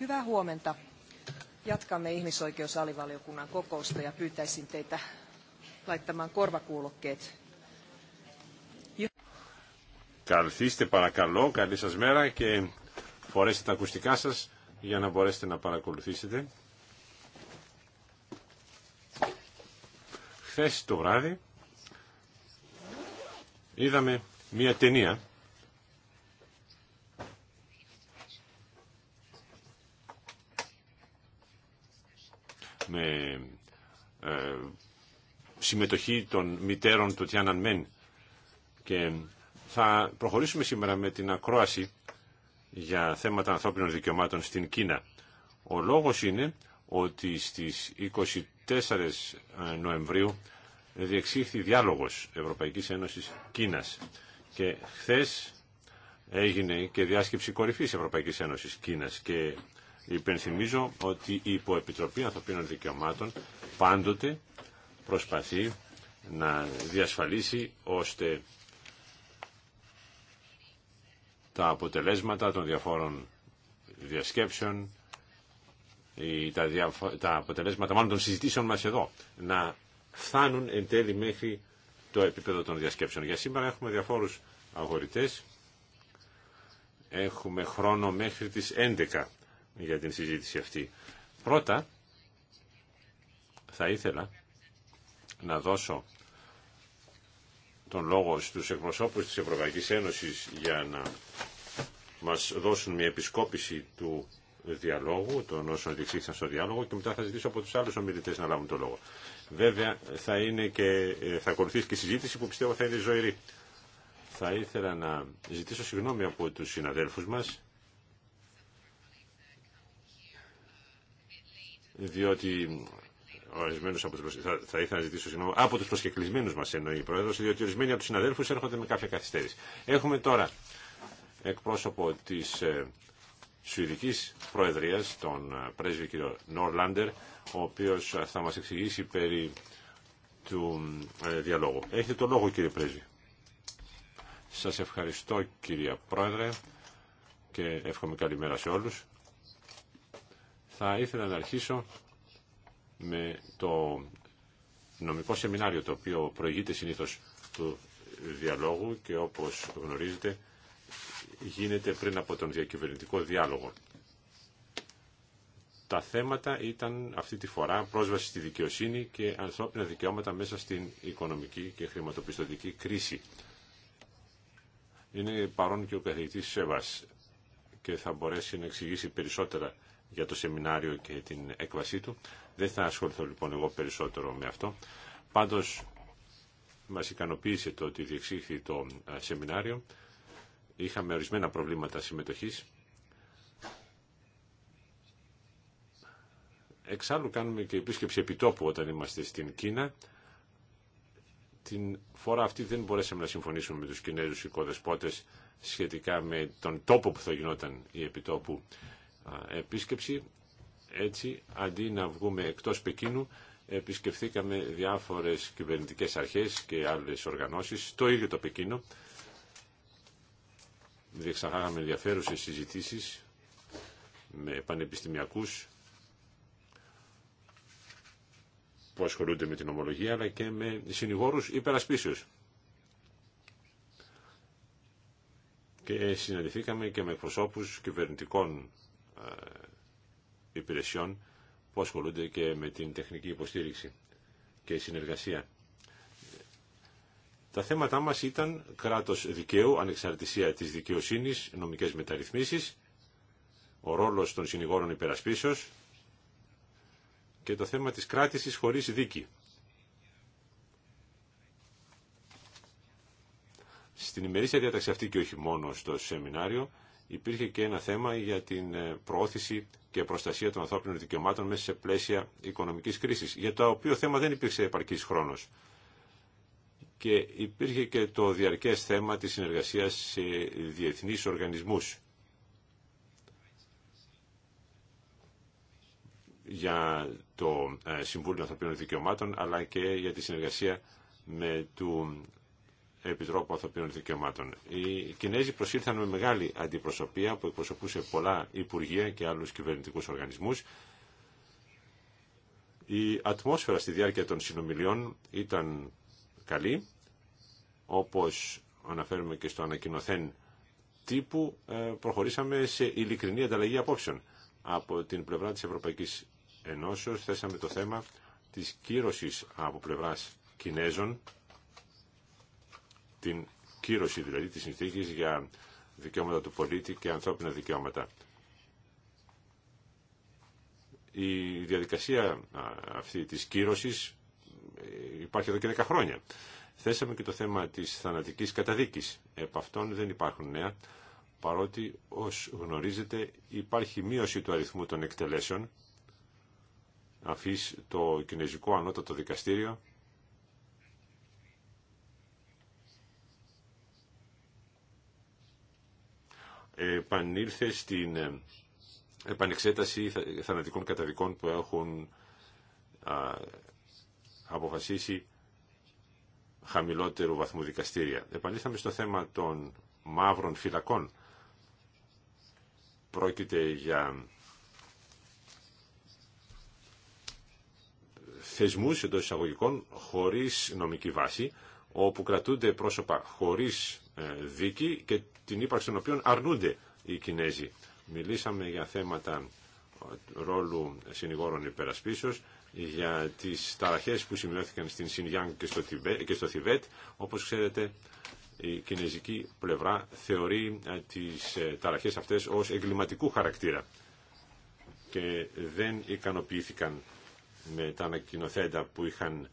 Hyvää Καλθίστε παρακαλώ, καλή σας μέρα και φορέστε τα ακουστικά σας για να μπορέσετε να παρακολουθήσετε. Χθες το βράδυ είδαμε μία ταινία συμμετοχή των μητέρων του Τιάνναν Μεν. Και θα προχωρήσουμε σήμερα με την ακρόαση για θέματα ανθρώπινων δικαιωμάτων στην Κίνα. Ο λόγος είναι ότι στις 24 ε, Νοεμβρίου διεξήχθη διάλογος Ευρωπαϊκής Ένωσης Κίνας και χθες έγινε και διάσκεψη κορυφής Ευρωπαϊκής Ένωσης Κίνας και υπενθυμίζω ότι η Υποεπιτροπή Ανθρωπίνων Δικαιωμάτων πάντοτε προσπαθεί να διασφαλίσει ώστε τα αποτελέσματα των διαφόρων διασκέψεων ή τα, διαφο τα αποτελέσματα μάλλον των συζητήσεων μας εδώ να φτάνουν εν τέλει μέχρι το επίπεδο των διασκέψεων. Για σήμερα έχουμε διαφόρους αγορητές. Έχουμε χρόνο μέχρι τις 11 για την συζήτηση αυτή. Πρώτα θα ήθελα να δώσω τον λόγο στους εκπροσώπους της Ευρωπαϊκής Ένωσης για να μας δώσουν μια επισκόπηση του διαλόγου, των όσων διεξήχθησαν στο διάλογο και μετά θα ζητήσω από τους άλλους ομιλητές να λάβουν τον λόγο. Βέβαια θα, είναι και, ε, θα ακολουθήσει και συζήτηση που πιστεύω θα είναι ζωηρή. Θα ήθελα να ζητήσω συγγνώμη από τους συναδέλφους μας διότι ορισμένου από του θα, θα ήθελα να ζητήσω συγγνώμη από του προσκεκλημένου μα εννοεί η Πρόεδρο, διότι ορισμένοι από του συναδέλφου έρχονται με κάποια καθυστέρηση. Έχουμε τώρα εκπρόσωπο τη ε, Σουηδική Προεδρία, τον ε, πρέσβη κ. Νόρλαντερ, ο οποίο ε, θα μα εξηγήσει περί του ε, διαλόγου. Έχετε το λόγο κύριε πρέσβη. Σα ευχαριστώ κυρία Πρόεδρε και εύχομαι καλημέρα σε όλου Θα ήθελα να αρχίσω με το νομικό σεμινάριο το οποίο προηγείται συνήθως του διαλόγου και όπως γνωρίζετε γίνεται πριν από τον διακυβερνητικό διάλογο. Τα θέματα ήταν αυτή τη φορά πρόσβαση στη δικαιοσύνη και ανθρώπινα δικαιώματα μέσα στην οικονομική και χρηματοπιστωτική κρίση. Είναι παρόν και ο καθηγητής Σέβας και θα μπορέσει να εξηγήσει περισσότερα για το σεμινάριο και την έκβασή του. Δεν θα ασχοληθώ λοιπόν εγώ περισσότερο με αυτό. Πάντως μας ικανοποίησε το ότι διεξήχθη το σεμινάριο. Είχαμε ορισμένα προβλήματα συμμετοχής. Εξάλλου κάνουμε και επίσκεψη επιτόπου όταν είμαστε στην Κίνα. Την φορά αυτή δεν μπορέσαμε να συμφωνήσουμε με τους Κινέζους οικοδεσπότες σχετικά με τον τόπο που θα γινόταν η επιτόπου επίσκεψη. Έτσι, αντί να βγούμε εκτός Πεκίνου, επισκεφθήκαμε διάφορες κυβερνητικές αρχές και άλλες οργανώσεις, το ίδιο το Πεκίνο. Διεξαγάγαμε ενδιαφέρουσε συζητήσεις με πανεπιστημιακούς που ασχολούνται με την ομολογία, αλλά και με συνηγόρους υπερασπίσεως. Και συναντηθήκαμε και με εκπροσώπους κυβερνητικών ε, υπηρεσιών που ασχολούνται και με την τεχνική υποστήριξη και συνεργασία. Τα θέματά μας ήταν κράτος δικαίου, ανεξαρτησία της δικαιοσύνης, νομικές μεταρρυθμίσεις, ο ρόλος των συνηγόρων υπερασπίσεως και το θέμα της κράτησης χωρίς δίκη. Στην ημερήσια διάταξη αυτή και όχι μόνο στο σεμινάριο, υπήρχε και ένα θέμα για την ε, προώθηση και προστασία των ανθρώπινων δικαιωμάτων μέσα σε πλαίσια οικονομικής κρίσης, για το οποίο θέμα δεν υπήρξε επαρκής χρόνος. Και υπήρχε και το διαρκές θέμα της συνεργασίας σε διεθνείς οργανισμούς. για το ε, Συμβούλιο Ανθρωπίνων Δικαιωμάτων, αλλά και για τη συνεργασία με του Επιτρόπου Ανθρωπίνων Δικαιωμάτων. Οι Κινέζοι προσήλθαν με μεγάλη αντιπροσωπεία που εκπροσωπούσε πολλά υπουργεία και άλλους κυβερνητικούς οργανισμούς. Η ατμόσφαιρα στη διάρκεια των συνομιλιών ήταν καλή, όπως αναφέρουμε και στο ανακοινοθέν τύπου, ε, προχωρήσαμε σε ειλικρινή ανταλλαγή απόψεων. Από την πλευρά της Ευρωπαϊκής Ενώσεως θέσαμε το θέμα της κύρωσης από πλευράς Κινέζων την κύρωση δηλαδή της συνθήκης για δικαιώματα του πολίτη και ανθρώπινα δικαιώματα. Η διαδικασία αυτή της κύρωσης ε, υπάρχει εδώ και 10 χρόνια. Θέσαμε και το θέμα της θανατικής καταδίκης. Επ' δεν υπάρχουν νέα, παρότι ως γνωρίζετε υπάρχει μείωση του αριθμού των εκτελέσεων αφής το Κινέζικο Ανώτατο Δικαστήριο επανήλθε στην ε, επανεξέταση θανατικών καταδικών που έχουν αποφασίσει χαμηλότερου βαθμού δικαστήρια. Επανήλθαμε στο θέμα των μαύρων φυλακών. Πρόκειται για θεσμούς εντό εισαγωγικών χωρίς νομική βάση, όπου κρατούνται πρόσωπα χωρίς ε, δίκη και την ύπαρξη των οποίων αρνούνται οι Κινέζοι. Μιλήσαμε για θέματα ρόλου συνηγόρων υπερασπίσεως, για τις ταραχές που σημειώθηκαν στην Σινγιάνγκ και στο Θιβέτ. Όπως ξέρετε, η κινέζικη πλευρά θεωρεί ε, τις ε, ταραχές αυτές ως εγκληματικού χαρακτήρα και δεν ικανοποιήθηκαν με τα ανακοινοθέντα που είχαν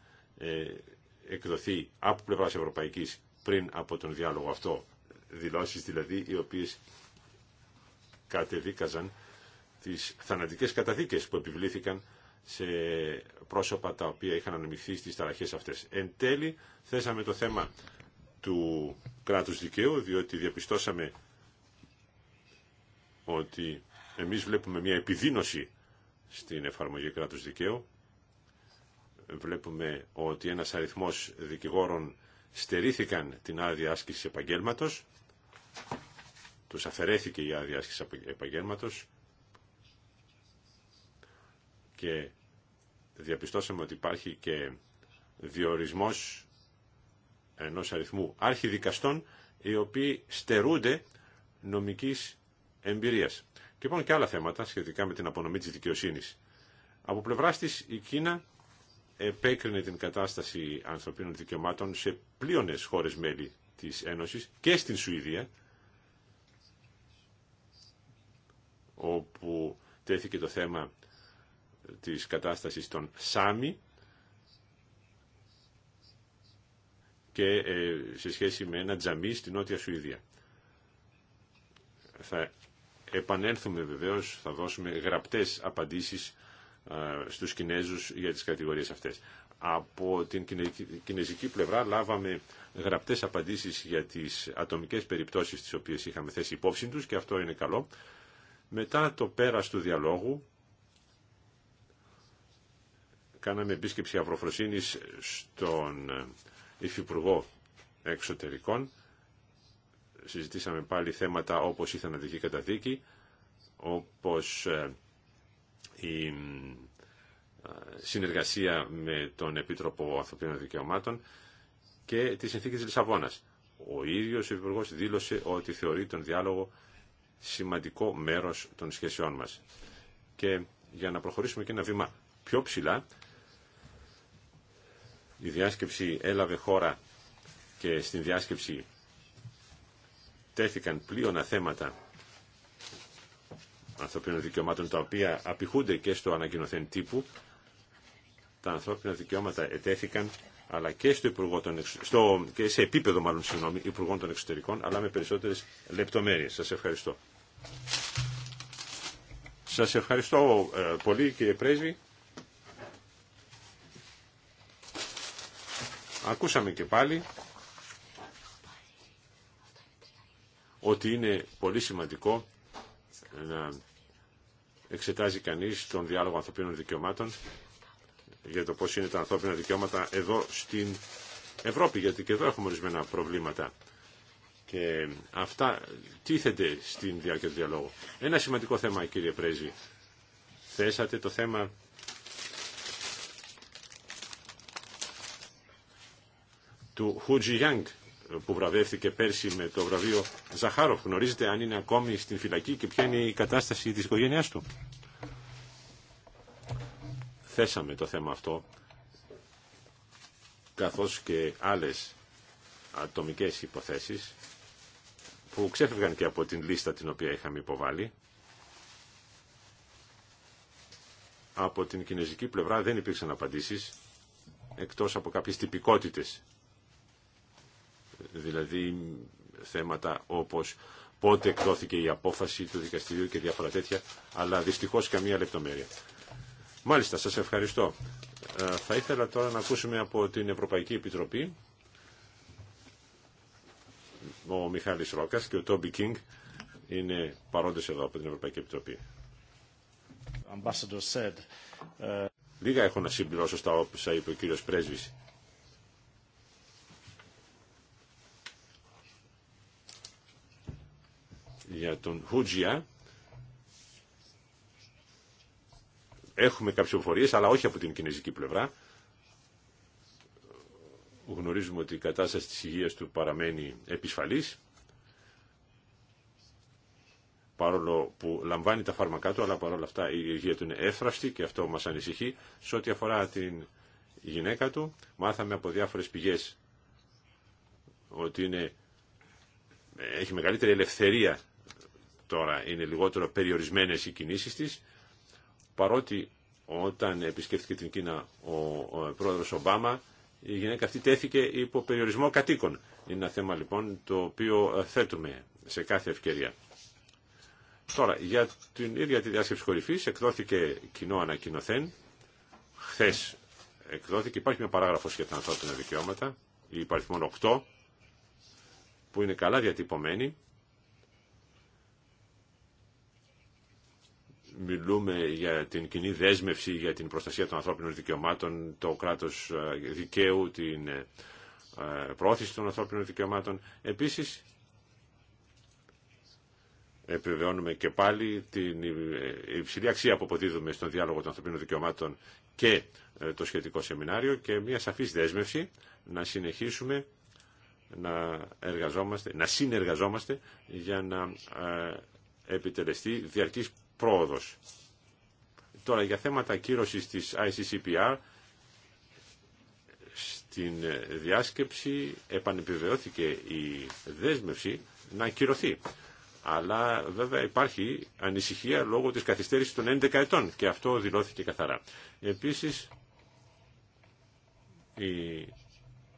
εκδοθεί από πλευράς Ευρωπαϊκής πριν από τον διάλογο αυτό. Δηλώσεις δηλαδή οι οποίες κατεδίκαζαν τις θανατικές καταδίκες που επιβλήθηκαν σε πρόσωπα τα οποία είχαν ανοιχθεί στις ταραχές αυτές. Εν τέλει θέσαμε το θέμα του κράτους δικαίου, διότι διαπιστώσαμε ότι εμείς βλέπουμε μια επιδίνωση στην εφαρμογή κράτους δικαίου. Βλέπουμε ότι ένας αριθμός δικηγόρων στερήθηκαν την άδεια άσκηση επαγγέλματος, τους αφαιρέθηκε η άδεια άσκηση επαγγέλματος και διαπιστώσαμε ότι υπάρχει και διορισμός ενός αριθμού αρχιδικαστών οι οποίοι στερούνται νομικής εμπειρίας. Και υπάρχουν και άλλα θέματα σχετικά με την απονομή της δικαιοσύνης. Από πλευράς της η Κίνα επέκρινε την κατάσταση ανθρωπίνων δικαιωμάτων σε πλείονες χώρες μέλη της Ένωσης και στην Σουηδία, όπου τέθηκε το θέμα της κατάστασης των Σάμι και ε, σε σχέση με ένα τζαμί στην Νότια Σουηδία. Θα επανέλθουμε βεβαίως, θα δώσουμε γραπτές απαντήσεις ε, στους Κινέζους για τις κατηγορίες αυτές. Από την κινέζικη πλευρά λάβαμε γραπτές απαντήσεις για τις ατομικές περιπτώσεις τις οποίες είχαμε θέσει υπόψη τους και αυτό είναι καλό. Μετά το πέρας του διαλόγου κάναμε επίσκεψη αυροφροσύνης στον Υφυπουργό Εξωτερικών. Συζητήσαμε πάλι θέματα όπως η θανατική καταδίκη, όπως ε, η ε, συνεργασία με τον Επίτροπο Ανθρωπίνων Δικαιωμάτων και τη συνθήκη της Λισαβόνας. Ο ίδιος ο Υπουργό δήλωσε ότι θεωρεί τον διάλογο σημαντικό μέρος των σχέσεών μας. Και για να προχωρήσουμε και ένα βήμα πιο ψηλά, η διάσκεψη έλαβε χώρα και στην διάσκεψη τέθηκαν πλήωνα θέματα ανθρωπίνων δικαιωμάτων τα οποία απηχούνται και στο ανακοινωθέν τύπου. Τα ανθρώπινα δικαιώματα ετέθηκαν αλλά και, στο υπουργό των στο... και σε επίπεδο μάλλον συγγνώμη, Υπουργών των Εξωτερικών, αλλά με περισσότερες λεπτομέρειες. Σας ευχαριστώ. Σας ευχαριστώ ε, πολύ κύριε Πρέσβη. Ακούσαμε και πάλι ότι είναι πολύ σημαντικό να εξετάζει κανείς τον διάλογο ανθρωπίνων δικαιωμάτων για το πώς είναι τα ανθρώπινα δικαιώματα εδώ στην Ευρώπη, γιατί και εδώ έχουμε ορισμένα προβλήματα. Και αυτά τίθενται στην διάρκεια του διαλόγου. Ένα σημαντικό θέμα, κύριε Πρέζη. Θέσατε το θέμα του Χουτζι Γιάνγκ που βραβεύτηκε πέρσι με το βραβείο Ζαχάροφ. Γνωρίζετε αν είναι ακόμη στην φυλακή και ποια είναι η κατάσταση της οικογένειάς του. Θέσαμε το θέμα αυτό, καθώς και άλλες ατομικές υποθέσεις που ξέφευγαν και από την λίστα την οποία είχαμε υποβάλει. Από την κινέζικη πλευρά δεν υπήρξαν απαντήσεις, εκτός από κάποιες τυπικότητες δηλαδή θέματα όπως πότε εκδόθηκε η απόφαση του δικαστηρίου και διάφορα τέτοια, αλλά δυστυχώς καμία λεπτομέρεια. Μάλιστα, σας ευχαριστώ. Ε, θα ήθελα τώρα να ακούσουμε από την Ευρωπαϊκή Επιτροπή ο Μιχάλης Ρόκας και ο Τόμπι Κίνγκ είναι παρόντες εδώ από την Ευρωπαϊκή Επιτροπή. Ε, Λίγα έχω να συμπληρώσω στα όσα είπε ο κύριος Πρέσβης. για τον Χούτζια. Έχουμε κάποιες οφορίες, αλλά όχι από την κινέζικη πλευρά. Γνωρίζουμε ότι η κατάσταση της υγείας του παραμένει επισφαλής, παρόλο που λαμβάνει τα φάρμακά του, αλλά παρόλα αυτά η υγεία του είναι έφραστη και αυτό μας ανησυχεί. Σε ό,τι αφορά την γυναίκα του, μάθαμε από διάφορες πηγές ότι είναι, έχει μεγαλύτερη ελευθερία τώρα είναι λιγότερο περιορισμένες οι κινήσεις της, παρότι όταν επισκέφθηκε την Κίνα ο πρόεδρος Ομπάμα, η γυναίκα αυτή τέθηκε υπό περιορισμό κατοίκων. Είναι ένα θέμα λοιπόν το οποίο θέτουμε σε κάθε ευκαιρία. Τώρα, για την ίδια τη διάσκεψη κορυφή εκδόθηκε κοινό ανακοινοθέν. Χθε εκδόθηκε, υπάρχει μια παράγραφος για τα ανθρώπινα δικαιώματα, η υπαριθμόν 8, που είναι καλά διατυπωμένη μιλούμε για την κοινή δέσμευση για την προστασία των ανθρώπινων δικαιωμάτων, το κράτος ε, δικαίου, την ε, ε, πρόθεση των ανθρώπινων δικαιωμάτων. Επίσης, επιβεβαιώνουμε και πάλι την υψηλή αξία που αποδίδουμε στον διάλογο των ανθρωπίνων δικαιωμάτων και το σχετικό σεμινάριο και μια σαφής δέσμευση να συνεχίσουμε να, εργαζόμαστε, να συνεργαζόμαστε για να επιτελεστεί διαρκής πρόοδος. Τώρα για θέματα κύρωσης της ICCPR στην διάσκεψη επανεπιβεβαιώθηκε η δέσμευση να κυρωθεί. Αλλά βέβαια υπάρχει ανησυχία λόγω της καθυστέρησης των 11 ετών και αυτό δηλώθηκε καθαρά. Επίσης η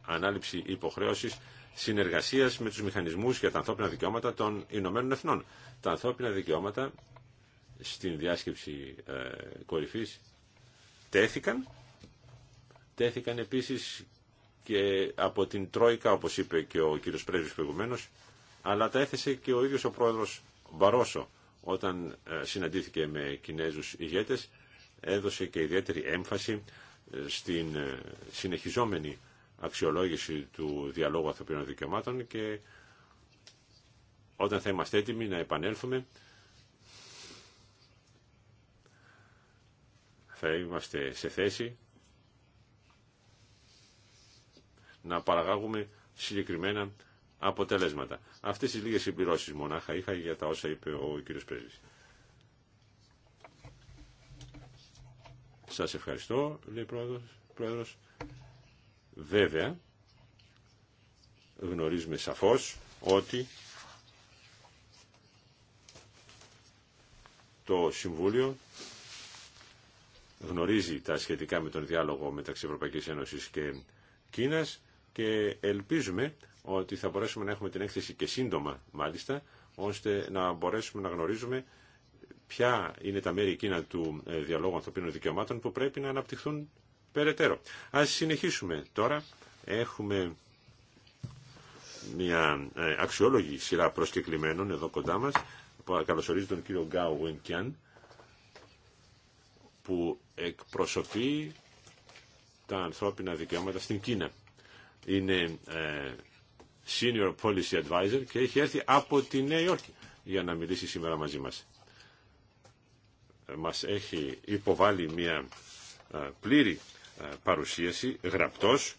ανάληψη υποχρέωσης συνεργασίας με τους μηχανισμούς για τα ανθρώπινα δικαιώματα των Ηνωμένων Εθνών. Τα ανθρώπινα δικαιώματα στην διάσκεψη ε, κορυφής τέθηκαν. Τέθηκαν επίσης και από την Τρόικα, όπως είπε και ο κύριος Πρέσβης προηγουμένω, αλλά τα έθεσε και ο ίδιος ο πρόεδρος Μπαρόσο όταν ε, συναντήθηκε με Κινέζους ηγέτες, έδωσε και ιδιαίτερη έμφαση ε, στην συνεχιζόμενη αξιολόγηση του διαλόγου ανθρωπίνων δικαιωμάτων και όταν θα είμαστε έτοιμοι να επανέλθουμε θα είμαστε σε θέση να παραγάγουμε συγκεκριμένα αποτελέσματα. Αυτές τις λίγες συμπληρώσεις μονάχα είχα για τα όσα είπε ο κύριος Πρέσβης. Σας ευχαριστώ, λέει πρόεδρος. πρόεδρος. Βέβαια, γνωρίζουμε σαφώς ότι το Συμβούλιο γνωρίζει τα σχετικά με τον διάλογο μεταξύ Ευρωπαϊκής Ένωσης και Κίνας και ελπίζουμε ότι θα μπορέσουμε να έχουμε την έκθεση και σύντομα μάλιστα, ώστε να μπορέσουμε να γνωρίζουμε ποια είναι τα μέρη εκείνα του ε, διαλόγου ανθρωπίνων δικαιωμάτων που πρέπει να αναπτυχθούν περαιτέρω. Ας συνεχίσουμε τώρα. Έχουμε μια ε, αξιόλογη σειρά προσκεκλημένων εδώ κοντά μας. καλωσορίζει τον κύριο Γκάου που εκπροσωπεί τα ανθρώπινα δικαιώματα στην Κίνα. Είναι ε, Senior Policy Advisor και έχει έρθει από τη Νέα Υόρκη για να μιλήσει σήμερα μαζί μας. Μας έχει υποβάλει μια ε, πλήρη ε, παρουσίαση, γραπτός,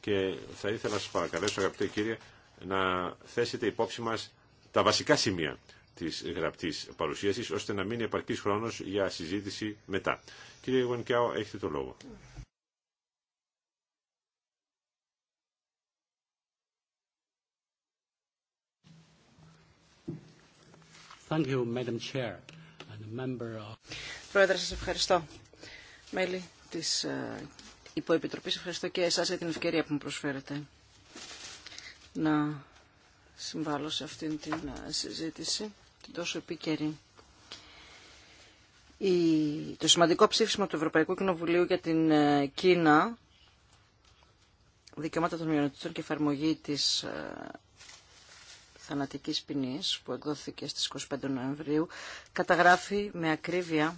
και θα ήθελα να σας παρακαλέσω αγαπητέ κύριε να θέσετε υπόψη μας τα βασικά σημεία της γραπτής παρουσίασης, ώστε να μείνει επαρκής χρόνος για συζήτηση μετά. Κύριε Γουανκιάο, έχετε το λόγο. Thank Πρόεδρε, σας ευχαριστώ. Μέλη της ε, Υποεπιτροπής, ευχαριστώ και εσάς για την ευκαιρία που μου προσφέρετε να συμβάλλω σε αυτήν την ε, συζήτηση τόσο επίκαιρη. Το σημαντικό ψήφισμα του Ευρωπαϊκού Κοινοβουλίου για την ε, Κίνα, δικαιώματα των μειονοτήτων και εφαρμογή της ε, θανατικής ποινής που εκδόθηκε στις 25 Νοεμβρίου, καταγράφει με ακρίβεια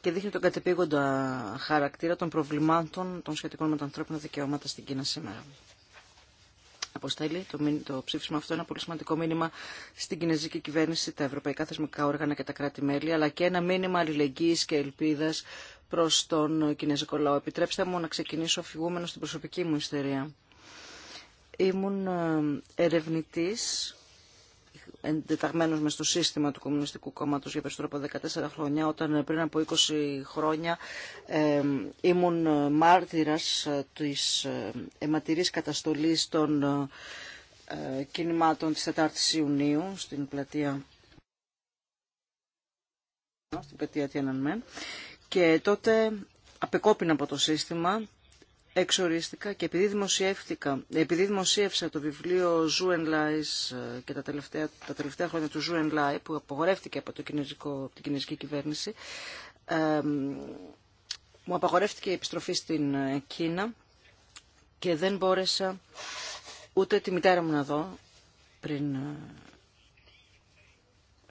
και δείχνει τον κατεπήγοντα χαρακτήρα των προβλημάτων των σχετικών με τα ανθρώπινα δικαιώματα στην Κίνα σήμερα αποστέλει το, το ψήφισμα αυτό ένα πολύ σημαντικό μήνυμα στην κινέζικη κυβέρνηση, τα ευρωπαϊκά θεσμικά όργανα και τα κράτη-μέλη, αλλά και ένα μήνυμα αλληλεγγύης και ελπίδας προς τον κινέζικο λαό. Επιτρέψτε μου να ξεκινήσω αφηγούμενο στην προσωπική μου ιστορία. Ήμουν ε, ερευνητής εντεταγμένος με στο σύστημα του Κομμουνιστικού Κόμματος για περισσότερο από 14 χρόνια, όταν ε, πριν από 20 χρόνια ε, ήμουν ε, μάρτυρας της αιματηρής καταστολής των κινημάτων της 4ης Ιουνίου στην πλατεία στην πλατεία Τιανανμέν και τότε απεκόπηνα από το σύστημα εξοριστικά και επειδή, δημοσιεύτηκα, επειδή δημοσίευσα το βιβλίο Zoo Lies ε, και τα τελευταία, τα τελευταία χρόνια του Zoo Lies που απογορεύτηκε από, το κινέζικο, από την κινέζικη κυβέρνηση μου απαγορεύτηκε η επιστροφή στην ε, Κίνα και δεν μπόρεσα ούτε τη μητέρα μου να δω πριν ε,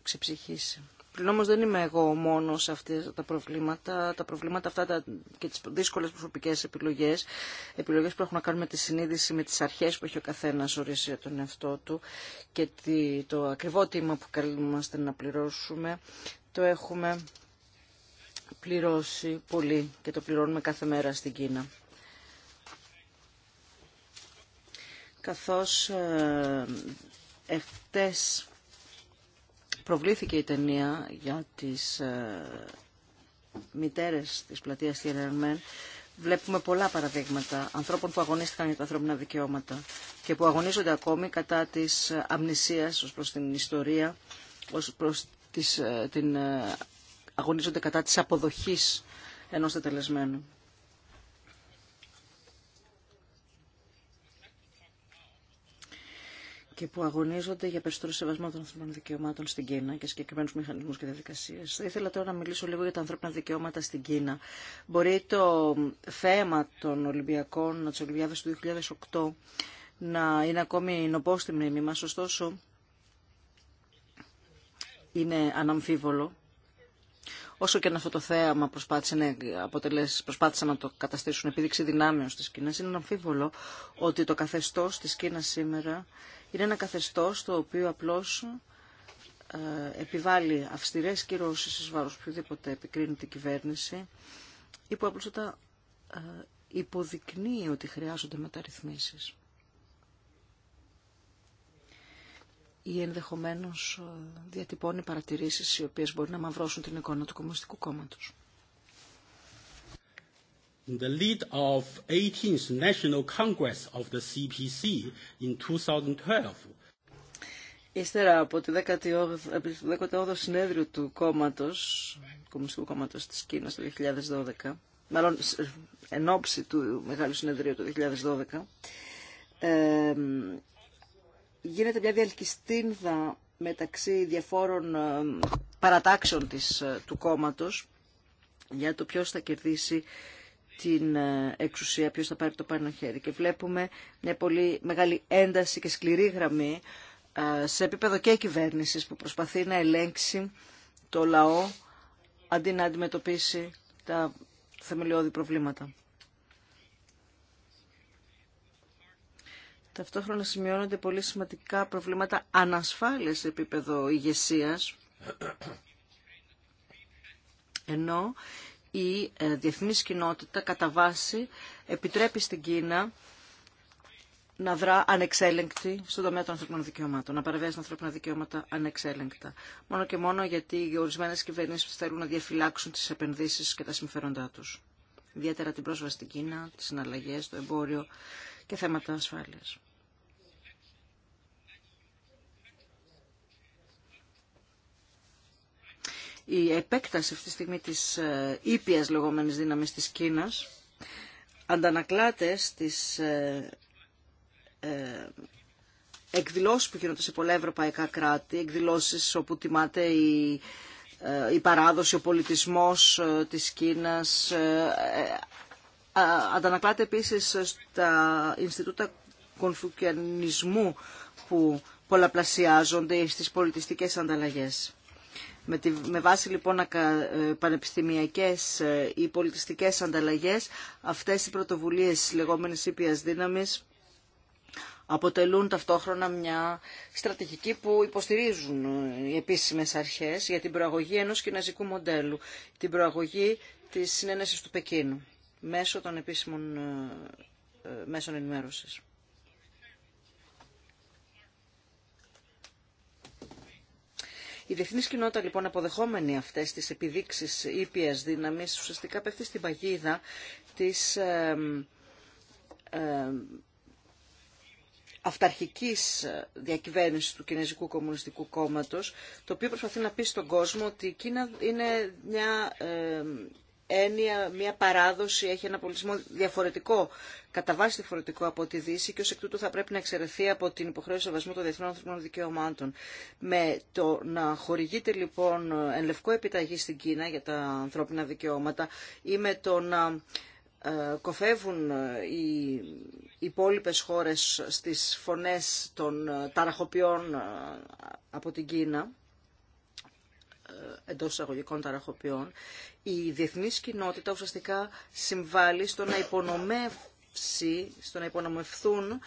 ξεψυχήσει. Πλην όμως δεν είμαι εγώ μόνος σε αυτά τα προβλήματα. Τα προβλήματα αυτά τα, και τις δύσκολες προσωπικές επιλογές, Επιλογέ που έχουν να κάνουν με τη συνείδηση, με τις αρχές που έχει ο καθένα ορίσει για τον εαυτό του και το ακριβό τίμα που καλούμαστε να πληρώσουμε, το έχουμε πληρώσει πολύ και το πληρώνουμε κάθε μέρα στην Κίνα. Καθώς ε, προβλήθηκε η ταινία για τις ε, μητέρες της πλατείας Τιερερμέν βλέπουμε πολλά παραδείγματα ανθρώπων που αγωνίστηκαν για τα ανθρώπινα δικαιώματα και που αγωνίζονται ακόμη κατά της ε, αμνησίας ως προς την ιστορία, ως προς της, ε, την, αγωνίζονται κατά της αποδοχής ενός τελεσμένου. και που αγωνίζονται για περισσότερο σεβασμό των ανθρωπίνων δικαιωμάτων στην Κίνα και συγκεκριμένου μηχανισμού και διαδικασίε. Θα ήθελα τώρα να μιλήσω λίγο για τα ανθρώπινα δικαιώματα στην Κίνα. Μπορεί το θέμα των Ολυμπιακών, τη Ολυμπιάδα του 2008, να είναι ακόμη νοπό στη μνήμη μα, ωστόσο είναι αναμφίβολο. Όσο και αν αυτό το θέαμα προσπάθησαν να το καταστήσουν επίδειξη δυνάμεων της Κίνας, είναι αμφίβολο ότι το καθεστώς της Κίνας σήμερα είναι ένα καθεστώς το οποίο απλώς ε, επιβάλλει αυστηρές κυρώσεις εις βάρος οποιοδήποτε επικρίνει την κυβέρνηση ή που απλώς όταν ε, υποδεικνύει ότι χρειάζονται μεταρρυθμίσεις. ή ενδεχομένως ε, διατυπώνει παρατηρήσεις οι οποίες μπορεί να μαυρώσουν την εικόνα του Κομμουνιστικού Κόμματος in the lead of 18th National Congress of the CPC in 2012. Ύστερα από το 18ο συνέδριο του κόμματος, Κομμουνιστικού Κόμματος της Κίνας το 2012, μάλλον εν ώψη του Μεγάλου Συνεδρίου το 2012, ε, γίνεται μια διαλκυστίνδα μεταξύ διαφόρων παρατάξεων της, ε, του κόμματος για το ποιος θα κερδίσει την ε, εξουσία, ποιος θα πάρει το πάνω χέρι. Και βλέπουμε μια πολύ μεγάλη ένταση και σκληρή γραμμή ε, σε επίπεδο και κυβέρνηση που προσπαθεί να ελέγξει το λαό αντί να αντιμετωπίσει τα θεμελιώδη προβλήματα. Ταυτόχρονα σημειώνονται πολύ σημαντικά προβλήματα ανασφάλειας σε επίπεδο ηγεσίας, ενώ η ε, διεθνής κοινότητα κατά βάση επιτρέπει στην Κίνα να δρά ανεξέλεγκτη στον τομέα των ανθρωπίνων δικαιωμάτων, να παραβιάζει ανθρώπινα δικαιώματα ανεξέλεγκτα. Μόνο και μόνο γιατί οι ορισμένε κυβερνήσει θέλουν να διαφυλάξουν τι επενδύσει και τα συμφέροντά του. Ιδιαίτερα την πρόσβαση στην Κίνα, τι συναλλαγέ, το εμπόριο και θέματα ασφάλεια. η επέκταση αυτή τη στιγμή της ε, ήπιας λεγόμενης δύναμης της Κίνας αντανακλάται στις ε, ε, εκδηλώσεις που γίνονται σε πολλά ευρωπαϊκά κράτη, εκδηλώσεις όπου τιμάται η, η παράδοση, ο πολιτισμός της Κίνας. Αντανακλάται επίσης στα Ινστιτούτα Κονφουκιανισμού που πολλαπλασιάζονται στις πολιτιστικές ανταλλαγές. Με, βάση λοιπόν ε, πανεπιστημιακές ε, ή πολιτιστικές ανταλλαγές, αυτές οι πρωτοβουλίες της λεγόμενης ήπιας δύναμης αποτελούν ταυτόχρονα μια στρατηγική που υποστηρίζουν ε, οι επίσημες αρχές για την προαγωγή ενός κινέζικου μοντέλου, την προαγωγή της συνένεσης του Πεκίνου μέσω των επίσημων μέσων ενημέρωσης. Η διεθνή κοινότητα λοιπόν αποδεχόμενη αυτές τις επιδείξεις ήπια δύναμη, ουσιαστικά πέφτει στην παγίδα της ε, ε, αυταρχικής διακυβέρνησης του Κινέζικου Κομμουνιστικού κόμματο, το οποίο προσπαθεί να πει στον κόσμο ότι η Κίνα είναι μια έννοια, μια παράδοση, έχει ένα πολιτισμό διαφορετικό, κατά βάση διαφορετικό από τη Δύση και ω εκ τούτου θα πρέπει να εξαιρεθεί από την υποχρέωση σεβασμού των διεθνών ανθρωπίνων δικαιωμάτων. Με το να χορηγείται λοιπόν εν επιταγή στην Κίνα για τα ανθρώπινα δικαιώματα ή με το να ε, κοφεύουν ε, οι υπόλοιπε χώρες στις φωνές των ε, ταραχοποιών από την Κίνα, ε, εντός εισαγωγικών ταραχοποιών, η διεθνής κοινότητα ουσιαστικά συμβάλλει στο να υπονομευθούν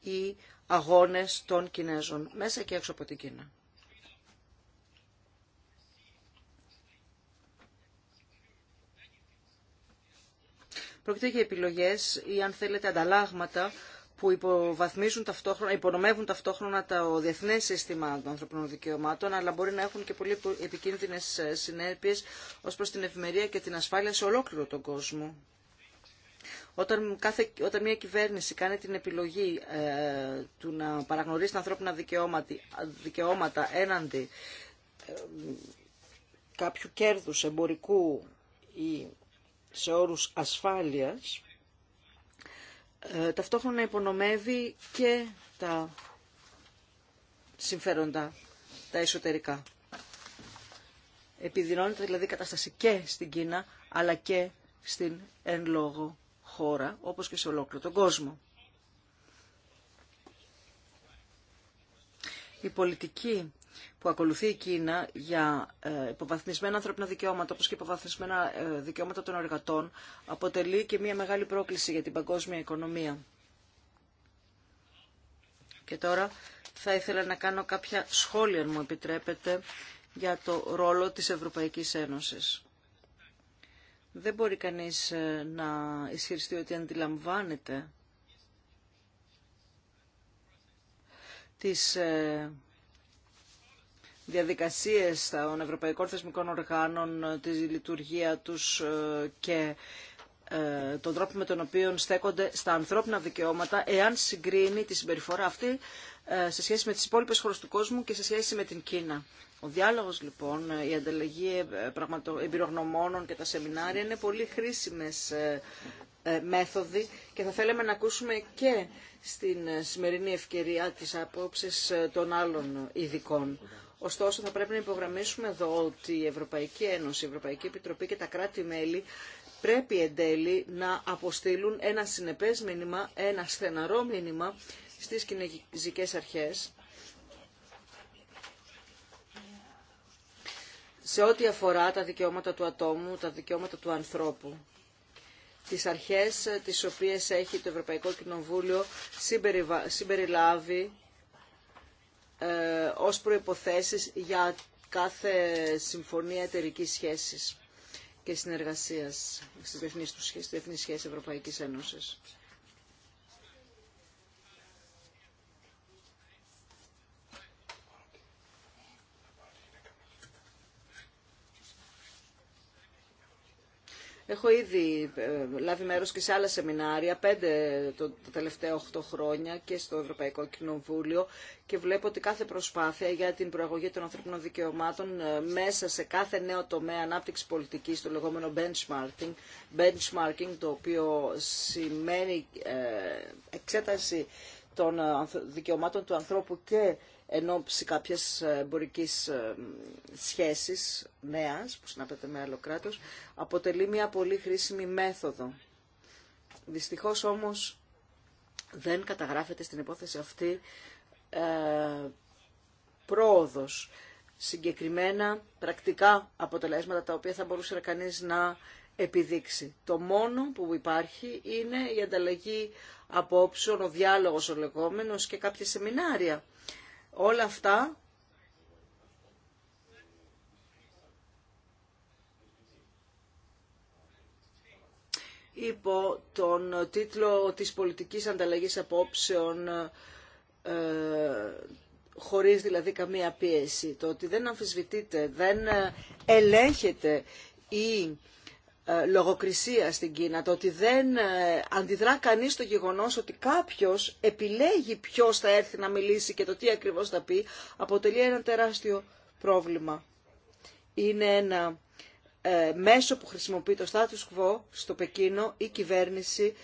οι αγώνες των Κινέζων, μέσα και έξω από την Κίνα. Πρόκειται για επιλογές ή αν θέλετε ανταλλάγματα που υποβαθμίζουν ταυτόχρονα, υπονομεύουν ταυτόχρονα το διεθνέ σύστημα των ανθρωπίνων δικαιωμάτων, αλλά μπορεί να έχουν και πολύ επικίνδυνε ε, συνέπειε ω προ την ευημερία και την ασφάλεια σε ολόκληρο τον κόσμο. Όταν, κάθε, όταν μια κυβέρνηση κάνει την επιλογή ε, του να παραγνωρίσει τα ανθρώπινα δικαιώματα, έναντι ε, κάποιου κέρδους εμπορικού ή σε όρους ασφάλειας, ε, ταυτόχρονα υπονομεύει και τα συμφέροντα, τα εσωτερικά. Επιδεινώνεται δηλαδή η κατάσταση και στην Κίνα, αλλά και στην εν λόγω χώρα, όπως και σε ολόκληρο τον κόσμο. Η πολιτική που ακολουθεί η Κίνα για ε, υποβαθμισμένα ανθρώπινα δικαιώματα όπως και υποβαθμισμένα ε, δικαιώματα των εργατών αποτελεί και μια μεγάλη πρόκληση για την παγκόσμια οικονομία. Και τώρα θα ήθελα να κάνω κάποια σχόλια, αν μου επιτρέπετε, για το ρόλο της Ευρωπαϊκής Ένωσης. Δεν μπορεί κανείς ε, να ισχυριστεί ότι αντιλαμβάνεται τις διαδικασίες των Ευρωπαϊκών Θεσμικών Οργάνων, τη λειτουργία τους ε, και ε, τον τρόπο με τον οποίο στέκονται στα ανθρώπινα δικαιώματα, εάν συγκρίνει τη συμπεριφορά αυτή ε, σε σχέση με τις υπόλοιπες χώρες του κόσμου και σε σχέση με την Κίνα. Ο διάλογος λοιπόν, η ανταλλαγή εμπειρογνωμόνων και τα σεμινάρια είναι πολύ χρήσιμες μέθοδοι και θα θέλαμε να ακούσουμε και στην σημερινή ευκαιρία τις απόψεις των άλλων ειδικών. Ωστόσο, θα πρέπει να υπογραμμίσουμε εδώ ότι η Ευρωπαϊκή Ένωση, η Ευρωπαϊκή Επιτροπή και τα κράτη-μέλη πρέπει εν τέλει να αποστείλουν ένα συνεπές μήνυμα, ένα στεναρό μήνυμα στις κοινωνικές αρχές σε ό,τι αφορά τα δικαιώματα του ατόμου, τα δικαιώματα του ανθρώπου. Τις αρχές ε, τις οποίες έχει το Ευρωπαϊκό Κοινοβούλιο συμπεριλάβει ε, ως προϋποθέσεις για κάθε συμφωνία εταιρικής σχέσης και συνεργασίας στις διεθνείς, σχέσεις, διεθνείς σχέσεις Ευρωπαϊκής Ένωσης. Έχω ήδη ε, λάβει μέρος και σε άλλα σεμινάρια, πέντε το, τα τελευταία οχτώ χρόνια και στο Ευρωπαϊκό Κοινοβούλιο και βλέπω ότι κάθε προσπάθεια για την προαγωγή των ανθρώπινων δικαιωμάτων ε, μέσα σε κάθε νέο τομέα ανάπτυξη πολιτικής, το λεγόμενο benchmarking, benchmarking το οποίο σημαίνει ε, εξέταση των δικαιωμάτων του ανθρώπου και εν ώψη κάποιες ε, εμπορικής ε, σχέσης νέας που συνάπτεται με άλλο κράτος, αποτελεί μια πολύ χρήσιμη μέθοδο. Δυστυχώς όμως δεν καταγράφεται στην υπόθεση αυτή ε, πρόοδος συγκεκριμένα πρακτικά αποτελέσματα τα οποία θα μπορούσε κανείς να επιδείξει. Το μόνο που υπάρχει είναι η ανταλλαγή απόψεων, ο διάλογος ο λεγόμενος και κάποια σεμινάρια Όλα αυτά υπό τον τίτλο της πολιτικής ανταλλαγής απόψεων ε, χωρίς δηλαδή καμία πίεση. Το ότι δεν αμφισβητείτε, δεν ε, ελέγχετε η ε, λογοκρισία στην Κίνα, το ότι δεν ε, αντιδρά κανείς το γεγονός ότι κάποιος επιλέγει ποιος θα έρθει να μιλήσει και το τι ακριβώς θα πει, αποτελεί ένα τεράστιο πρόβλημα. Είναι ένα ε, μέσο που χρησιμοποιεί το status quo στο Πεκίνο η κυβέρνηση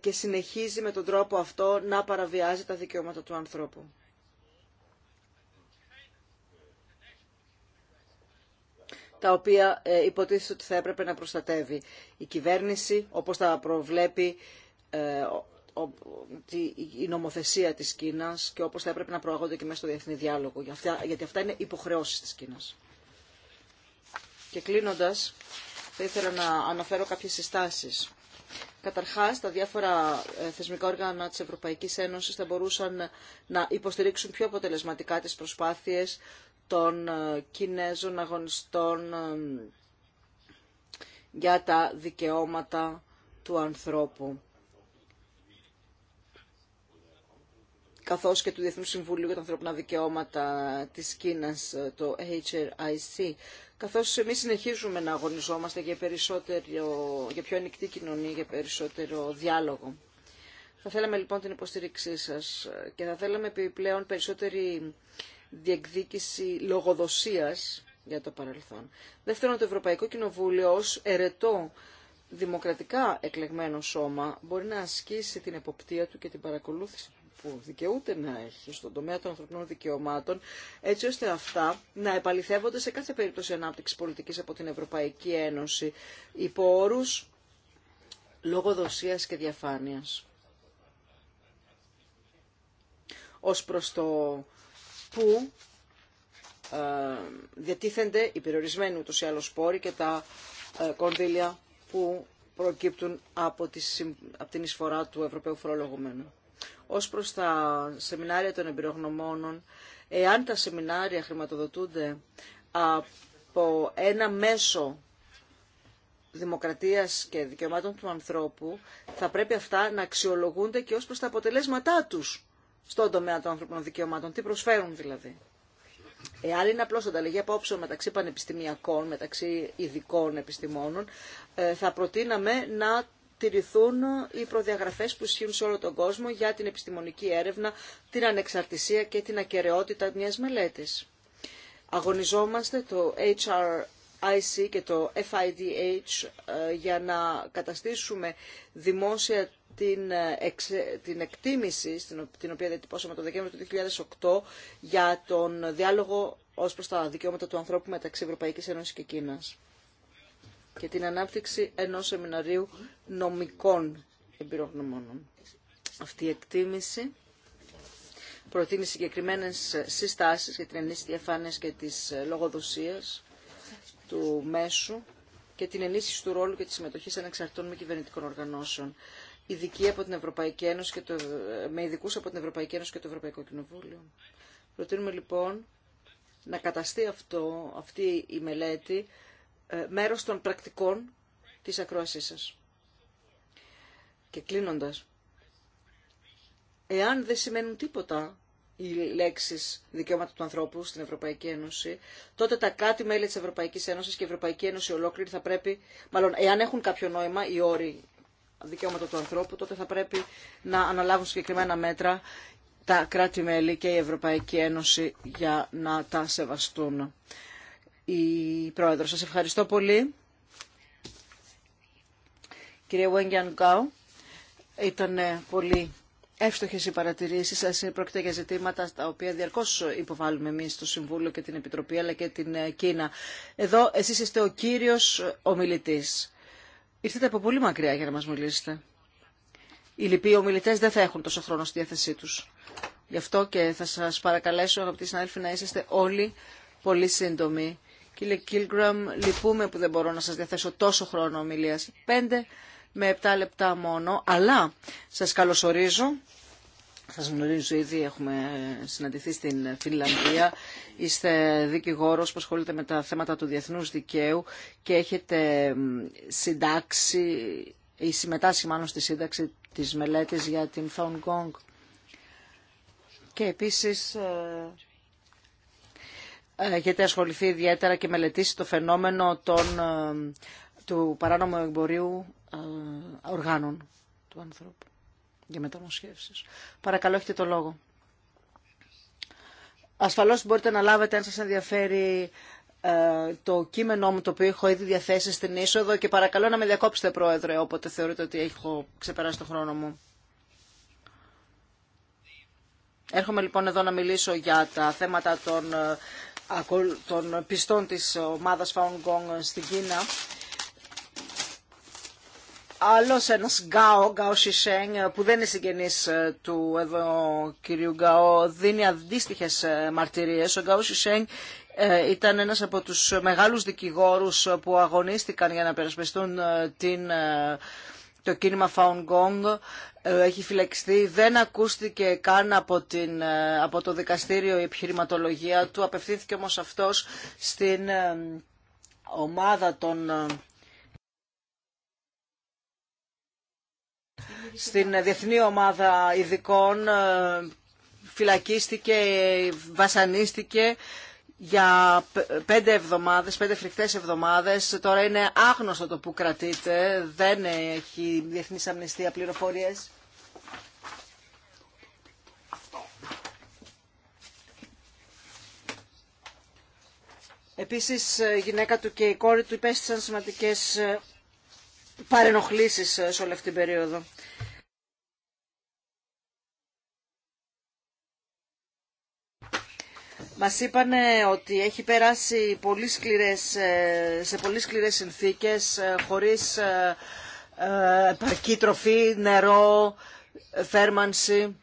και συνεχίζει με τον τρόπο αυτό να παραβιάζει τα δικαιώματα του ανθρώπου. τα οποία ε, υποτίθεται ότι θα έπρεπε να προστατεύει. Η κυβέρνηση, όπως θα προβλέπει ε, η νομοθεσία της Κίνας και όπως θα έπρεπε να προαγόνται και μέσα στο διεθνή διάλογο, γιατί αυτά είναι υποχρεώσεις της Κίνας. Και κλείνοντας, θα ήθελα να αναφέρω κάποιες συστάσεις. Καταρχάς, τα διάφορα ε, θεσμικά όργανα της Ευρωπαϊκής Ένωσης θα μπορούσαν να υποστηρίξουν πιο αποτελεσματικά τις προσπάθειες των ε, Κινέζων αγωνιστών ε, για τα δικαιώματα του ανθρώπου. καθώς και του Διεθνού Συμβουλίου για τα Ανθρώπινα Δικαιώματα της Κίνας, ε, το HRIC, καθώς εμείς συνεχίζουμε να αγωνιζόμαστε για, περισσότερο, για πιο ανοιχτή κοινωνία, για περισσότερο διάλογο. Θα θέλαμε λοιπόν την υποστήριξή σας και θα θέλαμε επιπλέον περισσότερη διεκδίκηση λογοδοσίας για το παρελθόν. Δεύτερον, το Ευρωπαϊκό Κοινοβούλιο ως ερετό δημοκρατικά εκλεγμένο σώμα μπορεί να ασκήσει την εποπτεία του και την παρακολούθηση που δικαιούται να έχει στον τομέα των ανθρωπινών δικαιωμάτων, έτσι ώστε αυτά να επαληθεύονται σε κάθε περίπτωση ανάπτυξη πολιτικής από την Ευρωπαϊκή Ένωση υπό όρους λογοδοσίας και διαφάνειας. Ως προς το που ε, διατίθενται οι περιορισμένοι ούτως ή άλλως πόροι και τα ε, κονδύλια που προκύπτουν από, την εισφορά του Ευρωπαίου Φορολογουμένου. Ως προς τα σεμινάρια των εμπειρογνωμόνων, εάν τα σεμινάρια χρηματοδοτούνται από ένα μέσο δημοκρατίας και δικαιωμάτων του ανθρώπου, θα πρέπει αυτά να αξιολογούνται και ως προς τα αποτελέσματά τους στον τομέα των ανθρωπίνων δικαιωμάτων, τι προσφέρουν δηλαδή. Εάν είναι απλώ ανταλλαγή απόψεων μεταξύ πανεπιστημιακών, μεταξύ ειδικών επιστημόνων, ε, θα προτείναμε να τηρηθούν οι προδιαγραφές που ισχύουν σε όλο τον κόσμο για την επιστημονική έρευνα, την ανεξαρτησία και την ακαιρεότητα μιας μελέτης. Αγωνιζόμαστε το HRIC και το FIDH ε, για να καταστήσουμε δημόσια την, ε, την εκτίμηση την οποία διατυπώσαμε το Δεκέμβριο του 2008 για τον διάλογο ως προς τα δικαιώματα του ανθρώπου μεταξύ Ευρωπαϊκής Ένωσης και Κίνας και την ανάπτυξη ενός σεμιναρίου νομικών εμπειρογνωμόνων. Αυτή η εκτίμηση προτείνει συγκεκριμένες συστάσεις για την ενίσχυση διαφάνειας και της λογοδοσίας του μέσου και την ενίσχυση του ρόλου και της συμμετοχής ανεξαρτών με κυβερνητικών οργανώσεων ειδικοί από την Ευρωπαϊκή Ένωση και το, με ειδικούς από την Ευρωπαϊκή Ένωση και το Ευρωπαϊκό Κοινοβούλιο. Προτείνουμε λοιπόν να καταστεί αυτό, αυτή η μελέτη ε, μέρος των πρακτικών της ακρόασής σας. Και κλείνοντας, εάν δεν σημαίνουν τίποτα οι λέξει δικαιώματα του ανθρώπου στην Ευρωπαϊκή Ένωση, τότε τα κάτι μέλη τη Ευρωπαϊκή Ένωση και η Ευρωπαϊκή Ένωση ολόκληρη θα πρέπει, μάλλον εάν έχουν κάποιο νόημα οι όροι δικαιώματα του ανθρώπου, τότε θα πρέπει να αναλάβουν συγκεκριμένα μέτρα τα κράτη-μέλη και η Ευρωπαϊκή Ένωση για να τα σεβαστούν. Η Πρόεδρο, σας ευχαριστώ πολύ. Κύριε Βουέγγιαν Γκάου, ήταν πολύ εύστοχε οι παρατηρήσει σα. Πρόκειται για ζητήματα τα οποία διαρκώ υποβάλλουμε εμεί στο Συμβούλιο και την Επιτροπή αλλά και την Κίνα. Εδώ εσεί είστε ο κύριο ομιλητή. Ήρθετε από πολύ μακριά για να μας μιλήσετε. Οι λοιποί ομιλητές δεν θα έχουν τόσο χρόνο στη διάθεσή τους. Γι' αυτό και θα σας παρακαλέσω, αγαπητοί συνάδελφοι, να είσαστε όλοι πολύ σύντομοι. Κύριε Κίλγραμ, λυπούμε που δεν μπορώ να σας διαθέσω τόσο χρόνο ομιλίας. Πέντε με επτά λεπτά μόνο, αλλά σας καλωσορίζω σας γνωρίζω ήδη, έχουμε συναντηθεί στην Φιλανδία. Είστε δικηγόρος που ασχολείται με τα θέματα του διεθνούς δικαίου και έχετε συντάξει ή συμμετάσχει μάλλον στη σύνταξη της μελέτης για την Φόν Γκόγκ. Και επίσης ε, έχετε ασχοληθεί ιδιαίτερα και μελετήσει το φαινόμενο των, ε, του παράνομου εμπορίου ε, οργάνων του ανθρώπου για μεταμοσχεύσει. Παρακαλώ, έχετε το λόγο. Ασφαλώς μπορείτε να λάβετε, αν σας ενδιαφέρει, ε, το κείμενό μου το οποίο έχω ήδη διαθέσει στην είσοδο και παρακαλώ να με διακόψετε, Πρόεδρε, όποτε θεωρείτε ότι έχω ξεπεράσει τον χρόνο μου. Έρχομαι λοιπόν εδώ να μιλήσω για τα θέματα των, ε, πιστών της ομάδας Falun στην Κίνα άλλος ένας Γκάο, Γκάο που δεν είναι συγγενής ε, του εδώ κυρίου Γκάο, δίνει αντίστοιχε ε, μαρτυρίες. Ο Γκάο Σισέν ε, ήταν ένας από τους μεγάλους δικηγόρους που αγωνίστηκαν για να περασπιστούν την, το κίνημα Falun Έχει φυλακιστεί, δεν ακούστηκε καν από, την, από το δικαστήριο η επιχειρηματολογία του. Απευθύνθηκε όμως αυτός στην ομάδα των στην Διεθνή Ομάδα Ειδικών ε, φυλακίστηκε, βασανίστηκε για πέντε εβδομάδες, πέντε φρικτές εβδομάδες. Τώρα είναι άγνωστο το που κρατείτε δεν έχει διεθνής αμνηστία πληροφορίες. Επίσης ε, η γυναίκα του και η κόρη του υπέστησαν σημαντικές ε, παρενοχλήσεις σε όλη αυτή την περίοδο. μα είπαν ότι έχει περάσει πολύ ε, σε πολύ σκληρές συνθήκες, ε, χωρίς ε, επαρκή τροφή, νερό, θέρμανση.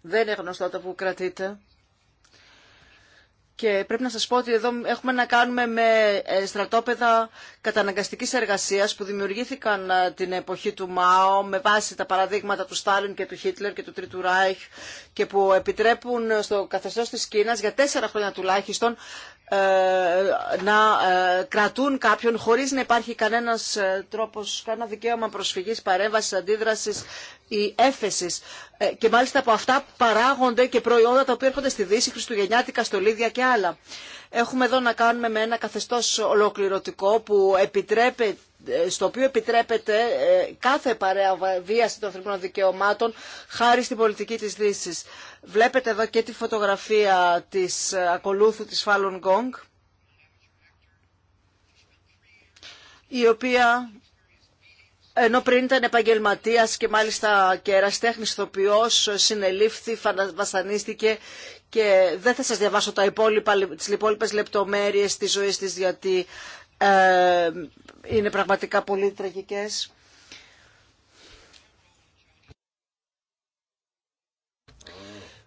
Δεν είναι γνωστό το που κρατείτε. Και πρέπει να σας πω ότι εδώ έχουμε να κάνουμε με ε, στρατόπεδα καταναγκαστικής εργασίας που δημιουργήθηκαν ε, την εποχή του ΜΑΟ με βάση τα παραδείγματα του Στάλιν και του Χίτλερ και του Τρίτου Ράιχ και που επιτρέπουν στο καθεστώς της Κίνας για τέσσερα χρόνια τουλάχιστον ε, να ε, κρατούν κάποιον χωρίς να υπάρχει κανένας ε, τρόπος, κανένα δικαίωμα προσφυγής, παρέμβασης, αντίδρασης ή έφεσης. Και μάλιστα από αυτά παράγονται και προϊόντα τα οποία έρχονται στη Δύση, Χριστουγεννιάτικα, Στολίδια και άλλα. Έχουμε εδώ να κάνουμε με ένα καθεστώς ολοκληρωτικό που επιτρέπεται στο οποίο επιτρέπεται ε, κάθε παρέα βίαση των ανθρωπίνων δικαιωμάτων χάρη στην πολιτική της Δύσης. Βλέπετε εδώ και τη φωτογραφία της ε, ακολούθου της Φάλων Γκόγκ η οποία ενώ πριν ήταν επαγγελματίας και μάλιστα και εραστέχνης ηθοποιός, συνελήφθη, βασανίστηκε και δεν θα σας διαβάσω τα υπόλοιπα, τις υπόλοιπες λεπτομέρειες της ζωής της γιατί ε, είναι πραγματικά πολύ τραγικές.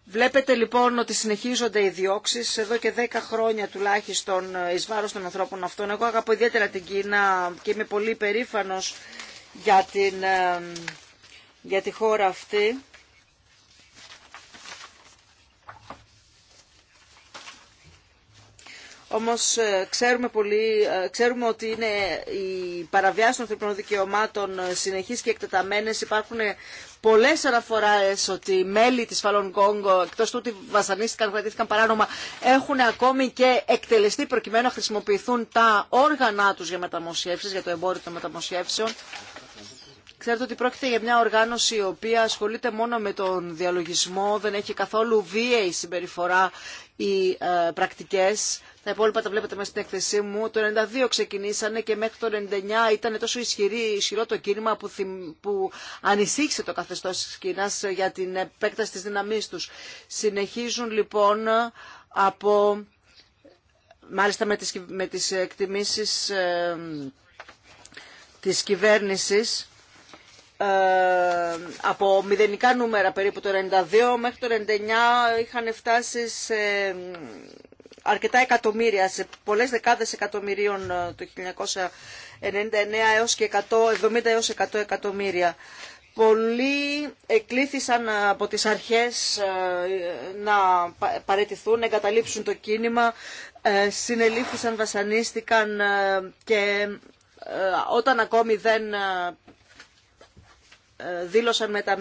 Βλέπετε λοιπόν ότι συνεχίζονται οι διώξει εδώ και 10 χρόνια τουλάχιστον ει βάρο των ανθρώπων αυτών. Εγώ αγαπώ ιδιαίτερα την Κίνα και είμαι πολύ περήφανο για, την, ε, για τη χώρα αυτή. Όμως ε, ξέρουμε, πολύ, ε, ξέρουμε ότι είναι οι παραβιάσεις των ανθρωπινών δικαιωμάτων ε, συνεχείς και εκτεταμένες. Υπάρχουν πολλές αναφορές ότι μέλη της Φαλον Κόγκο, εκτός του ότι βασανίστηκαν, κρατήθηκαν παράνομα, έχουν ακόμη και εκτελεστεί προκειμένου να χρησιμοποιηθούν τα όργανα τους για μεταμοσχεύσεις, για το εμπόριο των μεταμοσχεύσεων. Ξέρετε ότι πρόκειται για μια οργάνωση η οποία ασχολείται μόνο με τον διαλογισμό, δεν έχει καθόλου βίαιη συμπεριφορά οι πρακτικές τα υπόλοιπα τα βλέπετε μέσα στην έκθεσή μου. Το 92 ξεκινήσανε και μέχρι το 99 ήταν τόσο ισχυρή, ισχυρό το κίνημα που, θυμ, που ανησύχησε το καθεστώ τη Κίνα για την επέκταση τη δυναμή του. Συνεχίζουν λοιπόν από... Μάλιστα με τις, με τις εκτιμήσεις ε, της κυβέρνησης ε, από μηδενικά νούμερα περίπου το 92 μέχρι το 99 είχαν φτάσει σε αρκετά εκατομμύρια, σε πολλές δεκάδες εκατομμυρίων ε, το 1999 έως και 70 έως 100 εκατομμύρια. Πολλοί εκλήθησαν ε, από τις αρχές ε, να παρετηθούν, να εγκαταλείψουν το κίνημα, συνελήφθησαν, βασανίστηκαν και όταν ακόμη δεν δήλωσαν με τα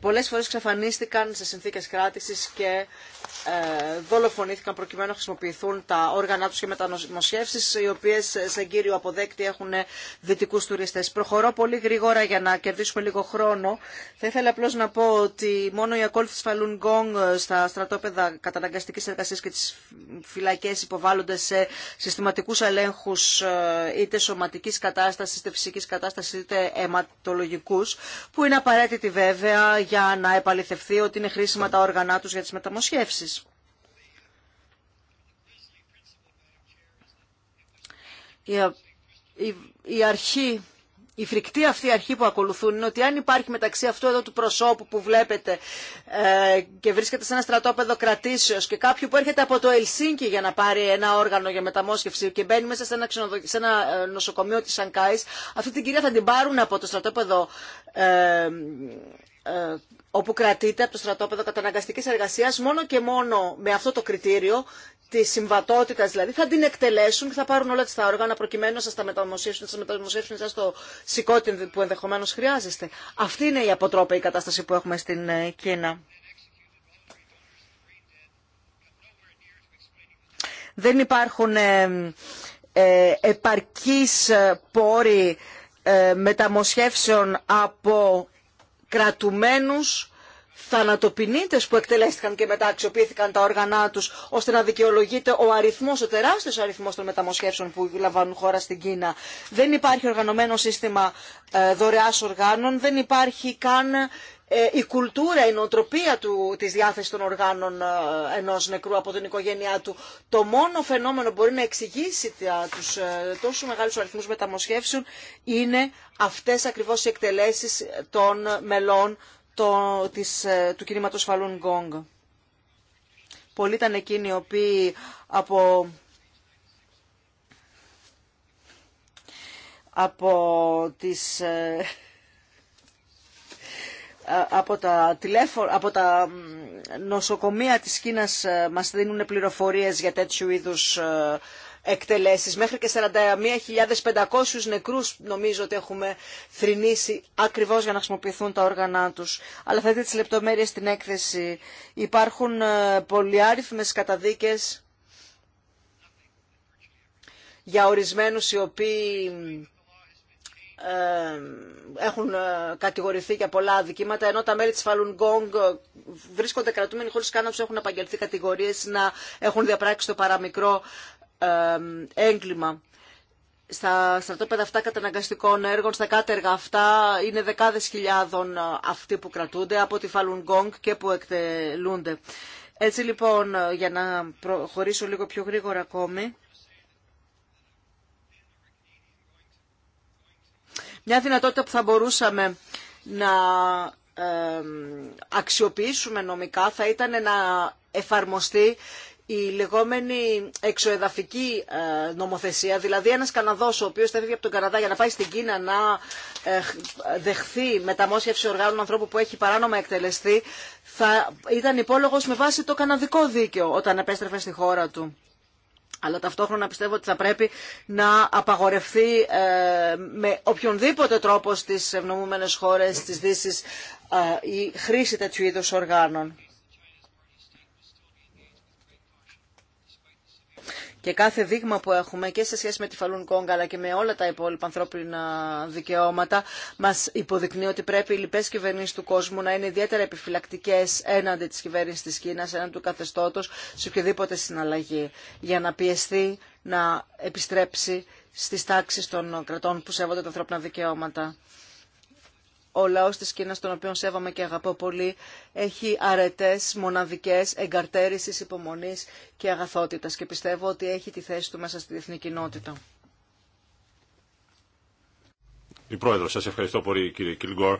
πολλές φορές εξαφανίστηκαν σε συνθήκες κράτησης και ε, δολοφονήθηκαν προκειμένου να χρησιμοποιηθούν τα όργανα τους και μετανοσμοσχεύσεις οι οποίες σε κύριο αποδέκτη έχουν δυτικούς τουριστές. Προχωρώ πολύ γρήγορα για να κερδίσουμε λίγο χρόνο. Θα ήθελα απλώ να πω ότι μόνο οι ακόλουθες φαλούν Gong στα στρατόπεδα καταναγκαστικής εργασίας και τις φυλακές υποβάλλονται σε συστηματικούς ελέγχους ε, είτε σωματικής κατάστασης, είτε φυσικής κατάστασης, είτε αιματολογικούς, που είναι απαραίτητο βέβαια για να επαληθευθεί ότι είναι χρήσιμα τα όργανα τους για τις μεταμοσχεύσεις. Η, αρχή η φρικτή αυτή αρχή που ακολουθούν είναι ότι αν υπάρχει μεταξύ αυτού εδώ του προσώπου που βλέπετε ε, και βρίσκεται σε ένα στρατόπεδο κρατήσεω και κάποιου που έρχεται από το Ελσίνκι για να πάρει ένα όργανο για μεταμόσχευση και μπαίνει μέσα σε ένα, σε ένα ε, νοσοκομείο τη Σανκάη, αυτή την κυρία θα την πάρουν από το στρατόπεδο. Ε, όπου κρατείται από το στρατόπεδο καταναγκαστικής εργασίας μόνο και μόνο με αυτό το κριτήριο τη συμβατότητα δηλαδή, θα την εκτελέσουν και θα πάρουν όλα τα όργανα προκειμένου να σα τα μεταμοσχεύσουν, να σα μεταμοσχεύσουν εσά το σηκώτη που ενδεχομένω χρειάζεστε. Αυτή είναι η αποτρόπαιη κατάσταση που έχουμε στην ε, Κίνα. Δεν υπάρχουν ε, ε επαρκείς ε, πόροι μεταμοσχεύσεων από κρατουμένους θανατοποινίτες που εκτελέστηκαν και μετά αξιοποιήθηκαν τα όργανά τους ώστε να δικαιολογείται ο αριθμός, ο τεράστιος αριθμός των μεταμοσχεύσεων που λαμβάνουν χώρα στην Κίνα. Δεν υπάρχει οργανωμένο σύστημα ε, δωρεάς οργάνων, δεν υπάρχει καν ε, η κουλτούρα, η νοοτροπία του, της διάθεσης των οργάνων ε, ενός νεκρού από την οικογένειά του. Το μόνο φαινόμενο που μπορεί να εξηγήσει τους τόσους μεγάλους αριθμούς μεταμοσχεύσεων είναι αυτές ακριβώς οι εκτελέσεις των μελών το, ε, του κινήματος Φαλούν Γκόγκ. Πολλοί ήταν εκείνοι οι οποίοι από από τις ε, ε, από τα, τηλέφω, από τα νοσοκομεία της Κίνας μας δίνουν πληροφορίες για τέτοιου είδους εκτελέσεις. Μέχρι και 41.500 νεκρούς νομίζω ότι έχουμε θρηνήσει ακριβώς για να χρησιμοποιηθούν τα όργανα τους. Αλλά θα δείτε τις λεπτομέρειες στην έκθεση. Υπάρχουν ε, πολυάριθμες καταδίκες για ορισμένους οι οποίοι ε, έχουν ε, κατηγορηθεί για πολλά αδικήματα, ενώ τα μέλη της Falun βρίσκονται κρατούμενοι χωρίς καν να τους έχουν απαγγελθεί κατηγορίες, να έχουν διαπράξει το παραμικρό έγκλημα. Στα στρατόπεδα αυτά καταναγκαστικών έργων, στα κάτεργα αυτά, είναι δεκάδες χιλιάδων ε, αυτοί που κρατούνται από τη Falun και που εκτελούνται. Έτσι λοιπόν, ε, για να προχωρήσω λίγο πιο γρήγορα ακόμη, μια δυνατότητα που θα μπορούσαμε να αξιοποιήσουμε νομικά θα ήταν να εφαρμοστεί η λεγόμενη εξοεδαφική ε, νομοθεσία, δηλαδή ένας Καναδός ο οποίος θα έρθει από τον Καναδά για να πάει στην Κίνα να ε, δεχθεί μεταμόσχευση οργάνων ανθρώπου που έχει παράνομα εκτελεστεί, θα ήταν υπόλογος με βάση το καναδικό δίκαιο όταν επέστρεφε στη χώρα του. Αλλά ταυτόχρονα πιστεύω ότι θα πρέπει να απαγορευτεί ε, με οποιονδήποτε τρόπο στις ευνομούμενες χώρες της Δύσης η χρήση τέτοιου είδους οργάνων. και κάθε δείγμα που έχουμε και σε σχέση με τη Φαλούν Κόγκα αλλά και με όλα τα υπόλοιπα ανθρώπινα δικαιώματα μας υποδεικνύει ότι πρέπει οι λοιπές κυβερνήσεις του κόσμου να είναι ιδιαίτερα επιφυλακτικές έναντι της κυβέρνησης της Κίνας, έναντι του καθεστώτος, σε οποιοδήποτε συναλλαγή για να πιεστεί να επιστρέψει στις τάξεις των κρατών που σέβονται τα ανθρώπινα δικαιώματα ο λαός της Κίνας, τον οποίο σέβαμε και αγαπώ πολύ, έχει αρετές, μοναδικές, εγκαρτέρησης, υπομονής και αγαθότητας και πιστεύω ότι έχει τη θέση του μέσα στη διεθνή κοινότητα. Η Πρόεδρο, σας ευχαριστώ πολύ κύριε Κιλγκόρ.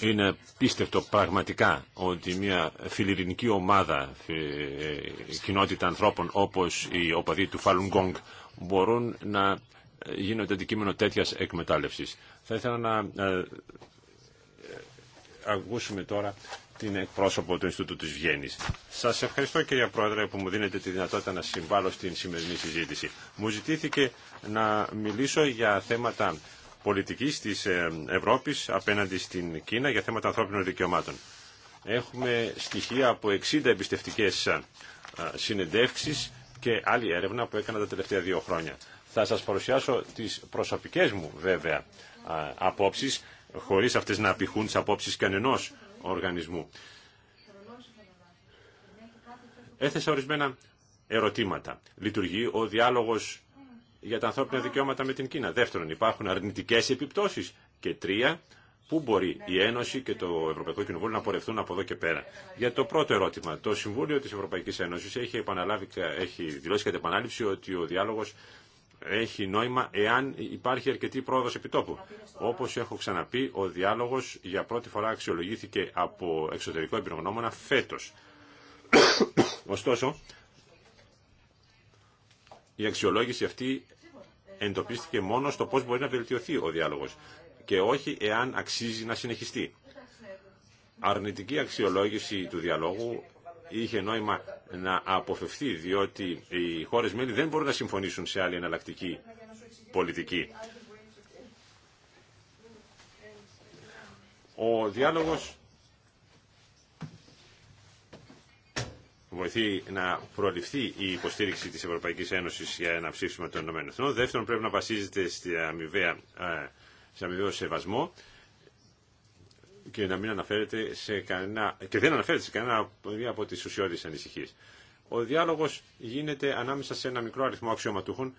Είναι πίστευτο πραγματικά ότι μια φιλιρινική ομάδα, ε, ε, κοινότητα ανθρώπων όπως οι οπαδοί του Falun μπορούν να γίνονται αντικείμενο τέτοιας εκμετάλλευσης. Θα ήθελα να ε, ακούσουμε τώρα την εκπρόσωπο του Ινστιτούτου της Βιέννης. Σας ευχαριστώ κυρία Πρόεδρε που μου δίνετε τη δυνατότητα να συμβάλλω στην σημερινή συζήτηση. Μου ζητήθηκε να μιλήσω για θέματα πολιτικής της ε, Ευρώπης απέναντι στην Κίνα για θέματα ανθρώπινων δικαιωμάτων. Έχουμε στοιχεία από 60 εμπιστευτικές ε, συνεντεύξεις και άλλη έρευνα που έκανα τα τελευταία δύο χρόνια. Θα σας παρουσιάσω τις προσωπικές μου βέβαια απόψεις, χωρίς αυτές να απηχούν τις απόψεις κανενός οργανισμού. Έθεσα ορισμένα ερωτήματα. Λειτουργεί ο διάλογος για τα ανθρώπινα δικαιώματα με την Κίνα. Δεύτερον, υπάρχουν αρνητικές επιπτώσεις. Και τρία, πού μπορεί η Ένωση και το Ευρωπαϊκό Κοινοβούλιο να πορευτούν από εδώ και πέρα. Για το πρώτο ερώτημα, το Συμβούλιο της Ευρωπαϊκής Ένωσης έχει, έχει δηλώσει κατά επανάληψη ότι ο διάλογος έχει νόημα εάν υπάρχει αρκετή πρόοδος επιτόπου. Όπως έχω ξαναπεί, ο διάλογος για πρώτη φορά αξιολογήθηκε από εξωτερικό εμπειρογνώμονα φέτος. Ωστόσο, η αξιολόγηση αυτή εντοπίστηκε μόνο στο πώς μπορεί να βελτιωθεί ο διάλογος και όχι εάν αξίζει να συνεχιστεί. Αρνητική αξιολόγηση του διαλόγου είχε νόημα να αποφευθεί, διότι οι χώρες μέλη δεν μπορούν να συμφωνήσουν σε άλλη εναλλακτική πολιτική. Ο διάλογος βοηθεί να προληφθεί η υποστήριξη της Ευρωπαϊκής Ένωσης για ένα ψήφισμα των ΗΠΑ. Δεύτερον, πρέπει να βασίζεται ε, σε αμοιβαίο σεβασμό και να μην αναφέρεται σε κανένα, και δεν αναφέρεται σε κανένα από τις ουσιώδεις ανησυχίες. Ο διάλογος γίνεται ανάμεσα σε ένα μικρό αριθμό αξιωματούχων.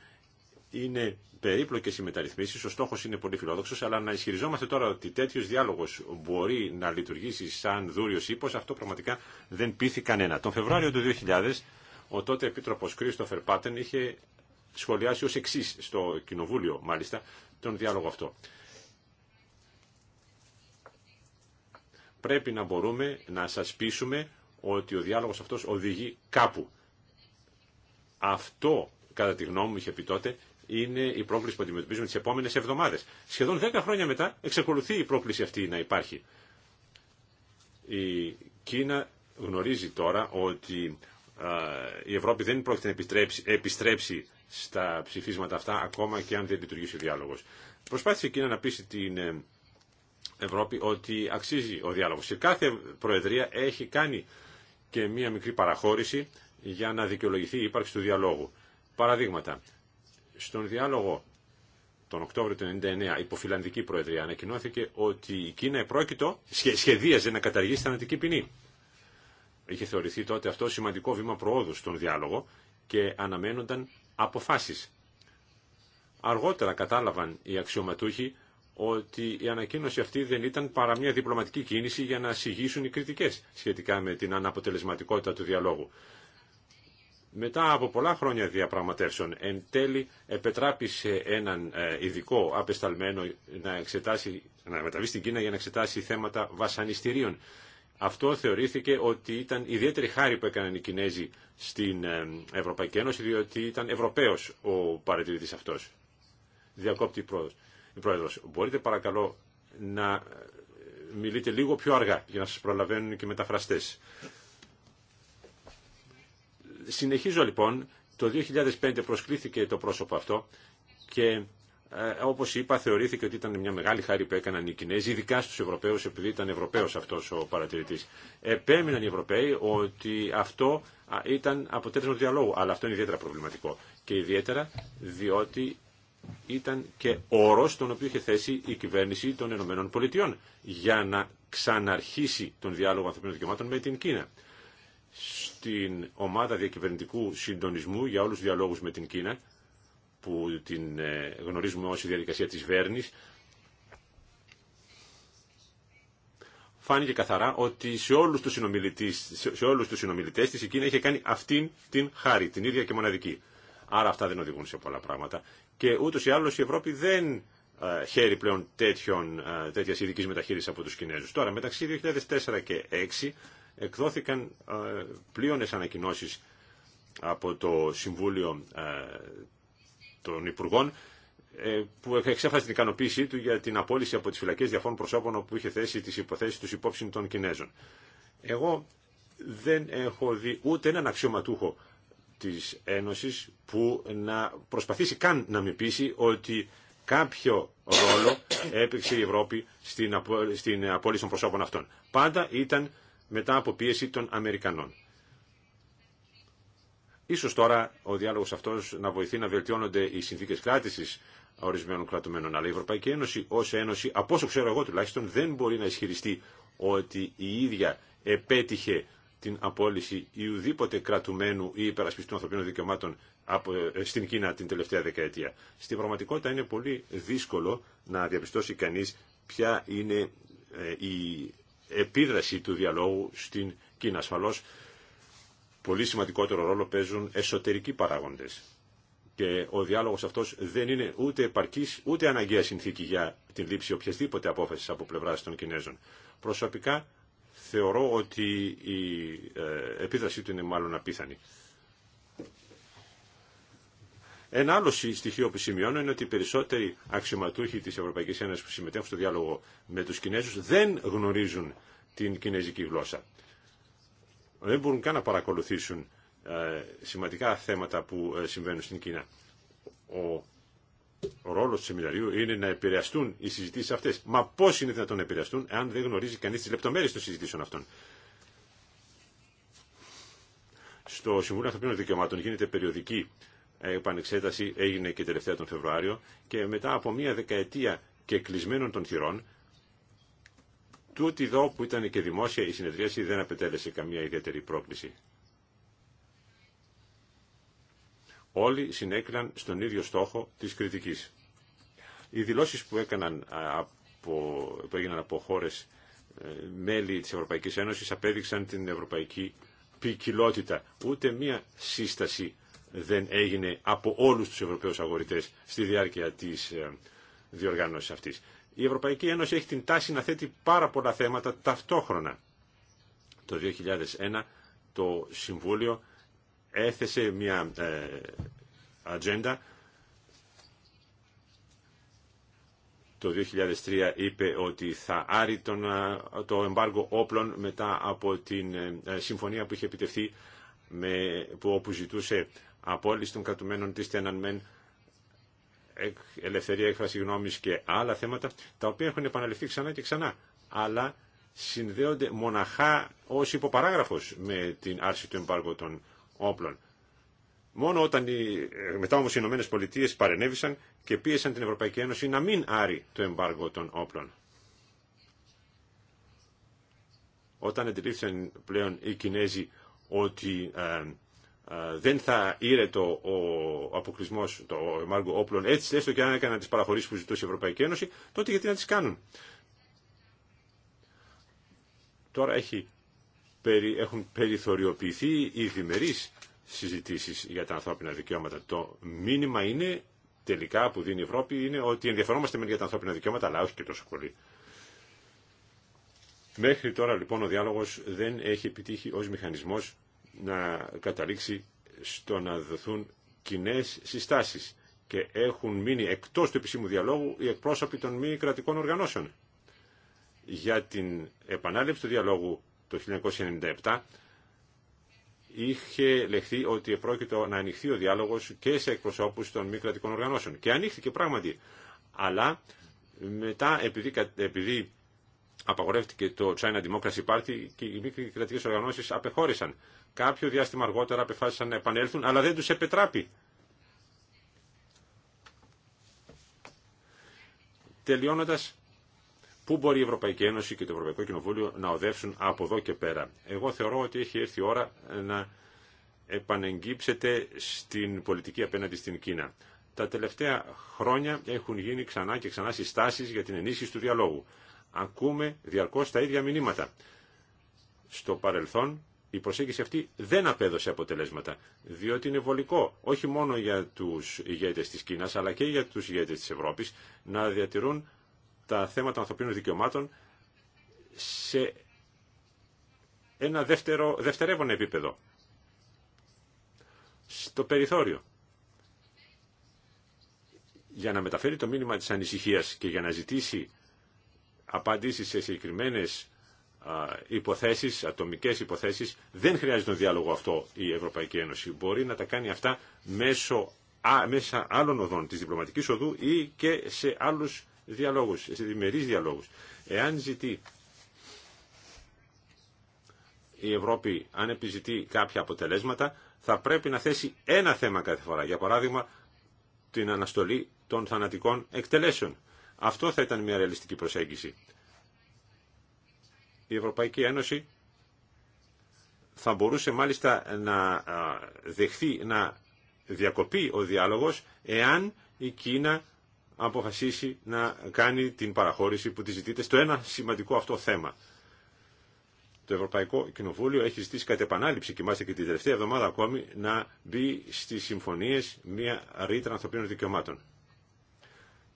Είναι περίπλοκες οι μεταρρυθμίσει, ο στόχος είναι πολύ φιλόδοξος, αλλά να ισχυριζόμαστε τώρα ότι τέτοιο διάλογος μπορεί να λειτουργήσει σαν δούριο ύπος, αυτό πραγματικά δεν πείθη κανένα. Τον Φεβρουάριο του 2000, ο τότε Επίτροπος Κρίστοφερ Πάτεν είχε σχολιάσει ως εξή στο Κοινοβούλιο, μάλιστα, τον διάλογο αυτό. πρέπει να μπορούμε να σας πείσουμε ότι ο διάλογος αυτός οδηγεί κάπου. Αυτό, κατά τη γνώμη μου, είχε πει τότε, είναι η πρόκληση που αντιμετωπίζουμε τις επόμενες εβδομάδες. Σχεδόν 10 χρόνια μετά εξακολουθεί η πρόκληση αυτή να υπάρχει. Η Κίνα γνωρίζει τώρα ότι η Ευρώπη δεν πρόκειται να επιστρέψει, επιστρέψει στα ψηφίσματα αυτά ακόμα και αν δεν λειτουργήσει ο διάλογος. Προσπάθησε η Κίνα να πείσει την ε, Ευρώπη ότι αξίζει ο διάλογος. Και κάθε Προεδρία έχει κάνει και μία μικρή παραχώρηση για να δικαιολογηθεί η ύπαρξη του διαλόγου. Παραδείγματα. Στον διάλογο τον Οκτώβριο του 1999 υπό Φιλανδική Προεδρία ανακοινώθηκε ότι η Κίνα επρόκειτο σχεδίαζε να καταργήσει θανατική ποινή. Είχε θεωρηθεί τότε αυτό σημαντικό βήμα προόδου στον διάλογο και αναμένονταν αποφάσεις. Αργότερα κατάλαβαν οι αξιωματούχοι ότι η ανακοίνωση αυτή δεν ήταν παρά μια διπλωματική κίνηση για να συγγύσουν οι κριτικές σχετικά με την αναποτελεσματικότητα του διαλόγου. Μετά από πολλά χρόνια διαπραγματεύσεων, εν τέλει επετράπησε έναν ε, ειδικό απεσταλμένο να, εξετάσει, να μεταβεί στην Κίνα για να εξετάσει θέματα βασανιστήριων. Αυτό θεωρήθηκε ότι ήταν ιδιαίτερη χάρη που έκαναν οι Κινέζοι στην ε, Ευρωπαϊκή Ένωση, διότι ήταν Ευρωπαίος ο παρατηρητής αυτός. Διακόπτη πρόοδος μπορείτε παρακαλώ να ε, μιλείτε λίγο πιο αργά για να σας προλαβαίνουν και μεταφραστές. Συνεχίζω λοιπόν, το 2005 προσκλήθηκε το πρόσωπο αυτό και ε, όπως είπα θεωρήθηκε ότι ήταν μια μεγάλη χάρη που έκαναν οι Κινέζοι, ειδικά στους Ευρωπαίους επειδή ήταν Ευρωπαίος αυτός ο παρατηρητής. Επέμειναν οι Ευρωπαίοι ότι αυτό ήταν αποτέλεσμα του διαλόγου, αλλά αυτό είναι ιδιαίτερα προβληματικό και ιδιαίτερα διότι ήταν και όρος τον οποίο είχε θέσει η κυβέρνηση των Ηνωμένων Πολιτειών για να ξαναρχίσει τον διάλογο ανθρωπίνων δικαιωμάτων με την Κίνα. Στην ομάδα διακυβερνητικού συντονισμού για όλους τους διαλόγους με την Κίνα, που την ε, γνωρίζουμε ως η διαδικασία της Βέρνης, φάνηκε καθαρά ότι σε όλους τους, συνομιλητές, σε όλους τους συνομιλητές της η Κίνα είχε κάνει αυτήν την χάρη, την ίδια και μοναδική. Άρα αυτά δεν οδηγούν σε πολλά πράγματα και ούτω ή άλλω η αλλω η ευρωπη δεν ε, χαίρει πλέον ε, τέτοια ειδική μεταχείριση μεταχείρισης από τους Κινέζους. Τώρα, μεταξύ 2004 και 2006 εκδόθηκαν ε, πλήρωνε ανακοινώσει από το Συμβούλιο των Υπουργών που εξέφρασε την ικανοποίησή του για την απόλυση από τις φυλακές διαφόρων προσώπων όπου είχε θέσει τις υποθέσεις τους υπόψη των Κινέζων. Εγώ δεν έχω δει ούτε έναν αξιωματούχο της Ένωσης που να προσπαθήσει καν να μην πείσει ότι κάποιο ρόλο έπαιξε η Ευρώπη στην, απο... στην απόλυση των προσώπων αυτών. Πάντα ήταν μετά από πίεση των Αμερικανών. Ίσως τώρα ο διάλογος αυτός να βοηθεί να βελτιώνονται οι συνθήκες κράτησης ορισμένων κρατουμένων. Αλλά η Ευρωπαϊκή Ένωση ως Ένωση, από όσο ξέρω εγώ τουλάχιστον, δεν μπορεί να ισχυριστεί ότι η ίδια επέτυχε την απόλυση ιουδήποτε κρατουμένου ή υπερασπιστού ανθρωπίνων δικαιωμάτων ε, στην Κίνα την τελευταία δεκαετία. Στην πραγματικότητα είναι πολύ δύσκολο να διαπιστώσει κανείς ποια είναι ε, η επίδραση του διαλόγου στην Κίνα. Ασφαλώς, πολύ σημαντικότερο ρόλο παίζουν εσωτερικοί παράγοντες. Και ο διάλογος αυτός δεν είναι ούτε επαρκής, ούτε αναγκαία συνθήκη για την λήψη οποιασδήποτε απόφασης από πλευράς των Κινέζων. Προσωπικά θεωρώ ότι η ε, επίδρασή του είναι μάλλον απίθανη. Ένα άλλο στοιχείο που σημειώνω είναι ότι οι περισσότεροι αξιωματούχοι της Ευρωπαϊκής Ένωσης που συμμετέχουν στο διάλογο με τους Κινέζους δεν γνωρίζουν την κινέζικη γλώσσα. Δεν μπορούν καν να παρακολουθήσουν ε, σημαντικά θέματα που ε, συμβαίνουν στην Κίνα. Ο ο ρόλο του σεμιναρίου είναι να επηρεαστούν οι συζητήσει αυτέ. Μα πώ είναι δυνατόν να επηρεαστούν, αν δεν γνωρίζει κανεί τι λεπτομέρειε των συζητήσεων αυτών. Στο Συμβούλιο Ανθρωπίνων Δικαιωμάτων γίνεται περιοδική επανεξέταση, έγινε και τελευταία τον Φεβρουάριο και μετά από μία δεκαετία και κλεισμένων των θυρών, τούτη εδώ που ήταν και δημόσια η συνεδρίαση δεν απαιτέλεσε καμία ιδιαίτερη πρόκληση. Όλοι συνέκριναν στον ίδιο στόχο της κριτικής. Οι δηλώσεις που, έκαναν που έγιναν από χώρες ε, μέλη της Ευρωπαϊκής Ένωσης απέδειξαν την ευρωπαϊκή ποικιλότητα. Ούτε μία σύσταση δεν έγινε από όλους τους Ευρωπαίους αγορητές στη διάρκεια της ε, διοργάνωσης αυτής. Η Ευρωπαϊκή Ένωση έχει την τάση να θέτει πάρα πολλά θέματα ταυτόχρονα. Το 2001 το Συμβούλιο έθεσε μια ε, ατζέντα. Το 2003 είπε ότι θα άρει τον, ε, το εμπάργο όπλων μετά από την ε, συμφωνία που είχε επιτευχθεί με, που όπου ζητούσε απόλυση των κατουμένων της Τέναν ελευθερία έκφραση γνώμης και άλλα θέματα, τα οποία έχουν επαναληφθεί ξανά και ξανά, αλλά συνδέονται μοναχά ως υποπαράγραφος με την άρση του εμπάργου των όπλων. Μόνο όταν οι, ε, μετά όμως οι Ηνωμένε Πολιτείες παρενέβησαν και πίεσαν την Ευρωπαϊκή Ένωση να μην άρει το εμπάργο των όπλων. Όταν αντιλήφθησαν πλέον οι Κινέζοι ότι ε, ε, δεν θα ήρετο ο αποκλεισμό, το εμπάργο όπλων, έτσι έστω και αν έκαναν τις παραχωρήσει που ζητούσε η Ευρωπαϊκή Ένωση, τότε γιατί να τι κάνουν. Τώρα έχει έχουν περιθωριοποιηθεί οι διμερείς συζητήσεις για τα ανθρώπινα δικαιώματα. Το μήνυμα είναι, τελικά που δίνει η Ευρώπη, είναι ότι ενδιαφερόμαστε για τα ανθρώπινα δικαιώματα, αλλά όχι και τόσο πολύ. Μέχρι τώρα λοιπόν ο διάλογος δεν έχει επιτύχει ως μηχανισμός να καταλήξει στο να δοθούν κοινέ συστάσεις και έχουν μείνει εκτός του επισήμου διαλόγου οι εκπρόσωποι των μη κρατικών οργανώσεων. Για την επανάληψη του διαλόγου το 1997 είχε λεχθεί ότι επρόκειτο να ανοιχθεί ο διάλογος και σε εκπροσώπους των μη κρατικών οργανώσεων. Και ανοίχθηκε πράγματι. Αλλά μετά επειδή, επειδή απαγορεύτηκε το China Democracy Party και οι μη κρατικέ οργανώσεις απεχώρησαν. Κάποιο διάστημα αργότερα απεφάσισαν να επανέλθουν, αλλά δεν τους επετράπη. Τελειώνοντας, Πού μπορεί η Ευρωπαϊκή Ένωση και το Ευρωπαϊκό Κοινοβούλιο να οδεύσουν από εδώ και πέρα. Εγώ θεωρώ ότι έχει έρθει η ώρα να επανεγκύψετε στην πολιτική απέναντι στην Κίνα. Τα τελευταία χρόνια έχουν γίνει ξανά και ξανά συστάσεις για την ενίσχυση του διαλόγου. Ακούμε διαρκώς τα ίδια μηνύματα. Στο παρελθόν η προσέγγιση αυτή δεν απέδωσε αποτελέσματα, διότι είναι βολικό όχι μόνο για τους ηγέτες της Κίνας, αλλά και για τους ηγέτες της Ευρώπης να διατηρούν τα θέματα ανθρωπίνων δικαιωμάτων σε ένα δεύτερο, δευτερεύον επίπεδο. Στο περιθώριο. Για να μεταφέρει το μήνυμα της ανησυχίας και για να ζητήσει απάντηση σε συγκεκριμένε υποθέσεις, ατομικές υποθέσεις, δεν χρειάζεται τον διάλογο αυτό η Ευρωπαϊκή Ένωση. Μπορεί να τα κάνει αυτά μέσω, μέσα άλλων οδών της διπλωματικής οδού ή και σε άλλους διαλόγους, σε διμερείς διαλόγους. Εάν ζητεί η Ευρώπη, αν επιζητεί κάποια αποτελέσματα, θα πρέπει να θέσει ένα θέμα κάθε φορά. Για παράδειγμα, την αναστολή των θανατικών εκτελέσεων. Αυτό θα ήταν μια ρεαλιστική προσέγγιση. Η Ευρωπαϊκή Ένωση θα μπορούσε μάλιστα να δεχθεί να διακοπεί ο διάλογος εάν η Κίνα αποφασίσει να κάνει την παραχώρηση που τη ζητείται στο ένα σημαντικό αυτό θέμα. Το Ευρωπαϊκό Κοινοβούλιο έχει ζητήσει κατ' επανάληψη, κοιμάστε και την τελευταία εβδομάδα ακόμη, να μπει στι συμφωνίε μια ρήτρα ανθρωπίνων δικαιωμάτων.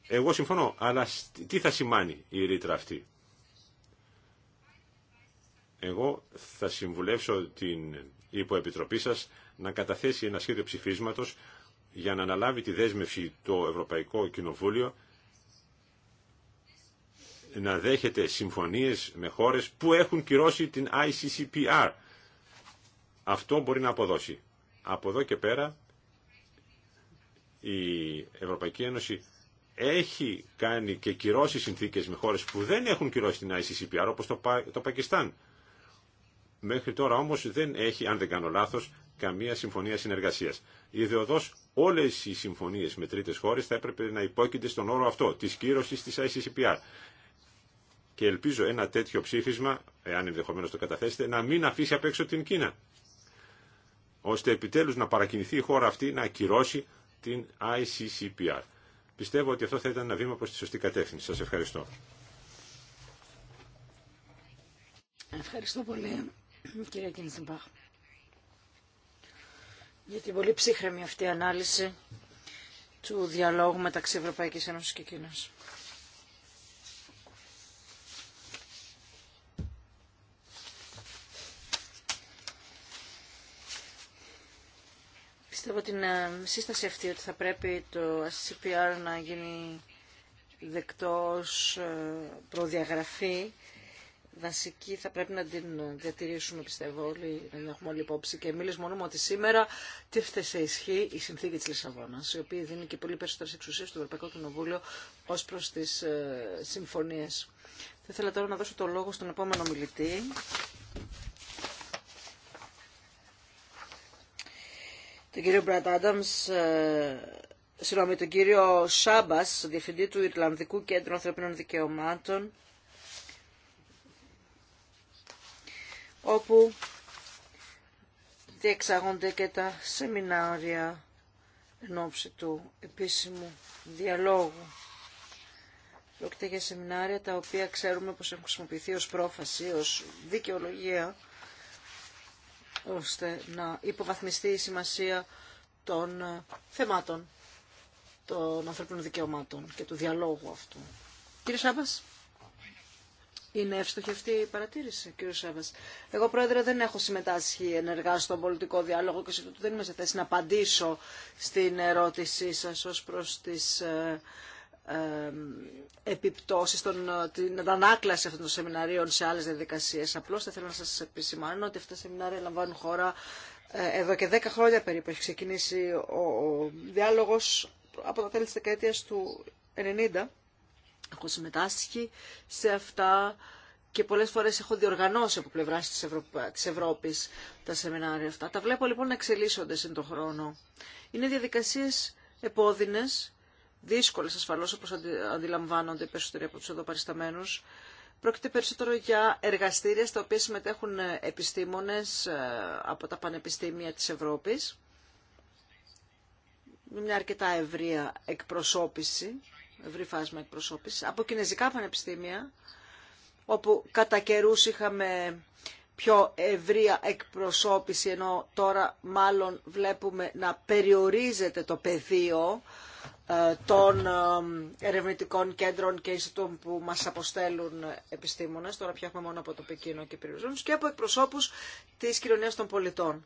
Εγώ συμφωνώ, αλλά τι θα σημάνει η ρήτρα αυτή. Εγώ θα συμβουλεύσω την υποεπιτροπή σας να καταθέσει ένα σχέδιο ψηφίσματος για να αναλάβει τη δέσμευση το Ευρωπαϊκό Κοινοβούλιο να δέχεται συμφωνίες με χώρες που έχουν κυρώσει την ICCPR. Αυτό μπορεί να αποδώσει. Από εδώ και πέρα η Ευρωπαϊκή Ένωση έχει κάνει και κυρώσει συνθήκες με χώρες που δεν έχουν κυρώσει την ICCPR όπως το, το Πακιστάν. Μέχρι τώρα όμως δεν έχει, αν δεν κάνω λάθος, καμία συμφωνία συνεργασία. Ιδεοδό όλε οι συμφωνίε με τρίτε χώρε θα έπρεπε να υπόκεινται στον όρο αυτό, τη κύρωση τη ICCPR. Και ελπίζω ένα τέτοιο ψήφισμα, εάν ενδεχομένω το καταθέσετε, να μην αφήσει απ' έξω την Κίνα. Ώστε επιτέλου να παρακινηθεί η χώρα αυτή να ακυρώσει την ICCPR. Πιστεύω ότι αυτό θα ήταν ένα βήμα προ τη σωστή κατεύθυνση. Σα ευχαριστώ. Ευχαριστώ πολύ, κύριε για την πολύ ψύχρεμη αυτή η ανάλυση του διαλόγου μεταξύ Ευρωπαϊκής Ένωσης και Κίνας. Πιστεύω την ε, σύσταση αυτή ότι θα πρέπει το SCPR να γίνει δεκτός ε, προδιαγραφή δασική, θα πρέπει να την διατηρήσουμε πιστεύω όλοι, να την έχουμε όλοι υπόψη και μίλησε μόνο ότι σήμερα τίφτε σε ισχύ η συνθήκη τη Λισαβόνα, η οποία δίνει και πολύ περισσότερες εξουσίες στο Ευρωπαϊκό Κοινοβούλιο ω προ τι ε, συμφωνίες. Θα ήθελα τώρα να δώσω το λόγο στον επόμενο μιλητή. Τον κύριο Μπρατ Άνταμς, ε, συγγνώμη, τον κύριο Σάμπας, διευθυντή του Ιρλανδικού Κέντρου Ανθρωπίνων Δικαιωμάτων όπου διεξάγονται και τα σεμινάρια εν ώψη του επίσημου διαλόγου. Πρόκειται για σεμινάρια τα οποία ξέρουμε πως έχουν χρησιμοποιηθεί ως πρόφαση, ως δικαιολογία, ώστε να υποβαθμιστεί η σημασία των ε, θεμάτων των ανθρωπίνων δικαιωμάτων και του διαλόγου αυτού. Κύριε Σάμπας. Είναι εύστοχη αυτή η παρατήρηση, κύριε Σέβα. Εγώ, Πρόεδρε, δεν έχω συμμετάσχει ενεργά στον πολιτικό διάλογο και σε δεν είμαι σε θέση να απαντήσω στην ερώτησή σα ω προ τι ε, ε, επιπτώσεις, των, ε, την αντανάκλαση αυτών των σεμιναρίων σε άλλε διαδικασίε. Απλώ. θα ήθελα να σα επισημάνω ότι αυτά τα σεμινάρια λαμβάνουν χώρα εδώ και δέκα χρόνια περίπου. Έχει ξεκινήσει ο, ο διάλογος από τα τέλη τη δεκαετία του 90 Έχω συμμετάσχει σε αυτά και πολλές φορές έχω διοργανώσει από πλευράς της, Ευρωπα... Ευρώπης τα σεμινάρια αυτά. Τα βλέπω λοιπόν να εξελίσσονται στον χρόνο. Είναι διαδικασίες επώδυνες, δύσκολες ασφαλώς όπως αντιλαμβάνονται οι περισσότεροι από τους εδώ παρισταμένους. Πρόκειται περισσότερο για εργαστήρια στα οποία συμμετέχουν ε, επιστήμονες ε, από τα πανεπιστήμια της Ευρώπης. μια αρκετά ευρεία εκπροσώπηση ευρύ φάσμα εκπροσώπηση, από κινέζικα πανεπιστήμια, όπου κατά καιρού είχαμε πιο ευρεία εκπροσώπηση, ενώ τώρα μάλλον βλέπουμε να περιορίζεται το πεδίο ε, των ε, ερευνητικών κέντρων και ιστοτών που μας αποστέλουν επιστήμονες. Τώρα πια έχουμε μόνο από το Πεκίνο και περιοριζόμενους και από εκπροσώπους της κοινωνίας των πολιτών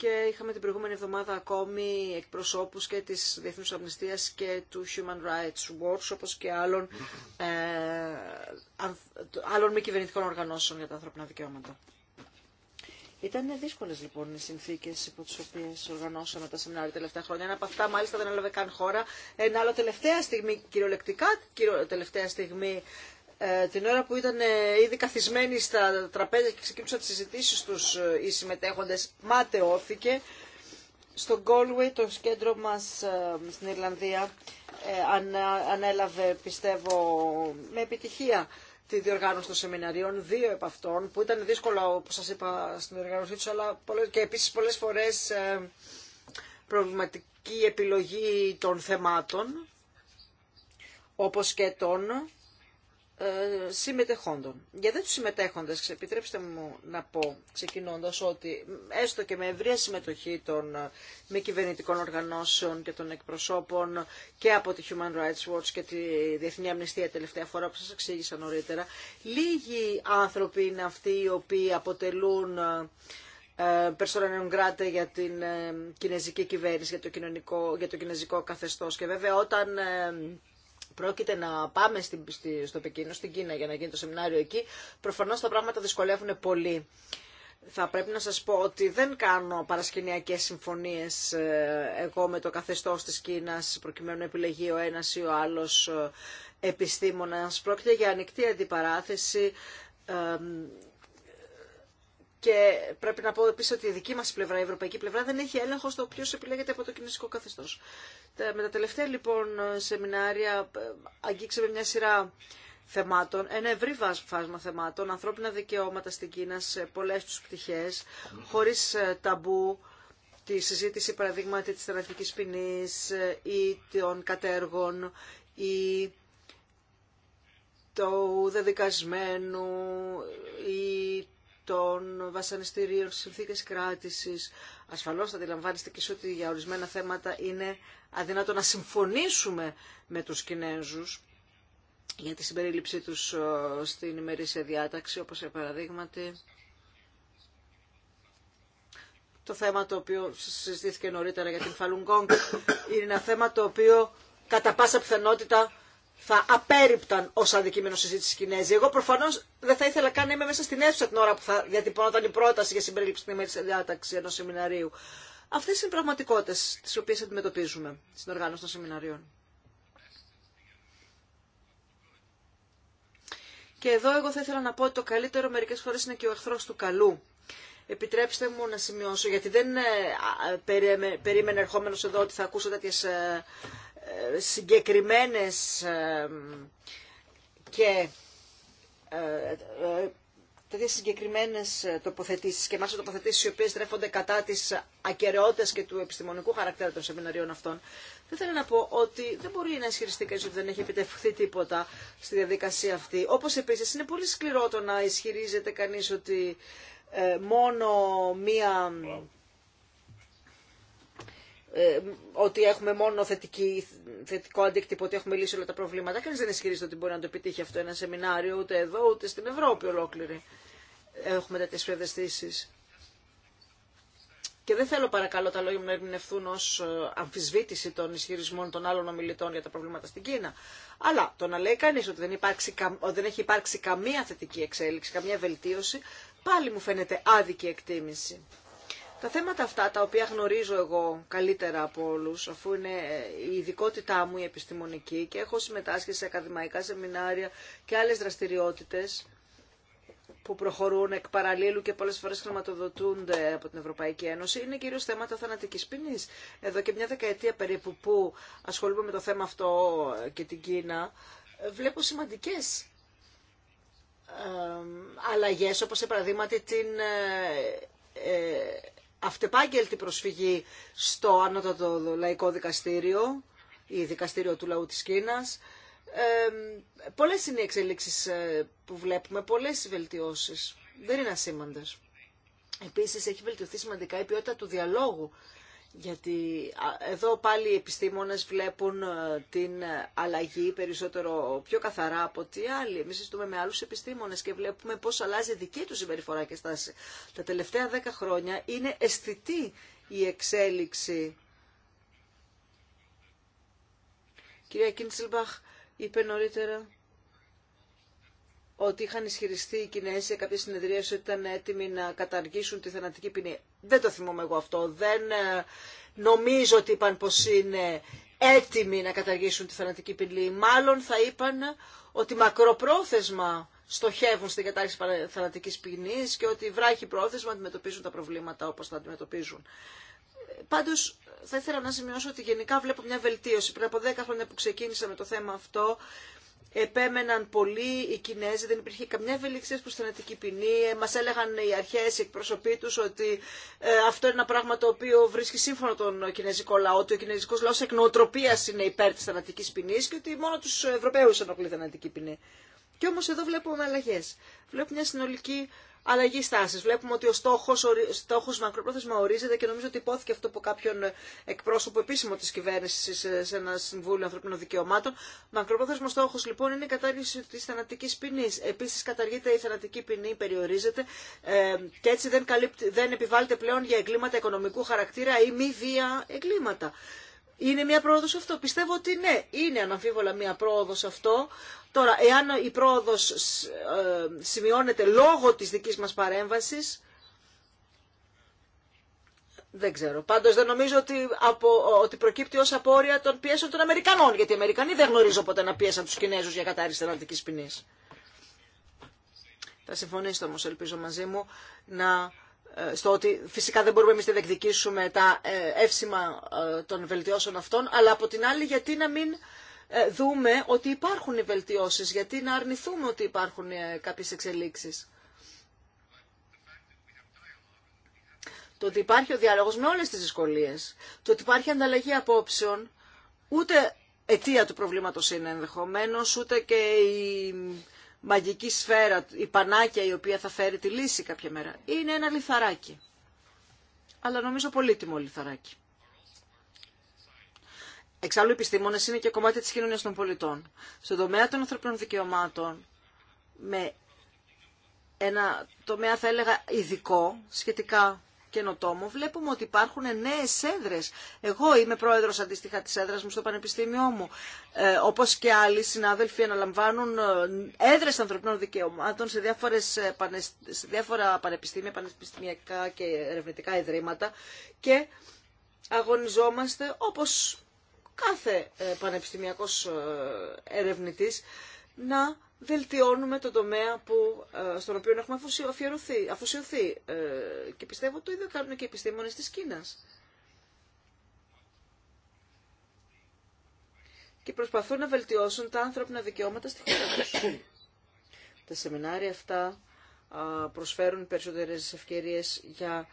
και είχαμε την προηγούμενη εβδομάδα ακόμη εκπροσώπους και της Διεθνούς Αμνηστίας και του Human Rights Watch όπως και άλλων, ε, άλλων μη κυβερνητικών οργανώσεων για τα ανθρώπινα δικαιώματα. Ήταν δύσκολε λοιπόν οι συνθήκε υπό τι οποίε οργανώσαμε τα σεμινάρια τελευταία χρόνια. Ένα από αυτά μάλιστα δεν έλαβε καν χώρα. Ένα άλλο τελευταία στιγμή, κυριολεκτικά τελευταία στιγμή ε, την ώρα που ήταν ε, ήδη καθισμένοι στα τραπέζια και ξεκίνησαν τις συζητήσεις τους ε, οι συμμετέχοντες, ματαιώθηκε. Στο Galway, το κέντρο μας στην Ιρλανδία, ανέλαβε, πιστεύω, με επιτυχία τη διοργάνωση των σεμιναρίων, δύο από αυτών, που ήταν δύσκολο, όπως σας είπα, στην διοργάνωσή τους, αλλά και επίσης πολλές φορές προβληματική επιλογή των θεμάτων, όπως και των ε, συμμετεχόντων. Για δε τους συμμετέχοντες, επιτρέψτε μου να πω, ξεκινώντας ότι έστω και με ευρία συμμετοχή των ε, μη κυβερνητικών οργανώσεων και των εκπροσώπων και από τη Human Rights Watch και τη Διεθνή Αμνηστία τελευταία φορά που σας εξήγησα νωρίτερα, λίγοι άνθρωποι είναι αυτοί οι οποίοι αποτελούν ε, persona non για την κινέζικη κυβέρνηση, για το, κοινωνικό, για το κινέζικο καθεστώς. Και βέβαια όταν πρόκειται να πάμε στο Πεκίνο, στην Κίνα για να γίνει το σεμινάριο εκεί, προφανώς τα πράγματα δυσκολεύουν πολύ. Θα πρέπει να σας πω ότι δεν κάνω παρασκηνιακές συμφωνίες ε, εγώ με το καθεστώς της Κίνας προκειμένου να επιλεγεί ο ένας ή ο άλλος ε, επιστήμονας. Πρόκειται για ανοιχτή αντιπαράθεση ε, και πρέπει να πω επίση ότι η δική μα πλευρά, η ευρωπαϊκή πλευρά, δεν έχει έλεγχο στο ποιο επιλέγεται από το κινέζικο καθεστώ. Με τα τελευταία λοιπόν σεμινάρια ε, αγγίξαμε μια σειρά θεμάτων, ένα ευρύ φάσμα θεμάτων, ανθρώπινα δικαιώματα στην Κίνα σε πολλέ του πτυχέ, χωρί ε, ταμπού, τη συζήτηση παραδείγματι τη θεραπευτική ποινή ε, ή των κατέργων ή του δεδικασμένου ή των βασανιστήριων, συνθήκες κράτησης. Ασφαλώς θα αντιλαμβάνεστε και ότι για ορισμένα θέματα είναι αδυνατό να συμφωνήσουμε με τους Κινέζους για τη συμπερίληψή τους ε, στην ημερήσια διάταξη, όπως για παραδείγματι το θέμα το οποίο συζητήθηκε νωρίτερα για την Falun είναι ένα θέμα το οποίο κατά πάσα πιθανότητα θα απέρριπταν ω αντικείμενο συζήτηση Κινέζοι. Εγώ προφανώ δεν θα ήθελα καν να είμαι μέσα στην αίθουσα την ώρα που θα διατυπωνόταν η πρόταση για συμπερίληψη τη ημερήσια διάταξη ενό σεμιναρίου. Αυτέ είναι οι πραγματικότητε τι οποίε αντιμετωπίζουμε στην οργάνωση των σεμιναρίων. Και εδώ εγώ θα ήθελα να πω ότι το καλύτερο μερικέ φορέ είναι και ο εχθρό του καλού. Επιτρέψτε μου να σημειώσω, γιατί δεν ε, περίμενε ερχόμενο εδώ ότι θα ακούσω τέτοιε ε, συγκεκριμένες και ε, ε, συγκεκριμένε τοποθετήσει και μάλιστα τοποθετήσεις οι οποίες τρέφονται κατά της ακαιρεότητα και του επιστημονικού χαρακτήρα των σεμιναρίων αυτών, δεν θέλω να πω ότι δεν μπορεί να ισχυριστεί κανείς ότι δεν έχει επιτευχθεί τίποτα στη διαδικασία αυτή. Όπως επίσης είναι πολύ σκληρό το να ισχυρίζεται κανείς ότι ε, μόνο μία ε, ότι έχουμε μόνο θετική, θετικό αντίκτυπο, ότι έχουμε λύσει όλα τα προβλήματα. Κανεί δεν ισχυρίζεται ότι μπορεί να το επιτύχει αυτό ένα σεμινάριο, ούτε εδώ, ούτε στην Ευρώπη ολόκληρη. Έχουμε τέτοιε ψευδεστήσει. Και δεν θέλω παρακαλώ τα λόγια μου να ερμηνευθούν ω ε, αμφισβήτηση των ισχυρισμών των άλλων ομιλητών για τα προβλήματα στην Κίνα. Αλλά το να λέει κανεί ότι δεν, δεν έχει υπάρξει καμία θετική εξέλιξη, καμία βελτίωση, πάλι μου φαίνεται άδικη εκτίμηση. Τα θέματα αυτά, τα οποία γνωρίζω εγώ καλύτερα από όλους, αφού είναι ε, η ειδικότητά μου η επιστημονική και έχω συμμετάσχει σε ακαδημαϊκά σεμινάρια και άλλες δραστηριότητες που προχωρούν εκ παραλίλου και πολλές φορές χρηματοδοτούνται από την Ευρωπαϊκή Ένωση, είναι κυρίως θέματα θανατικής ποινής. Εδώ και μια δεκαετία περίπου που ασχολούμαι με το θέμα αυτό και την Κίνα, βλέπω σημαντικές ε, αλλαγές, όπως σε παραδείγματι την ε, αυτεπάγγελτη προσφυγή στο Ανώτατο Λαϊκό Δικαστήριο ή Δικαστήριο του Λαού της Κίνας. Ε, πολλές είναι οι εξελίξεις ε, που βλέπουμε, πολλές οι βελτιώσεις. Δεν είναι ασήμαντες. Επίσης έχει βελτιωθεί σημαντικά η ποιότητα του διαλόγου γιατί εδώ πάλι οι επιστήμονες βλέπουν ε, την ε, αλλαγή περισσότερο πιο καθαρά από τι άλλοι. Εμείς ζητούμε με άλλους επιστήμονες και βλέπουμε πώς αλλάζει δική τους συμπεριφορά και στάση. Τα τελευταία δέκα χρόνια είναι αισθητή η εξέλιξη. Κυρία Κίντσελμπαχ είπε νωρίτερα ότι είχαν ισχυριστεί οι Κινέζοι σε κάποια συνεδρία ότι ήταν έτοιμοι να καταργήσουν τη θανατική ποινή δεν το θυμόμαι εγώ αυτό, δεν ε, νομίζω ότι είπαν πως είναι έτοιμοι να καταργήσουν τη θανατική ποινή. Μάλλον θα είπαν ότι μακροπρόθεσμα στοχεύουν στην κατάργηση θανατικής ποινής και ότι βράχει πρόθεσμα αντιμετωπίζουν τα προβλήματα όπως τα αντιμετωπίζουν. Πάντω, θα ήθελα να σημειώσω ότι γενικά βλέπω μια βελτίωση. Πριν από 10 χρόνια που ξεκίνησα με το θέμα αυτό, επέμεναν πολύ οι Κινέζοι, δεν υπήρχε καμιά ευελιξία προς θανατική ποινή. Ε, μας έλεγαν οι αρχές, οι εκπροσωποί τους ότι ε, αυτό είναι ένα πράγμα το οποίο βρίσκει σύμφωνο τον Κινέζικο λαό, ότι ο Κινέζικος λαός εκ είναι υπέρ της θανατικής ποινής και ότι μόνο τους Ευρωπαίους ενοχλεί θανατική ποινή. Και όμως εδώ βλέπουμε αλλαγές. Βλέπουμε μια συνολική αλλαγή στάση. Βλέπουμε ότι ο στόχο στόχος μακροπρόθεσμα ορίζεται και νομίζω ότι υπόθηκε αυτό από κάποιον εκπρόσωπο επίσημο τη κυβέρνηση σε ένα Συμβούλιο Ανθρωπίνων Δικαιωμάτων. Μακροπρόθεσμο στόχο λοιπόν είναι η κατάργηση τη θανατική ποινή. Επίση καταργείται η θανατική ποινή, περιορίζεται ε, και έτσι δεν, δεν επιβάλλεται πλέον για εγκλήματα οικονομικού χαρακτήρα ή μη βία εγκλήματα. Είναι μια πρόοδο αυτό. Πιστεύω ότι ναι, είναι αναμφίβολα μια πρόοδο αυτό. Τώρα, εάν η πρόοδος ε, σημειώνεται λόγω της δικής μας παρέμβασης, δεν ξέρω. Πάντως δεν νομίζω ότι, απο, ότι προκύπτει ως απόρρια των πιέσεων των Αμερικανών, γιατί οι Αμερικανοί δεν γνωρίζω ποτέ να πίεσαν τους Κινέζους για κατάρριση εναντικής ποινής. Θα συμφωνήσω όμως, ελπίζω μαζί μου, να ε, στο ότι φυσικά δεν μπορούμε εμείς να διεκδικήσουμε τα ε, εύσημα ε, των βελτιώσεων αυτών, αλλά από την άλλη γιατί να μην δούμε ότι υπάρχουν οι βελτιώσεις, γιατί να αρνηθούμε ότι υπάρχουν κάποιες εξελίξεις. Το ότι υπάρχει ο διάλογος με όλες τις δυσκολίες, το ότι υπάρχει ανταλλαγή απόψεων, ούτε αιτία του προβλήματος είναι ενδεχομένως, ούτε και η μαγική σφαίρα, η πανάκια η οποία θα φέρει τη λύση κάποια μέρα. Είναι ένα λιθαράκι. Αλλά νομίζω πολύτιμο λιθαράκι. Εξάλλου, οι επιστήμονε είναι και κομμάτι τη κοινωνία των πολιτών. Στον τομέα των ανθρωπίνων δικαιωμάτων, με ένα τομέα θα έλεγα ειδικό σχετικά καινοτόμο, βλέπουμε ότι υπάρχουν νέε έδρε. Εγώ είμαι πρόεδρο αντίστοιχα τη έδρα μου στο Πανεπιστήμιό μου. Ε, Όπω και άλλοι συνάδελφοι αναλαμβάνουν ε, έδρε ανθρωπίνων δικαιωμάτων σε, διάφορες, ε, διάφορα πανεπιστήμια, πανεπιστημιακά και ερευνητικά ιδρύματα και αγωνιζόμαστε όπως κάθε ε, πανεπιστημιακός ερευνητής να βελτιώνουμε τον τομέα που, ε, στον οποίο έχουμε αφοσιωθεί, αφοσιωθεί. και πιστεύω ότι το ίδιο κάνουν και οι επιστήμονες της Κίνας. Και προσπαθούν να βελτιώσουν τα ανθρώπινα δικαιώματα στη χώρα τους. τα σεμινάρια αυτά προσφέρουν περισσότερες ευκαιρίες για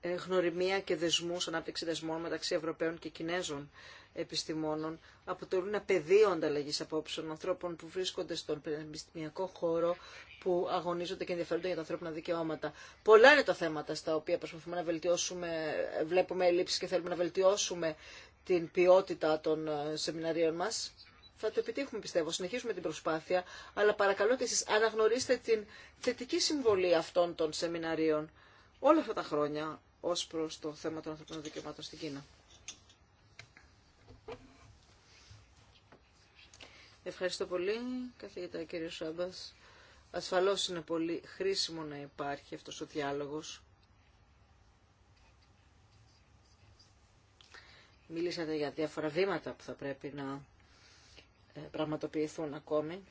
ε, γνωριμία και δεσμούς, ανάπτυξη δεσμών μεταξύ Ευρωπαίων και Κινέζων επιστημόνων αποτελούν ένα πεδίο ανταλλαγή απόψεων ανθρώπων που βρίσκονται στον πανεπιστημιακό χώρο που αγωνίζονται και ενδιαφέρονται για τα ανθρώπινα δικαιώματα. Πολλά είναι τα θέματα στα οποία προσπαθούμε να βελτιώσουμε, βλέπουμε ελλείψεις και θέλουμε να βελτιώσουμε την ποιότητα των ε, σεμιναρίων μα. Θα το επιτύχουμε πιστεύω, Συνεχίζουμε την προσπάθεια, αλλά παρακαλώ και εσεί αναγνωρίστε την θετική συμβολή αυτών των σεμιναρίων όλα αυτά τα χρόνια ως προς το θέμα των ανθρωπίνων δικαιωμάτων στην Κίνα. Ευχαριστώ πολύ, καθηγητά κύριε Σάμπας. Ασφαλώς είναι πολύ χρήσιμο να υπάρχει αυτός ο διάλογος. Μίλησατε για διάφορα βήματα που θα πρέπει να ε, πραγματοποιηθούν ακόμη.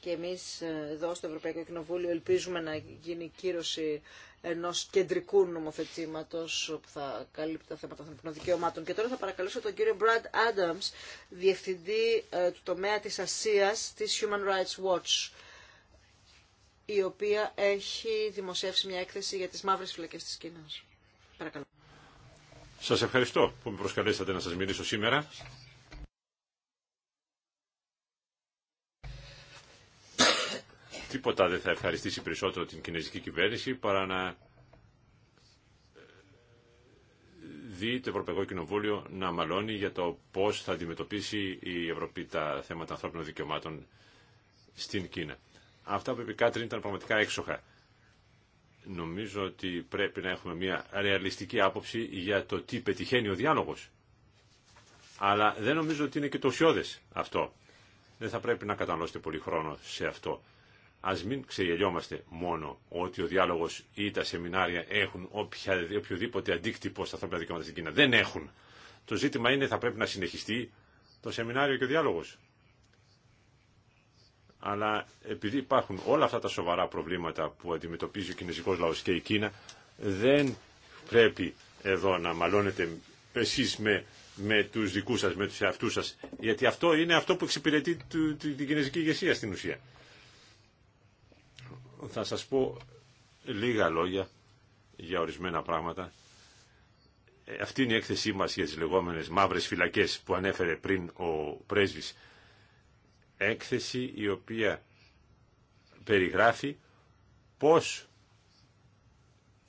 και εμείς ε, εδώ στο Ευρωπαϊκό Κοινοβούλιο ελπίζουμε να γίνει κύρωση ενός κεντρικού νομοθετήματος που θα καλύπτει τα θέματα των δικαιωμάτων. Και τώρα θα παρακαλέσω τον κύριο Brad Adams, διευθυντή ε, του τομέα της Ασίας της Human Rights Watch, η οποία έχει δημοσιεύσει μια έκθεση για τις μαύρες φυλακές της Κίνας. Παρακαλώ. Σας ευχαριστώ που με προσκαλέσατε να σας μιλήσω σήμερα. Τίποτα δεν θα ευχαριστήσει περισσότερο την κινέζικη κυβέρνηση παρά να ε, δει το Ευρωπαϊκό Κοινοβούλιο να μαλώνει για το πώς θα αντιμετωπίσει η Ευρώπη τα θέματα ανθρώπινων δικαιωμάτων στην Κίνα. Αυτά που είπε η Κάτριν ήταν πραγματικά έξοχα. Νομίζω ότι πρέπει να έχουμε μια ρεαλιστική άποψη για το τι πετυχαίνει ο διάλογος. Αλλά δεν νομίζω ότι είναι και το ουσιώδες αυτό. Δεν θα πρέπει να καταναλώσετε πολύ χρόνο σε αυτό. Α μην ξεγελιόμαστε μόνο ότι ο διάλογο ή τα σεμινάρια έχουν οποιοδήποτε αντίκτυπο στα ανθρώπινα δικαιώματα στην Κίνα. Δεν έχουν. Το ζήτημα είναι θα πρέπει να συνεχιστεί το σεμινάριο και ο διάλογο. Αλλά επειδή υπάρχουν όλα αυτά τα σοβαρά προβλήματα που αντιμετωπίζει ο κινέζικος λαό και η Κίνα, δεν πρέπει εδώ να μαλώνετε εσεί με, με τους δικούς σας, με του εαυτού σα, γιατί αυτό είναι αυτό που εξυπηρετεί την κινέζικη ηγεσία στην ουσία. Θα σας πω λίγα λόγια για ορισμένα πράγματα. Ε, αυτή είναι η έκθεσή μας για τις λεγόμενες μαύρες φυλακές που ανέφερε πριν ο πρέσβης. Έκθεση η οποία περιγράφει πώς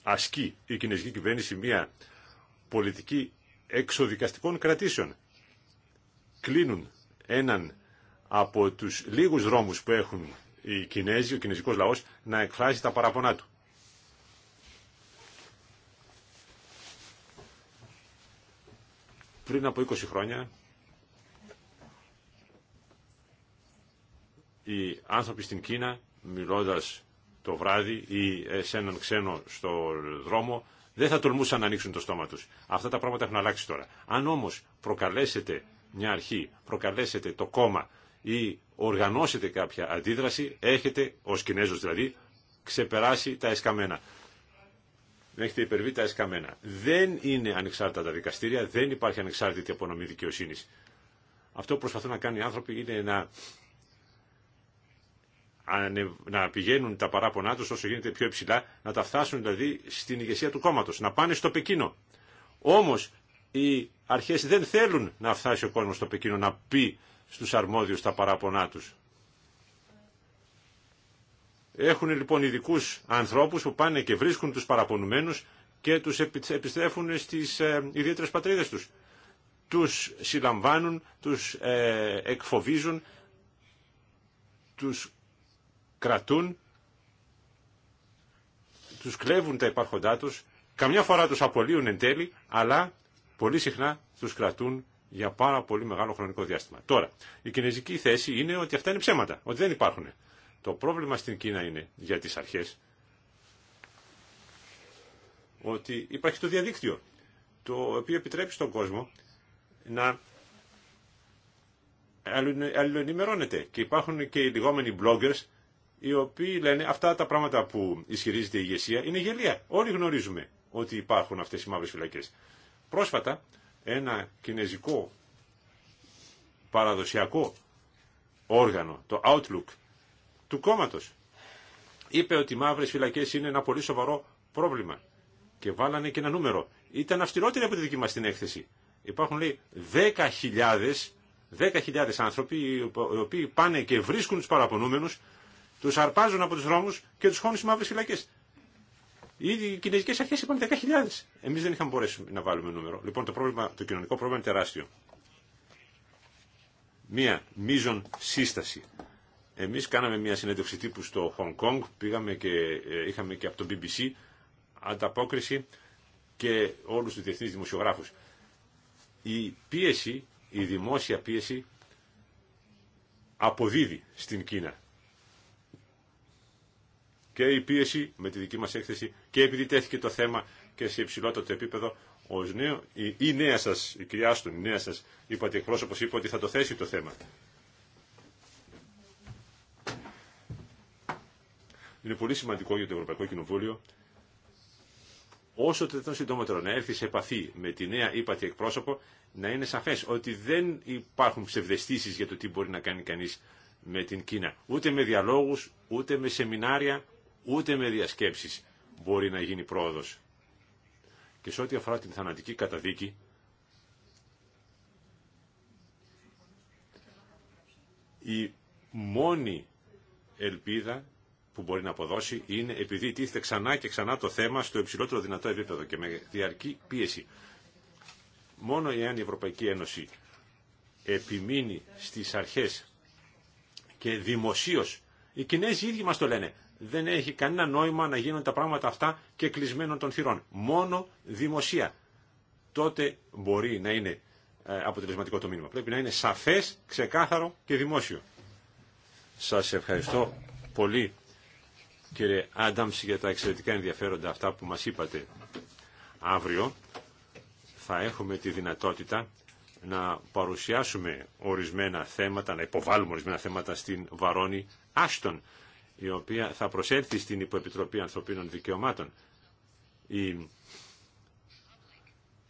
ασκεί η κινέζικη κυβέρνηση μια πολιτική εξοδικαστικών κρατήσεων. Κλείνουν έναν από τους λίγους δρόμους που έχουν οι Κινέζοι, ο κινέζικος λαός να εκφράζει τα παραπονά του. Πριν από 20 χρόνια οι άνθρωποι στην Κίνα μιλώντας το βράδυ ή σε έναν ξένο στο δρόμο δεν θα τολμούσαν να ανοίξουν το στόμα τους. Αυτά τα πράγματα έχουν αλλάξει τώρα. Αν όμως προκαλέσετε μια αρχή, προκαλέσετε το κόμμα ή οργανώσετε κάποια αντίδραση, έχετε, ως κινέζο δηλαδή, ξεπεράσει τα εσκαμμένα. Έχετε υπερβεί τα εσκαμμένα. Δεν είναι ανεξάρτητα τα δικαστήρια, δεν υπάρχει ανεξάρτητη απονομή δικαιοσύνη. Αυτό που προσπαθούν να κάνουν οι άνθρωποι είναι να, να πηγαίνουν τα παράπονά του όσο γίνεται πιο υψηλά, να τα φτάσουν δηλαδή στην ηγεσία του κόμματο, να πάνε στο Πεκίνο. Όμω οι αρχέ δεν θέλουν να φτάσει ο κόσμο στο Πεκίνο να πει στους αρμόδιους τα παράπονά τους. Έχουν λοιπόν ειδικού ανθρώπους που πάνε και βρίσκουν τους παραπονουμένους και τους επιστρέφουν στις ε, ιδιαίτερες πατρίδες τους. Τους συλλαμβάνουν, τους ε, εκφοβίζουν, τους κρατούν, τους κλέβουν τα υπάρχοντά τους, καμιά φορά τους απολύουν εν τέλει, αλλά πολύ συχνά τους κρατούν για πάρα πολύ μεγάλο χρονικό διάστημα. Τώρα, η κινέζικη θέση είναι ότι αυτά είναι ψέματα, ότι δεν υπάρχουν. Το πρόβλημα στην Κίνα είναι για τις αρχές ότι υπάρχει το διαδίκτυο, το οποίο επιτρέπει στον κόσμο να αλληλοενημερώνεται. Και υπάρχουν και οι λιγόμενοι bloggers οι οποίοι λένε αυτά τα πράγματα που ισχυρίζεται η ηγεσία είναι γελία. Όλοι γνωρίζουμε ότι υπάρχουν αυτές οι μαύρες φυλακές. Πρόσφατα ένα κινέζικο παραδοσιακό όργανο, το Outlook του κόμματος. Είπε ότι οι μαύρες φυλακές είναι ένα πολύ σοβαρό πρόβλημα και βάλανε και ένα νούμερο. Ήταν αυστηρότερη από τη δική μας την έκθεση. Υπάρχουν λέει 10.000 10.000 άνθρωποι οι οποίοι πάνε και βρίσκουν τους παραπονούμενους, τους αρπάζουν από τους δρόμους και τους χώνουν στις μαύρες φυλακές. Ήδη οι κινέζικε αρχέ είπαν 10.000. Εμεί δεν είχαμε μπορέσει να βάλουμε νούμερο. Λοιπόν, το, πρόβλημα, το κοινωνικό πρόβλημα είναι τεράστιο. Μία μείζον σύσταση. Εμεί κάναμε μία συνέντευξη τύπου στο Χονγκ Κονγκ, πήγαμε και ε, είχαμε και από το BBC ανταπόκριση και όλου του διεθνεί δημοσιογράφου. Η πίεση, η δημόσια πίεση αποδίδει στην Κίνα και η πίεση με τη δική μας έκθεση και επειδή τέθηκε το θέμα και σε υψηλότερο επίπεδο ως νέο, η, η νέα σας, η κυρία Άστον, η νέα σας είπατε εκπρόσωπος είπε ότι θα το θέσει το θέμα. Είναι πολύ σημαντικό για το Ευρωπαϊκό Κοινοβούλιο όσο το δυνατόν συντομότερο να έρθει σε επαφή με τη νέα ύπατη εκπρόσωπο, να είναι σαφέ ότι δεν υπάρχουν ψευδεστήσεις για το τι μπορεί να κάνει κανεί με την Κίνα. Ούτε με διαλόγου, ούτε με σεμινάρια, ούτε με διασκέψεις μπορεί να γίνει πρόοδος. Και σε ό,τι αφορά την θανατική καταδίκη, η μόνη ελπίδα που μπορεί να αποδώσει είναι επειδή τίθεται ξανά και ξανά το θέμα στο υψηλότερο δυνατό επίπεδο και με διαρκή πίεση. Μόνο εάν η Ευρωπαϊκή Ένωση επιμείνει στις αρχές και δημοσίως, οι Κινέζοι ίδιοι μας το λένε, δεν έχει κανένα νόημα να γίνουν τα πράγματα αυτά και κλεισμένων των θυρών. Μόνο δημοσία. Τότε μπορεί να είναι ε, αποτελεσματικό το μήνυμα. Πρέπει να είναι σαφές, ξεκάθαρο και δημόσιο. Σας ευχαριστώ πολύ κύριε Άνταμς για τα εξαιρετικά ενδιαφέροντα αυτά που μας είπατε. Αύριο θα έχουμε τη δυνατότητα να παρουσιάσουμε ορισμένα θέματα, να υποβάλουμε ορισμένα θέματα στην Βαρόνη Άστον η οποία θα προσέλθει στην Υποεπιτροπή Ανθρωπίνων Δικαιωμάτων. Η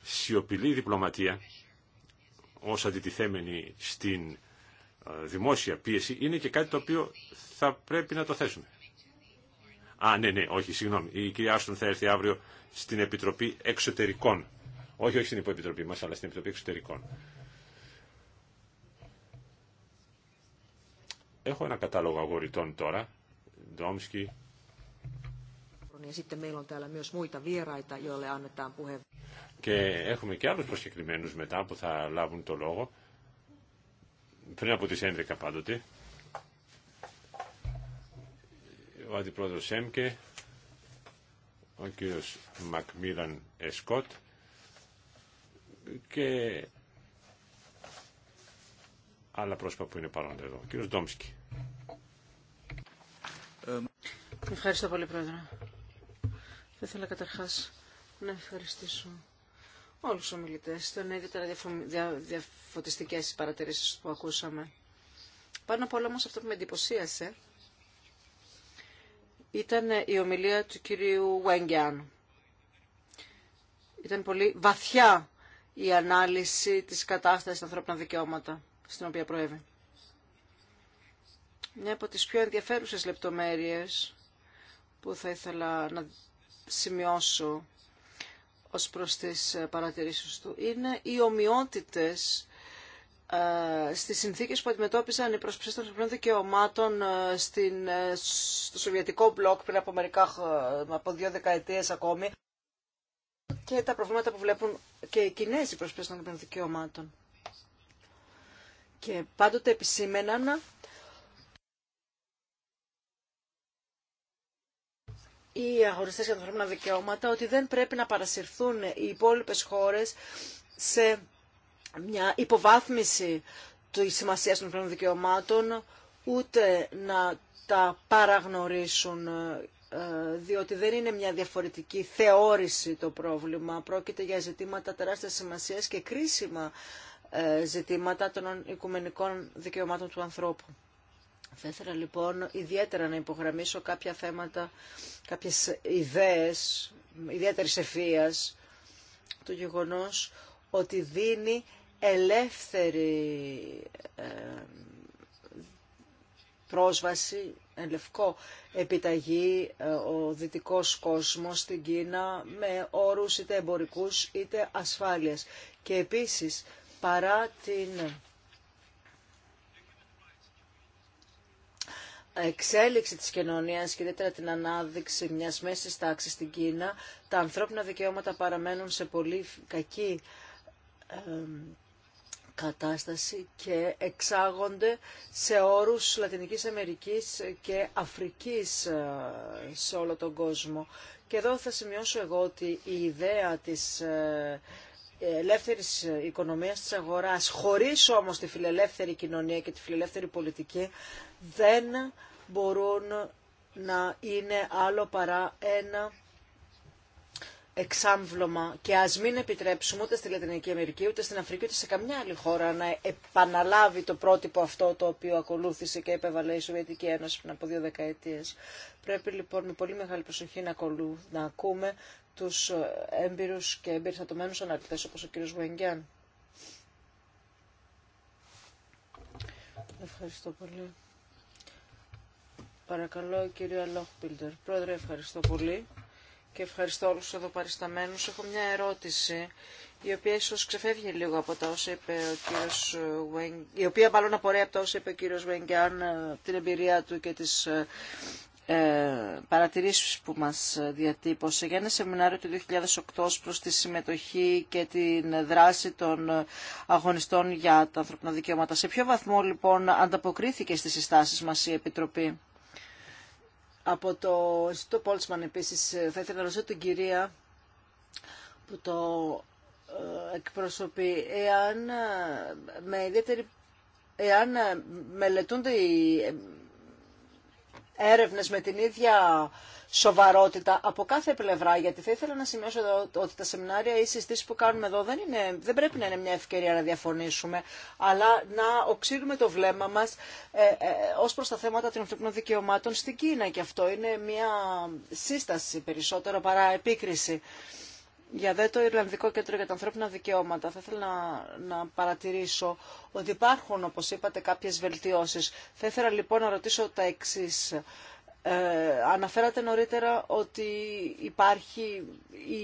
σιωπηλή διπλωματία ως αντιτιθέμενη στην ε, δημόσια πίεση είναι και κάτι το οποίο θα πρέπει να το θέσουμε. Α, ναι, ναι, όχι, συγγνώμη. Η κυρία Άστον θα έρθει αύριο στην Επιτροπή Εξωτερικών. Όχι, όχι στην Υποεπιτροπή μας, αλλά στην Επιτροπή Εξωτερικών. Έχω ένα κατάλογο αγορητών τώρα και έχουμε και άλλους προσκεκριμένους μετά που θα λάβουν το λόγο, πριν από τις 11 πάντοτε. Ο αντιπρόεδρος Σέμκε, ο κύριος Μακμίλαν Εσκότ και άλλα πρόσωπα που είναι παρόντα εδώ. Ο κύριος Ντόμσκι. Ευχαριστώ πολύ, Πρόεδρε. Θα ήθελα καταρχά να ευχαριστήσω όλους του ομιλητές. Ήταν ιδιαίτερα διαφωτιστικέ οι παρατηρήσεις που ακούσαμε. Πάνω απ' όλα όμω, αυτό που με εντυπωσίασε ήταν η ομιλία του κυρίου Βέγγιαν. Ήταν πολύ βαθιά η ανάλυση της κατάστασης των ανθρώπινα δικαιώματα στην οποία προέβη. Μια από τις πιο ενδιαφέρουσες λεπτομέρειες που θα ήθελα να σημειώσω ως προς τις παρατηρήσεις του είναι οι ομοιότητες ε, στις συνθήκες που αντιμετώπισαν οι πρόσπιστες των δικαιωμάτων ε, στην, ε, στο Σοβιετικό μπλοκ πριν από, μερικά, από δύο δεκαετίες ακόμη και τα προβλήματα που βλέπουν και οι Κινέζοι πρόσπιστες των δικαιωμάτων. Και πάντοτε επισήμεναν οι αγοριστές για τα ανθρώπινα δικαιώματα ότι δεν πρέπει να παρασυρθούν οι υπόλοιπες χώρες σε μια υποβάθμιση τη σημασία των ανθρώπινων δικαιωμάτων, ούτε να τα παραγνωρίσουν, ε, διότι δεν είναι μια διαφορετική θεώρηση το πρόβλημα. Πρόκειται για ζητήματα τεράστιας σημασίας και κρίσιμα ε, ζητήματα των οικουμενικών δικαιωμάτων του ανθρώπου. Θα ήθελα λοιπόν ιδιαίτερα να υπογραμμίσω κάποια θέματα, κάποιες ιδέες ιδιαίτερης ευφία του γεγονός ότι δίνει ελεύθερη ε, πρόσβαση, ελευκό επιταγή ε, ο δυτικός κόσμος στην Κίνα με όρους είτε εμπορικούς είτε ασφάλειας. Και επίσης παρά την εξέλιξη της κοινωνίας και ιδιαίτερα την ανάδειξη μιας μέσης τάξης στην Κίνα, τα ανθρώπινα δικαιώματα παραμένουν σε πολύ κακή κατάσταση και εξάγονται σε όρους Λατινικής Αμερικής και Αφρικής ε, σε όλο τον κόσμο. Και εδώ θα σημειώσω εγώ ότι η ιδέα της ε, ελεύθερης οικονομίας της αγοράς, χωρίς όμως τη φιλελεύθερη κοινωνία και τη φιλελεύθερη πολιτική, δεν μπορούν να είναι άλλο παρά ένα εξάμβλωμα και ας μην επιτρέψουμε ούτε στη Λατινική Αμερική, ούτε στην Αφρική, ούτε σε καμιά άλλη χώρα να επαναλάβει το πρότυπο αυτό το οποίο ακολούθησε και επέβαλε η Σοβιετική Ένωση πριν από δύο δεκαετίες. Πρέπει λοιπόν με πολύ μεγάλη προσοχή να, ακολου... ακούμε τους ε, έμπειρους και εμπειριστατωμένους αναλυτές όπως ο κ. Γουενγκιάν. Ευχαριστώ πολύ. Παρακαλώ, κύριε Λόχπιλτερ. Πρόεδρε, ευχαριστώ πολύ και ευχαριστώ όλου εδώ παρισταμένου. Έχω μια ερώτηση, η οποία ίσω ξεφεύγει λίγο από τα όσα είπε ο κύριος Βέγγιαν, η οποία μάλλον απορρέει από τα όσα είπε ο κύριο Βέγγιαν, ε, την εμπειρία του και τι ε, ε, παρατηρήσεις που μας διατύπωσε για ένα σεμινάριο του 2008 προς τη συμμετοχή και τη δράση των αγωνιστών για τα ανθρωπινά δικαιώματα. Σε ποιο βαθμό λοιπόν ανταποκρίθηκε στις συστάσεις μας η Επιτροπή από το Ινστιτούτο Πόλτσμαν επίσης ε, θα ήθελα να ρωτήσω την κυρία που το ε, εκπροσωπεί εάν ε, με ιδιαίτερη εάν μελετούνται οι έρευνες με την ίδια σοβαρότητα από κάθε πλευρά, γιατί θα ήθελα να σημειώσω εδώ ότι τα σεμινάρια ή συστήσεις που κάνουμε εδώ δεν, είναι, δεν πρέπει να είναι μια ευκαιρία να διαφωνήσουμε, αλλά να οξύνουμε το βλέμμα μας ε, ε, ως προς τα θέματα των ανθρωπινών δικαιωμάτων στην Κίνα και αυτό είναι μια σύσταση περισσότερο παρά επίκριση για δε το Ιρλανδικό Κέντρο για τα Ανθρώπινα Δικαιώματα, θα ήθελα να, να παρατηρήσω ότι υπάρχουν, όπως είπατε, κάποιες βελτιώσεις. Θα ήθελα λοιπόν να ρωτήσω τα εξής. Ε, αναφέρατε νωρίτερα ότι υπάρχει η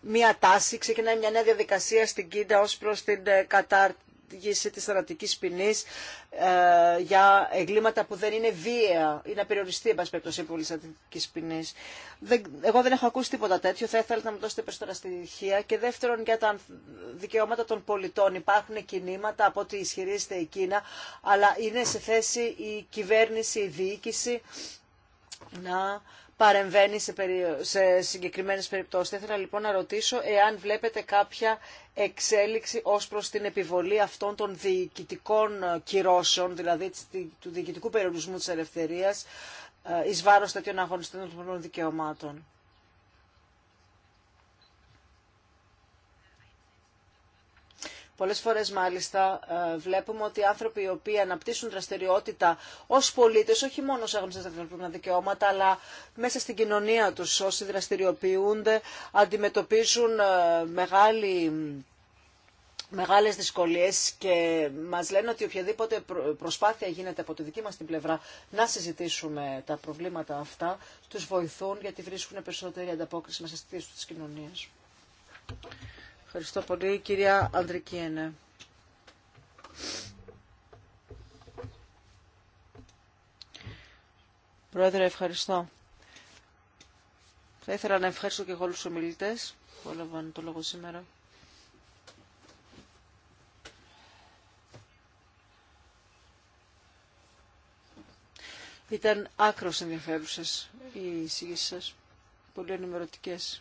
μία τάση, ξεκινάει μια νέα διαδικασία στην Κίντα ως προς την, ε, κατάρ, κατάργηση της θανατικής ποινής ε, για εγκλήματα που δεν είναι βία ή να περιοριστεί εν πάση περιπτώσει η πολύ θανατικής ποινής. εγώ δεν έχω ακούσει τίποτα τέτοιο, θα ήθελα να μου δώσετε περισσότερα στοιχεία. Και δεύτερον για τα δικαιώματα των πολιτών. Υπάρχουν κινήματα από ό,τι ισχυρίζεται η Κίνα, αλλά είναι σε θέση η κυβέρνηση, η διοίκηση να παρεμβαίνει σε, περι... σε συγκεκριμένες περιπτώσεις. Θα ήθελα λοιπόν να ρωτήσω εάν βλέπετε κάποια εξέλιξη ως προς την επιβολή αυτών των διοικητικών κυρώσεων, δηλαδή του διοικητικού περιορισμού της ελευθερίας, ε, εις βάρος τέτοιων αγωνιστών των δικαιωμάτων. Πολλές φορές μάλιστα ε, βλέπουμε ότι οι άνθρωποι οι οποίοι αναπτύσσουν δραστηριότητα ως πολίτες, όχι μόνο σε άγνωστες ανθρώπινα δικαιώματα, αλλά μέσα στην κοινωνία τους όσοι δραστηριοποιούνται, αντιμετωπίζουν ε, μεγάλη μεγάλες δυσκολίες και μας λένε ότι οποιαδήποτε προσπάθεια γίνεται από τη δική μας την πλευρά να συζητήσουμε τα προβλήματα αυτά, τους βοηθούν γιατί βρίσκουν περισσότερη ανταπόκριση μέσα στις κοινωνίες Ευχαριστώ πολύ. Κυρία Ανδρικίενε. Πρόεδρε, ευχαριστώ. Θα ήθελα να ευχαριστώ και εγώ όλους τους ομιλητές που έλαβαν το λόγο σήμερα. Ήταν άκρος ενδιαφέρουσες οι εισηγήσεις σας, πολύ ενημερωτικές.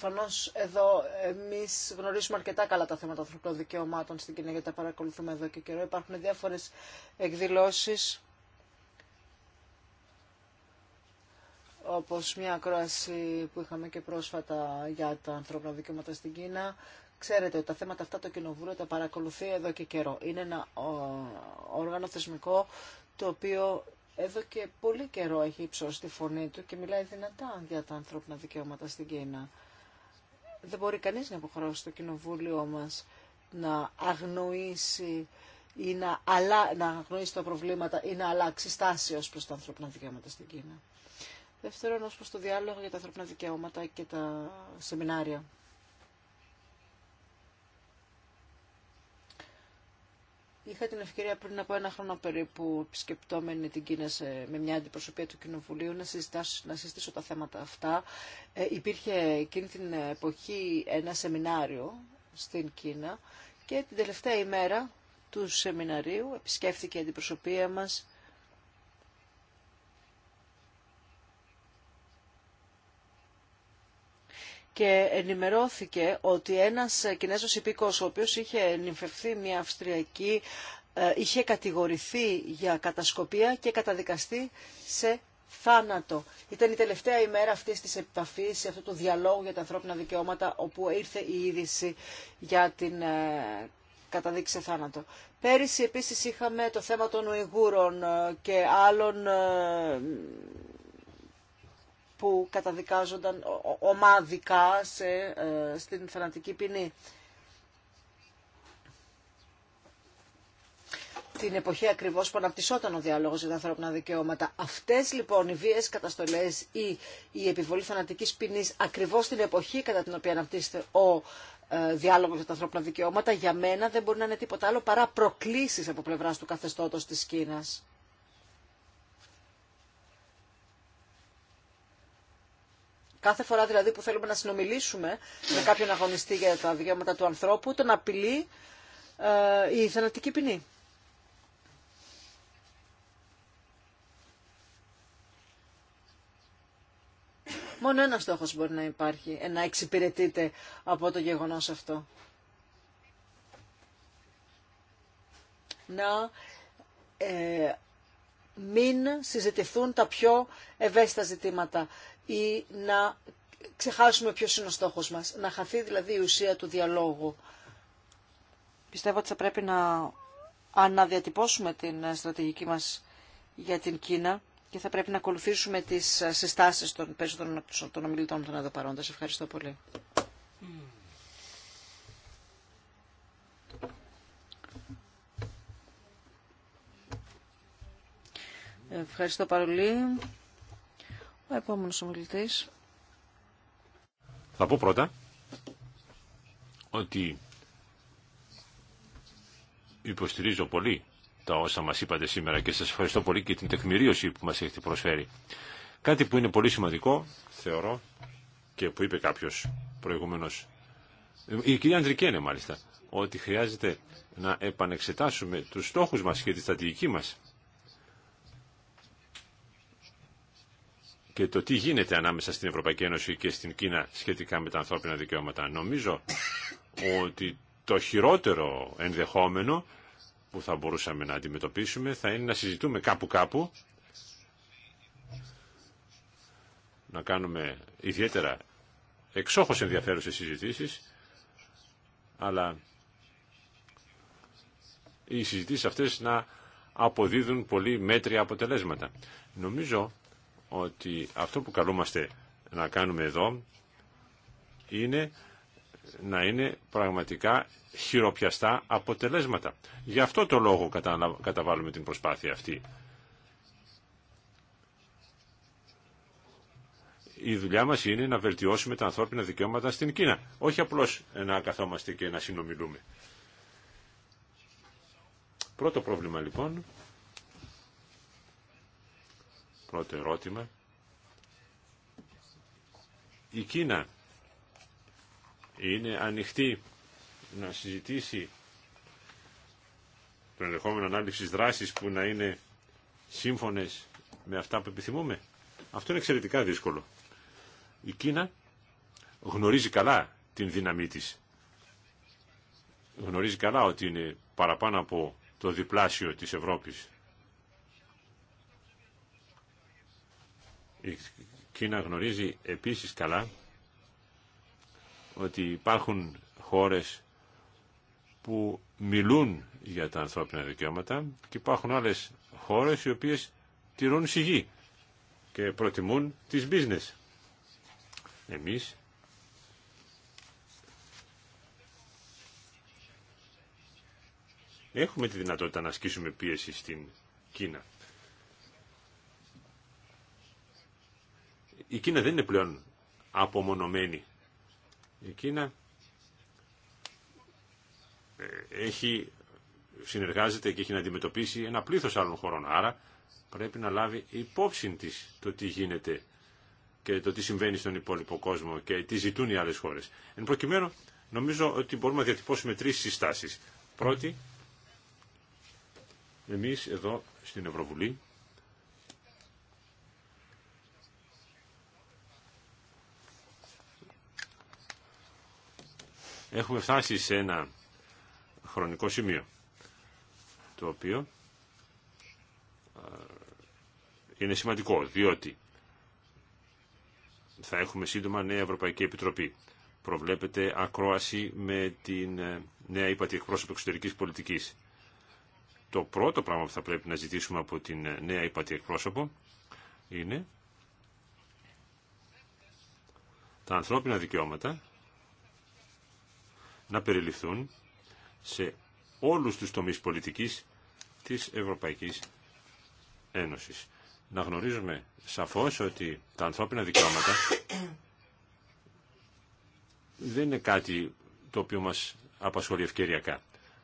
προφανώ εδώ εμεί γνωρίζουμε αρκετά καλά τα θέματα ανθρωπίνων δικαιωμάτων στην Κίνα γιατί τα παρακολουθούμε εδώ και καιρό. Υπάρχουν διάφορε εκδηλώσει. όπως μια ακρόαση που είχαμε και πρόσφατα για τα ανθρώπινα δικαιώματα στην Κίνα. Ξέρετε ότι τα θέματα αυτά το Κοινοβούλιο τα παρακολουθεί εδώ και καιρό. Είναι ένα όργανο θεσμικό το οποίο εδώ και πολύ καιρό έχει υψώσει τη φωνή του και μιλάει δυνατά για τα ανθρώπινα δικαιώματα στην Κίνα δεν μπορεί κανείς να υποχρεώσει το κοινοβούλιο μας να αγνοήσει ή να, αλλά να αγνοήσει τα προβλήματα ή να αλλάξει στάση ως προς τα ανθρώπινα δικαιώματα στην Κίνα. Δεύτερον, ως προς το διάλογο για τα ανθρώπινα δικαιώματα και τα σεμινάρια. Είχα την ευκαιρία πριν από ένα χρόνο περίπου, επισκεπτόμενη την Κίνα σε, με μια αντιπροσωπεία του Κοινοβουλίου, να, συζητάς να συζητήσω τα θέματα αυτά. Ε, υπήρχε εκείνη την εποχή ένα σεμινάριο στην Κίνα και την τελευταία ημέρα του σεμιναρίου επισκέφθηκε η αντιπροσωπεία μας και ενημερώθηκε ότι ένας Κινέζος υπήκος ο οποίος είχε ενυμφευθεί μια Αυστριακή ε, είχε κατηγορηθεί για κατασκοπία και καταδικαστεί σε θάνατο. Ήταν η τελευταία ημέρα αυτή τη επαφή, αυτού του διαλόγου για τα ανθρώπινα δικαιώματα, όπου ήρθε η είδηση για την ε, καταδίκη σε θάνατο. Πέρυσι επίσης είχαμε το θέμα των Ουιγούρων ε, και άλλων που καταδικάζονταν ομάδικα σε, ε, στην θανατική ποινή. την εποχή ακριβώ που αναπτυσσόταν ο διάλογο για τα ανθρώπινα δικαιώματα. Αυτέ λοιπόν οι βίες καταστολέ ή η επιβολή θανατική ποινή ακριβώ την εποχή κατά την οποία αναπτύσσεται ο ε, διάλογος διάλογο για τα ανθρώπινα δικαιώματα, για μένα δεν μπορεί να είναι τίποτα άλλο παρά προκλήσει από πλευρά του καθεστώτο τη Κίνα. Κάθε φορά δηλαδή που θέλουμε να συνομιλήσουμε με κάποιον αγωνιστή για τα δικαιώματα του ανθρώπου, τον απειλεί ε, η θανατική ποινή. Μόνο ένας στόχο μπορεί να υπάρχει, ε, να εξυπηρετείται από το γεγονός αυτό. Να ε, μην συζητηθούν τα πιο ευαίσθητα ζητήματα ή να ξεχάσουμε ποιος είναι ο στόχος μας. Να χαθεί δηλαδή η ουσία του διαλόγου. Πιστεύω ότι θα πρέπει να αναδιατυπώσουμε την στρατηγική μας για την Κίνα και θα πρέπει να ακολουθήσουμε τις συστάσεις των περισσότερων των ομιλητών των εδώ Σε Ευχαριστώ πολύ. Ευχαριστώ πολύ. Ο επόμενο ομιλητή. Θα πω πρώτα ότι υποστηρίζω πολύ τα όσα μας είπατε σήμερα και σας ευχαριστώ πολύ και την τεκμηρίωση που μας έχετε προσφέρει. Κάτι που είναι πολύ σημαντικό, θεωρώ, και που είπε κάποιος προηγουμένως, η κυρία Αντρικένε μάλιστα, ότι χρειάζεται να επανεξετάσουμε τους στόχους μας και τη στρατηγική μας. και το τι γίνεται ανάμεσα στην Ευρωπαϊκή Ένωση και στην Κίνα σχετικά με τα ανθρώπινα δικαιώματα. Νομίζω ότι το χειρότερο ενδεχόμενο που θα μπορούσαμε να αντιμετωπίσουμε θα είναι να συζητούμε κάπου κάπου, να κάνουμε ιδιαίτερα εξόχως ενδιαφέρουσες συζητήσεις, αλλά οι συζητήσεις αυτές να αποδίδουν πολύ μέτρια αποτελέσματα. Νομίζω ότι αυτό που καλούμαστε να κάνουμε εδώ είναι να είναι πραγματικά χειροπιαστά αποτελέσματα. Γι' αυτό το λόγο καταβάλουμε την προσπάθεια αυτή. Η δουλειά μας είναι να βελτιώσουμε τα ανθρώπινα δικαιώματα στην Κίνα. Όχι απλώς να καθόμαστε και να συνομιλούμε. Πρώτο πρόβλημα λοιπόν Πρώτο ερώτημα. Η Κίνα είναι ανοιχτή να συζητήσει το ενδεχόμενο ανάληψη δράση που να είναι σύμφωνε με αυτά που επιθυμούμε. Αυτό είναι εξαιρετικά δύσκολο. Η Κίνα γνωρίζει καλά την δύναμή τη. Γνωρίζει καλά ότι είναι παραπάνω από το διπλάσιο της Ευρώπης Η Κίνα γνωρίζει επίσης καλά ότι υπάρχουν χώρες που μιλούν για τα ανθρώπινα δικαιώματα και υπάρχουν άλλες χώρες οι οποίες τηρούν σιγή και προτιμούν τις business. Εμείς έχουμε τη δυνατότητα να ασκήσουμε πίεση στην Κίνα. η Κίνα δεν είναι πλέον απομονωμένη. Η Κίνα ε, έχει, συνεργάζεται και έχει να αντιμετωπίσει ένα πλήθος άλλων χωρών. Άρα πρέπει να λάβει υπόψη της το τι γίνεται και το τι συμβαίνει στον υπόλοιπο κόσμο και τι ζητούν οι άλλες χώρες. Εν προκειμένου, νομίζω ότι μπορούμε να διατυπώσουμε τρεις συστάσεις. Πρώτη, εμείς εδώ στην Ευρωβουλή έχουμε φτάσει σε ένα χρονικό σημείο το οποίο ε, είναι σημαντικό διότι θα έχουμε σύντομα νέα Ευρωπαϊκή Επιτροπή. Προβλέπεται ακρόαση με την ε, νέα ύπατη εκπρόσωπο εξωτερικής πολιτικής. Το πρώτο πράγμα που θα πρέπει να ζητήσουμε από την ε, νέα ύπατη εκπρόσωπο είναι τα ανθρώπινα δικαιώματα να περιληφθούν σε όλους τους τομείς πολιτικής της Ευρωπαϊκής Ένωσης. Να γνωρίζουμε σαφώς ότι τα ανθρώπινα δικαιώματα δεν είναι κάτι το οποίο μας απασχολεί ευκαιριακά.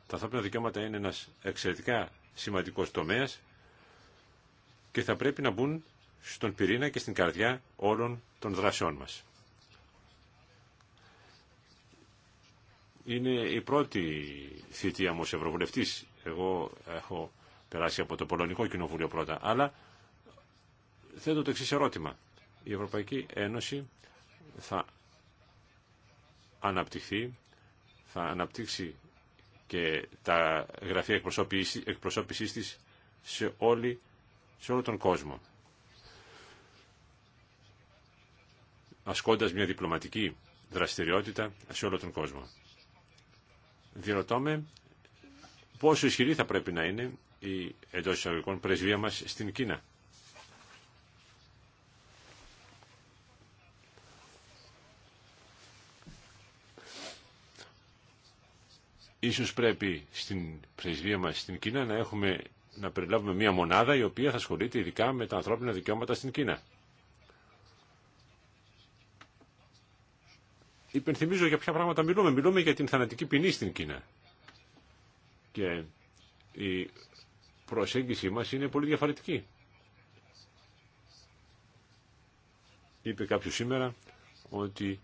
Τα ανθρώπινα δικαιώματα είναι ένας εξαιρετικά σημαντικός τομέας και θα πρέπει να μπουν στον πυρήνα και στην καρδιά όλων των δράσεών μας. Είναι η πρώτη θητεία μου ως Ευρωβουλευτής. Εγώ έχω περάσει από το Πολωνικό Κοινοβούλιο πρώτα. Αλλά θέτω το εξή ερώτημα. Η Ευρωπαϊκή Ένωση θα αναπτυχθεί, θα αναπτύξει και τα γραφεία εκπροσώπησής της σε, όλη, σε όλο τον κόσμο. Ασκώντας μια διπλωματική δραστηριότητα σε όλο τον κόσμο. Διερωτώ πόσο ισχυρή θα πρέπει να είναι η εντό εισαγωγικών πρεσβεία μας στην Κίνα. Ίσως πρέπει στην πρεσβεία μας στην Κίνα να έχουμε να περιλάβουμε μια μονάδα η οποία θα ασχολείται ειδικά με τα ανθρώπινα δικαιώματα στην Κίνα. υπενθυμίζω για ποια πράγματα μιλούμε. Μιλούμε για την θανατική ποινή στην Κίνα. Και η προσέγγιση μας είναι πολύ διαφορετική. Είπε κάποιο σήμερα ότι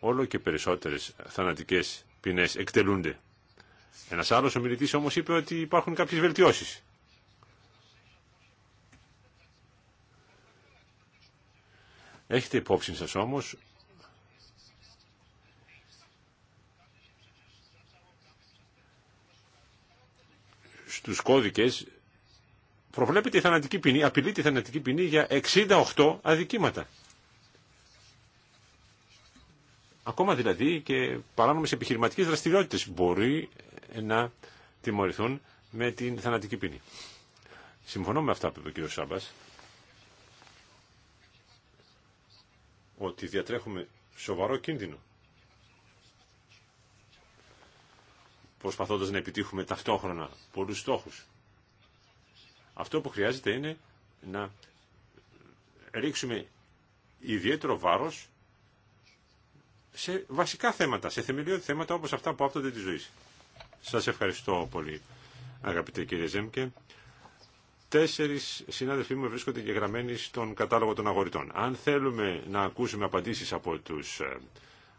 όλο και περισσότερες θανατικές ποινές εκτελούνται. Ένας άλλος ομιλητής όμως είπε ότι υπάρχουν κάποιες βελτιώσεις. Έχετε υπόψη σας όμως τους κώδικες προβλέπει η θανατική ποινή, απειλεί τη θανατική ποινή για 68 αδικήματα. Ακόμα δηλαδή και παράνομες επιχειρηματικές δραστηριότητες μπορεί να τιμωρηθούν με την θανατική ποινή. Συμφωνώ με αυτά που είπε ο κ. Σάμπας, ότι διατρέχουμε σοβαρό κίνδυνο προσπαθώντας να επιτύχουμε ταυτόχρονα πολλούς στόχους. Αυτό που χρειάζεται είναι να ρίξουμε ιδιαίτερο βάρος σε βασικά θέματα, σε θεμελιώδη θέματα όπως αυτά που άπτονται τη ζωή. Σας ευχαριστώ πολύ αγαπητέ κύριε Ζέμκε. Τέσσερις συνάδελφοί μου βρίσκονται και γραμμένοι στον κατάλογο των αγοριτών. Αν θέλουμε να ακούσουμε απαντήσεις από τους ε,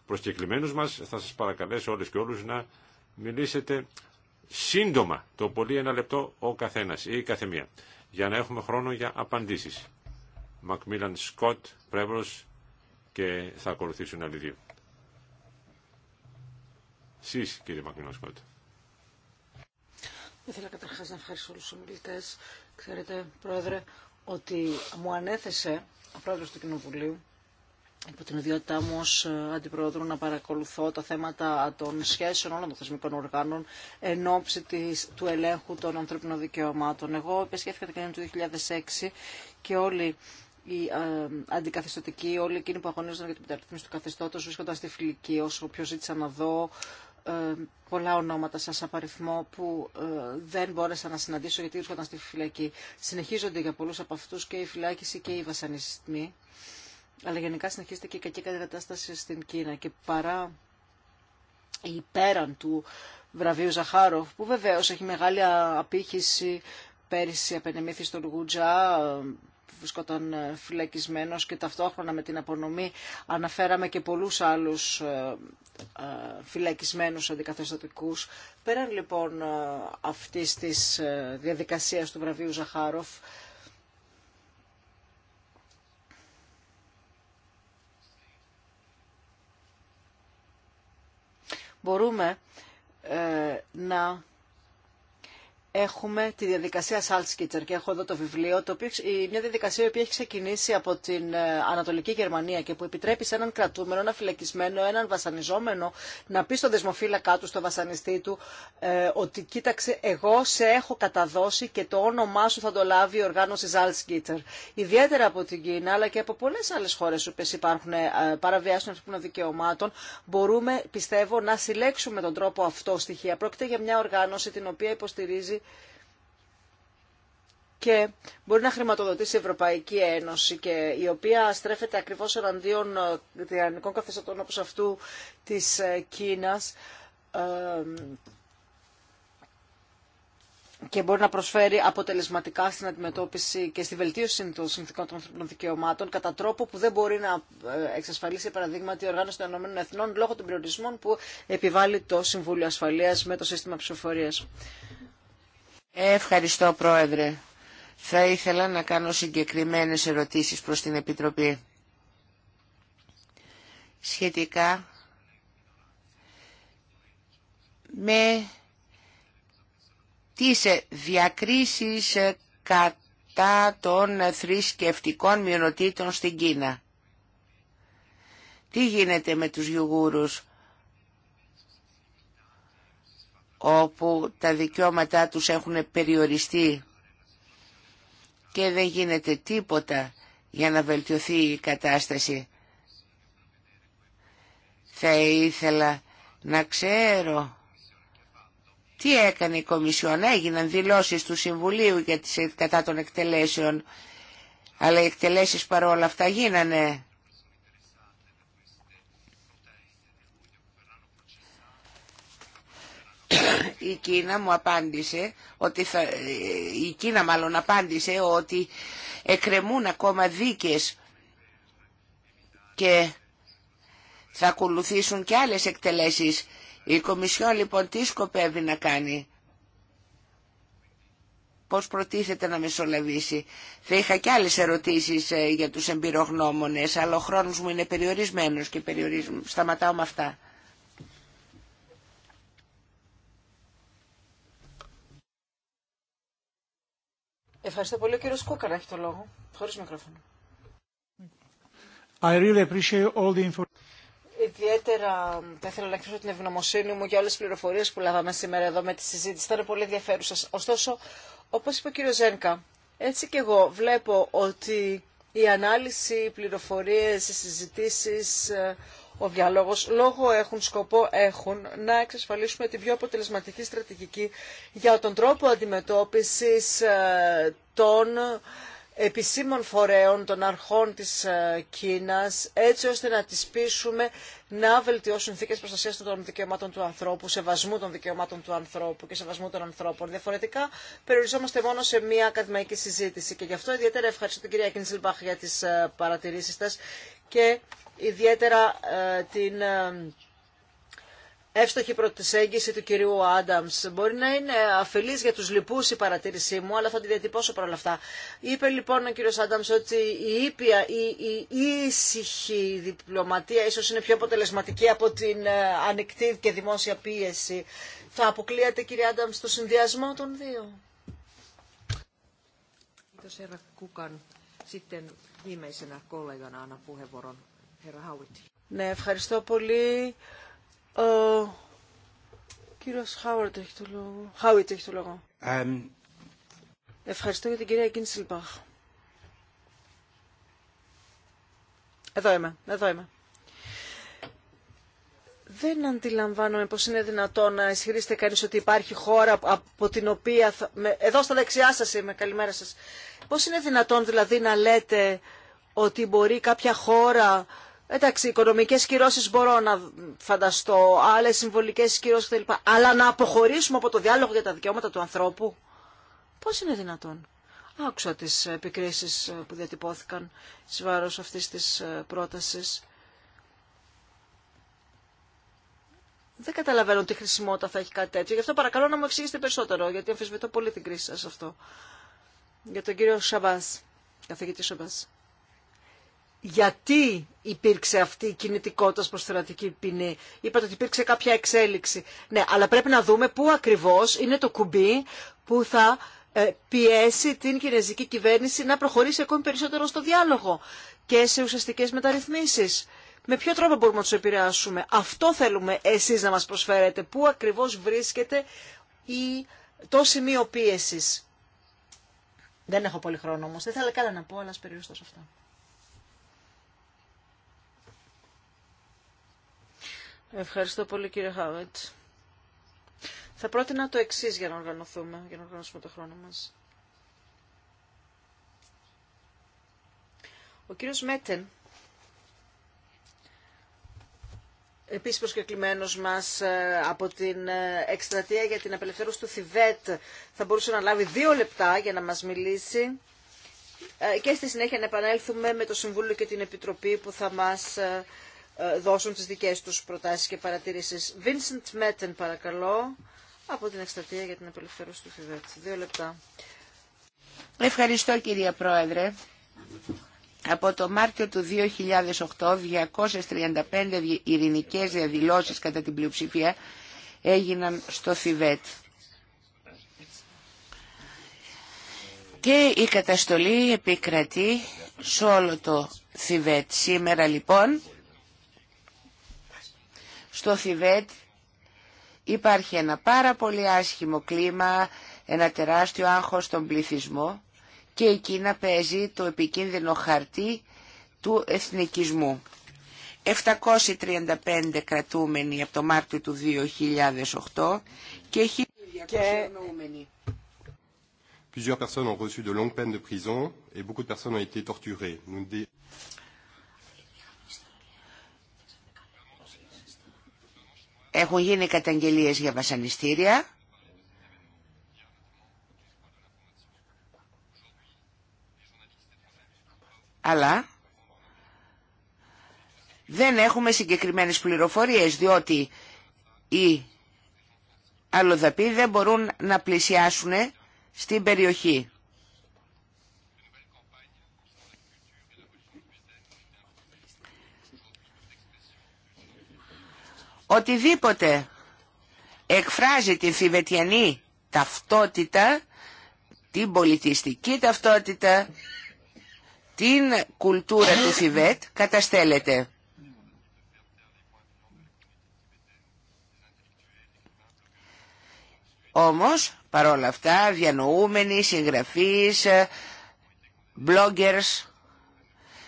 προσκεκλημένους μας, θα σας παρακαλέσω όλες και όλους να μιλήσετε σύντομα, το πολύ ένα λεπτό ο καθένας ή η καθεμία, για να έχουμε χρόνο για απαντήσεις. Μακμίλαν Σκοτ, Πρέβρος και θα ακολουθήσουν άλλοι δύο. Σεις, κύριε Μακμίλαν Σκοτ. Ήθελα καταρχάς να ευχαριστήσω όλους τους ομιλητές. Ξέρετε, Πρόεδρε, ότι μου ανέθεσε ο Πρόεδρος του Κοινοβουλίου υπό την ιδιότητά μου ω ε, αντιπρόεδρο να παρακολουθώ τα θέματα των σχέσεων όλων των θεσμικών οργάνων εν ώψη της, του ελέγχου των ανθρώπινων δικαιωμάτων. Εγώ επισκέφθηκα την του 2006 και όλοι οι ε, αντικαθιστωτικοί, όλοι εκείνοι που αγωνίζονταν για την μεταρρύθμιση του καθεστώτος βρίσκονταν στη φιλική όσο πιο ζήτησα να δω ε, πολλά ονόματα σας απαριθμό που δεν μπόρεσα να συναντήσω γιατί βρίσκονταν στη φυλακή. Συνεχίζονται για πολλούς από αυτούς και η φυλάκιση και οι βασανισμοί αλλά γενικά συνεχίζεται και η κακή κατάσταση στην Κίνα και παρά ή πέραν του βραβείου Ζαχάροφ, που βεβαίως έχει μεγάλη απήχηση, πέρυσι απενεμήθη στον Γουτζά, βρισκόταν ε, φυλακισμένος και ταυτόχρονα με την απονομή αναφέραμε και πολλούς άλλους ε, ε, φυλακισμένους αντικαθεστατικούς. Πέραν λοιπόν αυτής της διαδικασίας του βραβείου Ζαχάροφ, μπορούμε ε, να έχουμε τη διαδικασία Salzgitter και έχω εδώ το βιβλίο, το οποίο, μια διαδικασία που έχει ξεκινήσει από την ε, Ανατολική Γερμανία και που επιτρέπει σε έναν κρατούμενο, έναν φυλακισμένο, έναν βασανιζόμενο να πει στον δεσμοφύλακά του, στο βασανιστή του, ε, ότι κοίταξε, εγώ σε έχω καταδώσει και το όνομά σου θα το λάβει η οργάνωση Salzgitter. Ιδιαίτερα από την Κίνα, αλλά και από πολλέ άλλε χώρε, που υπάρχουν ε, των ανθρωπίνων δικαιωμάτων, μπορούμε, πιστεύω, να συλλέξουμε τον τρόπο αυτό στοιχεία. Πρόκειται για μια οργάνωση την οποία υποστηρίζει και μπορεί να χρηματοδοτήσει η Ευρωπαϊκή Ένωση και η οποία στρέφεται ακριβώς εναντίον τυραννικών ε, καθεστώτων όπως αυτού της ε, Κίνας ε, και μπορεί να προσφέρει αποτελεσματικά στην αντιμετώπιση και στη βελτίωση των συνθήκων των ανθρωπίνων δικαιωμάτων κατά τρόπο που δεν μπορεί να εξασφαλίσει, παραδείγματι, η Οργάνωση των Ηνωμένων Εθνών λόγω των περιορισμών που επιβάλλει το Συμβούλιο Ασφαλείας με το σύστημα ψηφοφορία. Ευχαριστώ Πρόεδρε. Θα ήθελα να κάνω συγκεκριμένες ερωτήσεις προς την Επιτροπή. Σχετικά με τις διακρίσεις κατά των θρησκευτικών μειονοτήτων στην Κίνα. Τι γίνεται με τους γιουγούρους. όπου τα δικαιώματά τους έχουν περιοριστεί και δεν γίνεται τίποτα για να βελτιωθεί η κατάσταση. Θα ήθελα να ξέρω τι έκανε η Κομισιόν. Έγιναν δηλώσεις του Συμβουλίου για τις, κατά των εκτελέσεων, αλλά οι εκτελέσεις παρόλα αυτά γίνανε. η Κίνα μου απάντησε ότι η Κίνα μάλλον απάντησε ότι εκκρεμούν ακόμα δίκες και θα ακολουθήσουν και άλλες εκτελέσεις. Η Κομισιόν λοιπόν τι σκοπεύει να κάνει. Πώς προτίθεται να μεσολαβήσει. Θα είχα και άλλες ερωτήσεις ε, για τους εμπειρογνώμονες, αλλά ο χρόνος μου είναι περιορισμένος και σταματάω με αυτά. Ευχαριστώ πολύ. Ο κύριος Κούκαρα έχει το λόγο, χωρίς μικρόφωνο. I really appreciate all the Ιδιαίτερα θα ήθελα να εκφράσω την ευγνωμοσύνη μου για όλες τις πληροφορίες που λάβαμε σήμερα εδώ με τη συζήτηση. είναι πολύ ενδιαφέρουσα. Ωστόσο, όπως είπε ο κύριος Ζένκα, έτσι και εγώ βλέπω ότι η ανάλυση, οι πληροφορίες, οι συζητήσεις, ε, ο διάλογος, λόγο έχουν, σκοπό έχουν να εξασφαλίσουμε την πιο αποτελεσματική στρατηγική για τον τρόπο αντιμετώπισης ε, των επισήμων φορέων των αρχών της ε, Κίνας έτσι ώστε να τις πείσουμε να βελτιώσουν θήκε προστασίας των δικαιωμάτων του ανθρώπου, σεβασμού των δικαιωμάτων του ανθρώπου και σεβασμού των ανθρώπων. Διαφορετικά περιοριζόμαστε μόνο σε μια ακαδημαϊκή συζήτηση και γι' αυτό ιδιαίτερα ευχαριστώ την κυρία Κίνσελμπαχ για τις ε, παρατηρήσεις σας και ιδιαίτερα ε, την εύστοχη προσέγγιση του κυρίου Άνταμς. Μπορεί να είναι αφελής για τους λοιπούς η παρατήρησή μου, αλλά θα τη διατυπώσω παρόλα αυτά. Είπε λοιπόν ο κύριος Άνταμς ότι η ήπια, η, η ήσυχη διπλωματία ίσως είναι πιο αποτελεσματική από την ε, ανοιχτή και δημόσια πίεση. Θα αποκλείεται κύριε Άνταμς το συνδυασμό των δύο. Ναι, ευχαριστώ πολύ. Ο ε, κύριος Χάουιτ έχει το λόγο. Ευχαριστώ για την κυρία Κίνσιλμπαχ. Εδώ είμαι, εδώ Δεν αντιλαμβάνομαι πώς είναι δυνατόν να ισχυρίσετε κανείς ότι υπάρχει χώρα από την οποία... Εδώ στα δεξιά σας είμαι, καλημέρα σας. Πώς είναι δυνατόν δηλαδή να λέτε ότι μπορεί κάποια χώρα Εντάξει, οικονομικές κυρώσεις μπορώ να φανταστώ, άλλες συμβολικές κυρώσεις κλπ. Αλλά να αποχωρήσουμε από το διάλογο για τα δικαιώματα του ανθρώπου. Πώς είναι δυνατόν. Άκουσα τις επικρίσεις ε, που διατυπώθηκαν σε βάρος αυτής της ε, πρότασης. Δεν καταλαβαίνω τι χρησιμότητα θα έχει κάτι τέτοιο. Γι' αυτό παρακαλώ να μου εξηγήσετε περισσότερο, γιατί αμφισβητώ πολύ την κρίση σας αυτό. Για τον κύριο Σαμπάς, καθηγητή Σαμπάς γιατί υπήρξε αυτή η κινητικότητα προ θερατική ποινή. Είπατε ότι υπήρξε κάποια εξέλιξη. Ναι, αλλά πρέπει να δούμε πού ακριβώ είναι το κουμπί που θα ε, πιέσει την κινέζικη κυβέρνηση να προχωρήσει ακόμη περισσότερο στο διάλογο και σε ουσιαστικέ μεταρρυθμίσει. Με ποιο τρόπο μπορούμε να του επηρεάσουμε. Αυτό θέλουμε εσεί να μα προσφέρετε. Πού ακριβώ βρίσκεται η... το σημείο πίεση. Δεν έχω πολύ χρόνο όμω. Δεν θα ήθελα καλά να πω, αλλά περιορίστω σε αυτά. Ευχαριστώ πολύ κύριε Χάουετ. Θα πρότεινα το εξή για να οργανωθούμε, για να οργανώσουμε το χρόνο μας. Ο κύριος Μέτεν, επίσης προσκεκλημένος μας ε, από την ε, εκστρατεία για την απελευθέρωση του Θιβέτ, θα μπορούσε να λάβει δύο λεπτά για να μας μιλήσει ε, και στη συνέχεια να επανέλθουμε με το Συμβούλιο και την Επιτροπή που θα μας ε, δώσουν τις δικές τους προτάσεις και παρατηρήσεις. Vincent Metten, παρακαλώ, από την Εκστρατεία για την Απελευθέρωση του Θιβέτ. Δύο λεπτά. Ευχαριστώ κυρία Πρόεδρε. Από το Μάρτιο του 2008, 235 ειρηνικές διαδηλώσεις κατά την πλειοψηφία έγιναν στο Θιβέτ. Και η καταστολή επικρατεί σε όλο το Θιβέτ. Σήμερα λοιπόν στο Θιβέτ υπάρχει ένα πάρα πολύ άσχημο κλίμα, ένα τεράστιο άγχος στον πληθυσμό και η Κίνα παίζει το επικίνδυνο χαρτί του εθνικισμού. 735 κρατούμενοι από το Μάρτιο του 2008 και 1200 νοούμενοι. Plusieurs personnes ont reçu de longues peines de prison et beaucoup de personnes Έχουν γίνει καταγγελίες για βασανιστήρια. Αλλά δεν έχουμε συγκεκριμένες πληροφορίες, διότι οι αλλοδαποί δεν μπορούν να πλησιάσουν στην περιοχή. Οτιδήποτε εκφράζει την θηβετιανή ταυτότητα, την πολιτιστική ταυτότητα, την κουλτούρα του Θιβέτ καταστέλλεται. Όμως, παρόλα αυτά, διανοούμενοι, συγγραφείς, ε, bloggers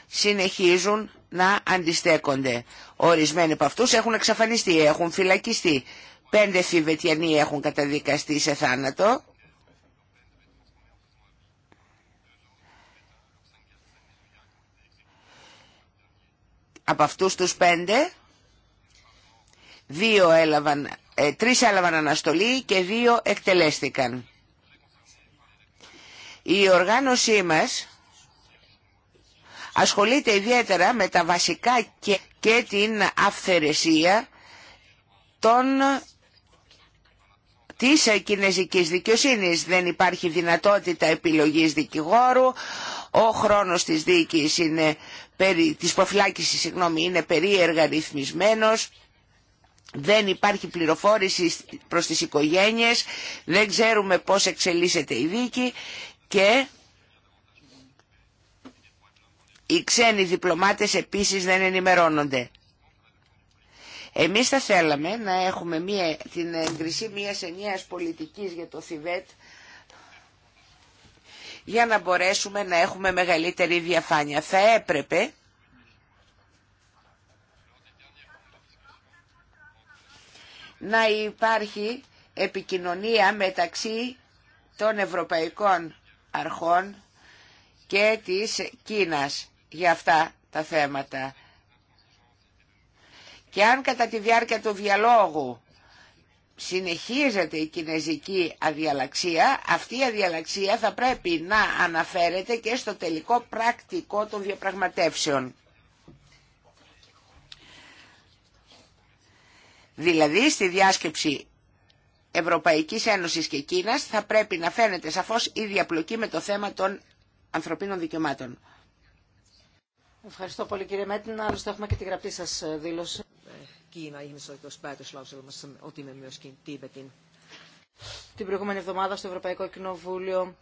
συνεχίζουν να αντιστέκονται. Ορισμένοι από αυτούς έχουν εξαφανιστεί, έχουν φυλακιστεί. Πέντε φιβετιανοί έχουν καταδικαστεί σε θάνατο. Από αυτούς τους πέντε, δύο έλαβαν, ε, τρεις έλαβαν αναστολή και δύο εκτελέστηκαν. Η οργάνωσή μας ασχολείται ιδιαίτερα με τα βασικά και, και την αυθαιρεσία των της κινέζικης δικαιοσύνης. Δεν υπάρχει δυνατότητα επιλογής δικηγόρου, ο χρόνος της δίκης είναι, της προφυλάκησης συγγνώμη, είναι περίεργα ρυθμισμένος, δεν υπάρχει πληροφόρηση προς τις οικογένειες, δεν ξέρουμε πώς εξελίσσεται η δίκη και οι ξένοι διπλωμάτες επίσης δεν ενημερώνονται. Εμείς θα θέλαμε να έχουμε μία, την εγκρισή μία ενιαίας πολιτικής για το Θιβέτ για να μπορέσουμε να έχουμε μεγαλύτερη διαφάνεια. Θα έπρεπε να υπάρχει επικοινωνία μεταξύ των ευρωπαϊκών αρχών και της Κίνας για αυτά τα θέματα. Και αν κατά τη διάρκεια του διαλόγου συνεχίζεται η κινέζικη αδιαλαξία, αυτή η αδιαλαξία θα πρέπει να αναφέρεται και στο τελικό πρακτικό των διαπραγματεύσεων. Δηλαδή στη διάσκεψη Ευρωπαϊκής Ένωσης και Κίνας θα πρέπει να φαίνεται σαφώς η διαπλοκή με το θέμα των ανθρωπίνων δικαιωμάτων. Ευχαριστώ πολύ κύριε Μέτινα. Άλλωστε έχουμε και τη γραπτή σας ε, δήλωση. Την προηγούμενη εβδομάδα στο Ευρωπαϊκό Κοινοβούλιο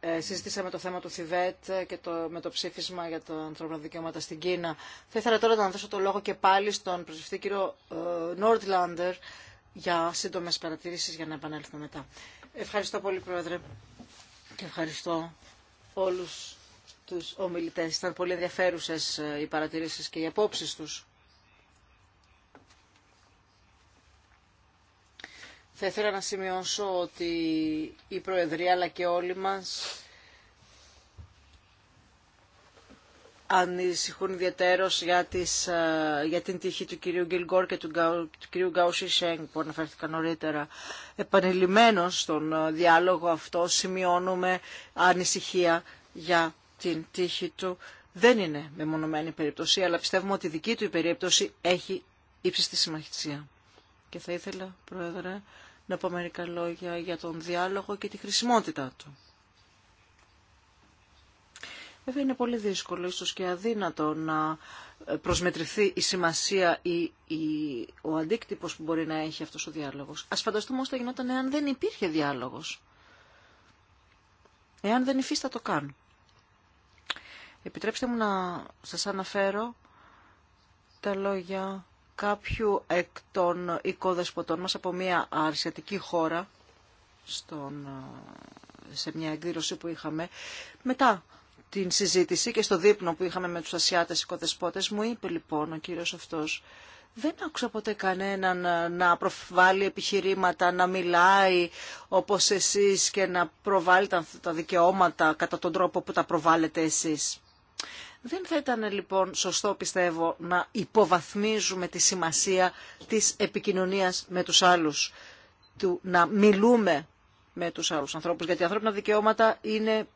ε, συζητήσαμε το θέμα του Θιβέτ ε, και το, με το ψήφισμα για τα ανθρώπινα δικαιώματα στην Κίνα. Θα ήθελα τώρα να δώσω το λόγο και πάλι στον προσευτή κύριο Νόρτλαντερ για σύντομες παρατηρήσεις για να επανέλθουμε μετά. Ευχαριστώ πολύ Πρόεδρε και ευχαριστώ όλους τους ομιλητές. Ήταν πολύ ενδιαφέρουσες ε, οι παρατηρήσεις και οι απόψεις τους. Θα ήθελα να σημειώσω ότι η Προεδρία αλλά και όλοι μας ανησυχούν ιδιαίτερως για, τις, ε, για την τύχη του κυρίου Γκυλγκόρ και του, του κυρίου Γκάου Σέγγ που αναφέρθηκαν νωρίτερα. τον στον ε, διάλογο αυτό σημειώνουμε ανησυχία για την τύχη του δεν είναι μεμονωμένη περίπτωση, αλλά πιστεύουμε ότι η δική του η περίπτωση έχει ύψιστη σημασία. Και θα ήθελα, Πρόεδρε, να πω μερικά λόγια για τον διάλογο και τη χρησιμότητά του. Βέβαια είναι πολύ δύσκολο, ίσως και αδύνατο να προσμετρηθεί η σημασία ή ο αντίκτυπος που μπορεί να έχει αυτός ο διάλογος. Ας φανταστούμε όσο θα γινόταν εάν δεν υπήρχε διάλογος. Εάν δεν υφίστατο καν. Επιτρέψτε μου να σας αναφέρω τα λόγια κάποιου εκ των οικοδεσποτών μας από μια αρσιατική χώρα στον, ε, σε μια εκδήλωση που είχαμε. Μετά την συζήτηση και στο δείπνο που είχαμε με τους Ασιάτες οικοδεσπότες μου είπε λοιπόν ο κύριος αυτός δεν άκουσα ποτέ κανέναν ε, να προβάλλει επιχειρήματα, να μιλάει όπως εσείς και να προβάλλει τα δικαιώματα κατά τον τρόπο που τα προβάλλετε εσείς. Δεν θα ήταν λοιπόν σωστό πιστεύω να υποβαθμίζουμε τη σημασία της επικοινωνίας με τους άλλους, του να μιλούμε με τους άλλους ανθρώπους, γιατί οι ανθρώπινα δικαιώματα είναι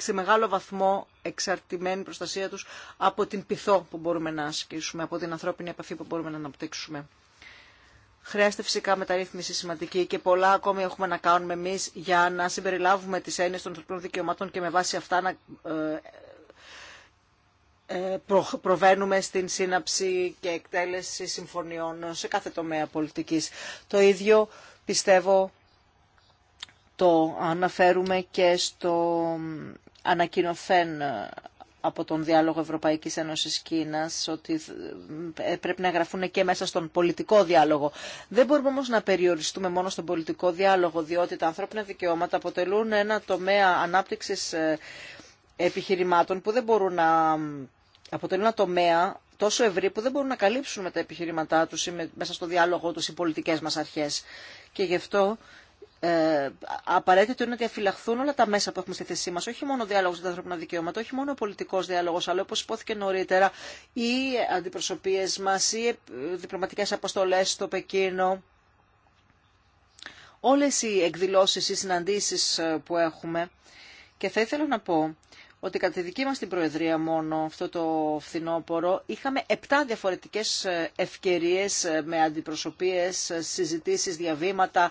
σε μεγάλο βαθμό εξαρτημένη προστασία τους από την πυθό που μπορούμε να ασκήσουμε, από την ανθρώπινη επαφή που μπορούμε να αναπτύξουμε. Χρειάζεται φυσικά μεταρρύθμιση σημαντική και πολλά ακόμη έχουμε να κάνουμε εμείς για να συμπεριλάβουμε τις έννοιες των ανθρωπίνων δικαιωμάτων και με βάση αυτά να ε, ε, προβαίνουμε στην σύναψη και εκτέλεση συμφωνιών σε κάθε τομέα πολιτικής. Το ίδιο πιστεύω το αναφέρουμε και στο ανακοινωθέν ε, από τον διάλογο Ευρωπαϊκής Ένωσης Κίνας ότι ε, πρέπει να γραφούν και μέσα στον πολιτικό διάλογο. Δεν μπορούμε όμως να περιοριστούμε μόνο στον πολιτικό διάλογο διότι τα ανθρώπινα δικαιώματα αποτελούν ένα τομέα ανάπτυξης επιχειρημάτων που δεν μπορούν να αποτελούν ένα τομέα τόσο ευρύ που δεν μπορούν να καλύψουν με τα επιχειρήματά τους ή μέσα στο διάλογο τους οι πολιτικές μας αρχές. Και γι' αυτό ε, απαραίτητο είναι να διαφυλαχθούν όλα τα μέσα που έχουμε στη θέση μα. Όχι μόνο ο διάλογο για τα ανθρώπινα δικαιώματα, όχι μόνο ο πολιτικό διάλογο, αλλά όπω υπόθηκε νωρίτερα, οι αντιπροσωπείε μας, οι διπλωματικές αποστολές στο Πεκίνο. Όλες οι εκδηλώσεις οι συναντήσεις ε, που έχουμε και θα ήθελα να πω ότι κατά τη δική μας την Προεδρία μόνο αυτό το φθινόπωρο είχαμε επτά διαφορετικές ε, ευκαιρίες ε, με αντιπροσωπείες, ε, συζητήσεις, διαβήματα,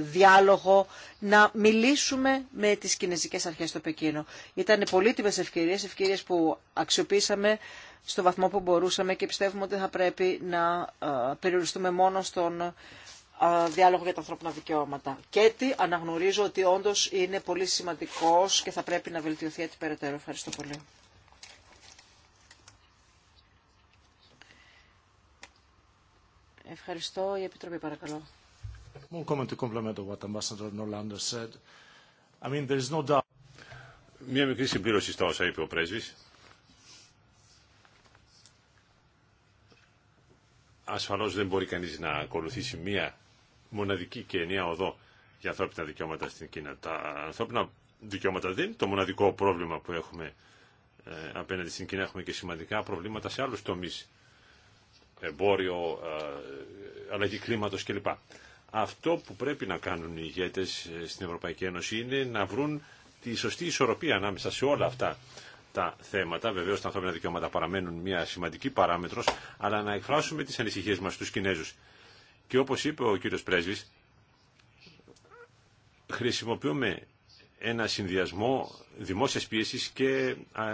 διάλογο, να μιλήσουμε με τις κινέζικες αρχές στο Πεκίνο. Ήταν πολύτιμες ευκαιρίες, ευκαιρίες που αξιοποίησαμε στο βαθμό που μπορούσαμε και πιστεύουμε ότι θα πρέπει να περιοριστούμε μόνο στον ε, διάλογο για τα ανθρώπινα δικαιώματα. Και έτσι αναγνωρίζω ότι όντω είναι πολύ σημαντικό και θα πρέπει να βελτιωθεί έτσι περαιτέρω. Ευχαριστώ πολύ. Ευχαριστώ. Η Επιτροπή παρακαλώ. One comment to complement what Ambassador said. I mean, there is no doubt. Μια μικρή συμπλήρωση στα όσα είπε ο πρέσβης. Ασφαλώς δεν μπορεί κανείς να ακολουθήσει μία μοναδική και ενιαία οδό για ανθρώπινα δικαιώματα στην Κίνα. Τα ανθρώπινα δικαιώματα δεν είναι το μοναδικό πρόβλημα που έχουμε ε, απέναντι στην Κίνα. Έχουμε και σημαντικά προβλήματα σε άλλους τομείς. Εμπόριο, ε, αλλαγή κλίματος κλπ. Αυτό που πρέπει να κάνουν οι ηγέτες ε, στην Ευρωπαϊκή Ένωση είναι να βρουν τη σωστή ισορροπία ανάμεσα σε όλα αυτά τα θέματα. Βεβαίω, τα ανθρώπινα δικαιώματα παραμένουν μια σημαντική παράμετρο, αλλά να εκφράσουμε τι ανησυχίε μα στου Κινέζου. Και όπως είπε ο κύριος Πρέσβης, χρησιμοποιούμε ένα συνδυασμό δημόσιας πίεσης και α,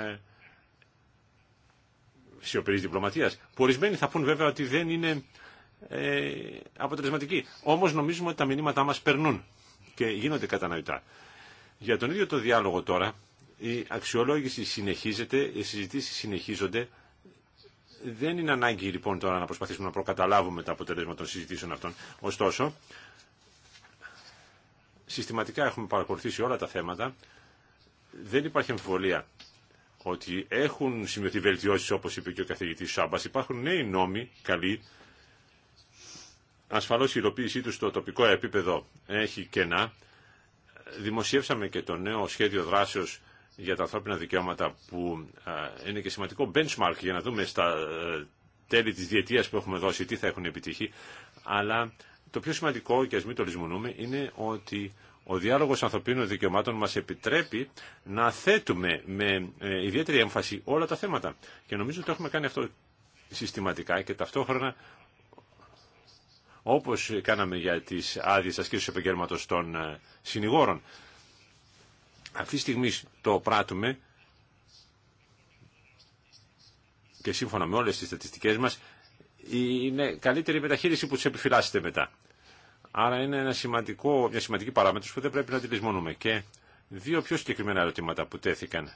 σιωπηρής διπλωματίας. Που ορισμένοι θα πούν βέβαια ότι δεν είναι ε, αποτελεσματική. Όμως νομίζουμε ότι τα μηνύματά μας περνούν και γίνονται κατανοητά. Για τον ίδιο το διάλογο τώρα, η αξιολόγηση συνεχίζεται, οι συζητήσεις συνεχίζονται δεν είναι ανάγκη λοιπόν τώρα να προσπαθήσουμε να προκαταλάβουμε τα αποτελέσματα των συζητήσεων αυτών. Ωστόσο, συστηματικά έχουμε παρακολουθήσει όλα τα θέματα. Δεν υπάρχει εμφιβολία ότι έχουν σημειωθεί βελτιώσεις όπως είπε και ο καθηγητής Σάμπας. Υπάρχουν νέοι νόμοι καλοί. Ασφαλώ η υλοποίησή του στο τοπικό επίπεδο έχει κενά. Δημοσιεύσαμε και το νέο σχέδιο δράσεως για τα ανθρώπινα δικαιώματα που είναι και σημαντικό benchmark για να δούμε στα ε, τέλη της διετίας που έχουμε δώσει τι θα έχουν επιτύχει, αλλά το πιο σημαντικό και ας μην το λησμονούμε είναι ότι ο διάλογος ανθρωπίνων δικαιωμάτων μας επιτρέπει να θέτουμε με ε, ιδιαίτερη έμφαση όλα τα θέματα. Και νομίζω ότι έχουμε κάνει αυτό συστηματικά και ταυτόχρονα όπως κάναμε για τις άδειες ασκήσεις επαγγέλματος των ε, συνηγόρων. Αυτή τη στιγμή το πράττουμε και σύμφωνα με όλες τις στατιστικές μας είναι καλύτερη η μεταχείριση που τους επιφυλάσσεται μετά. Άρα είναι ένα σημαντικό, μια σημαντική παράμετρος που δεν πρέπει να τη λησμονούμε. Και δύο πιο συγκεκριμένα ερωτήματα που τέθηκαν.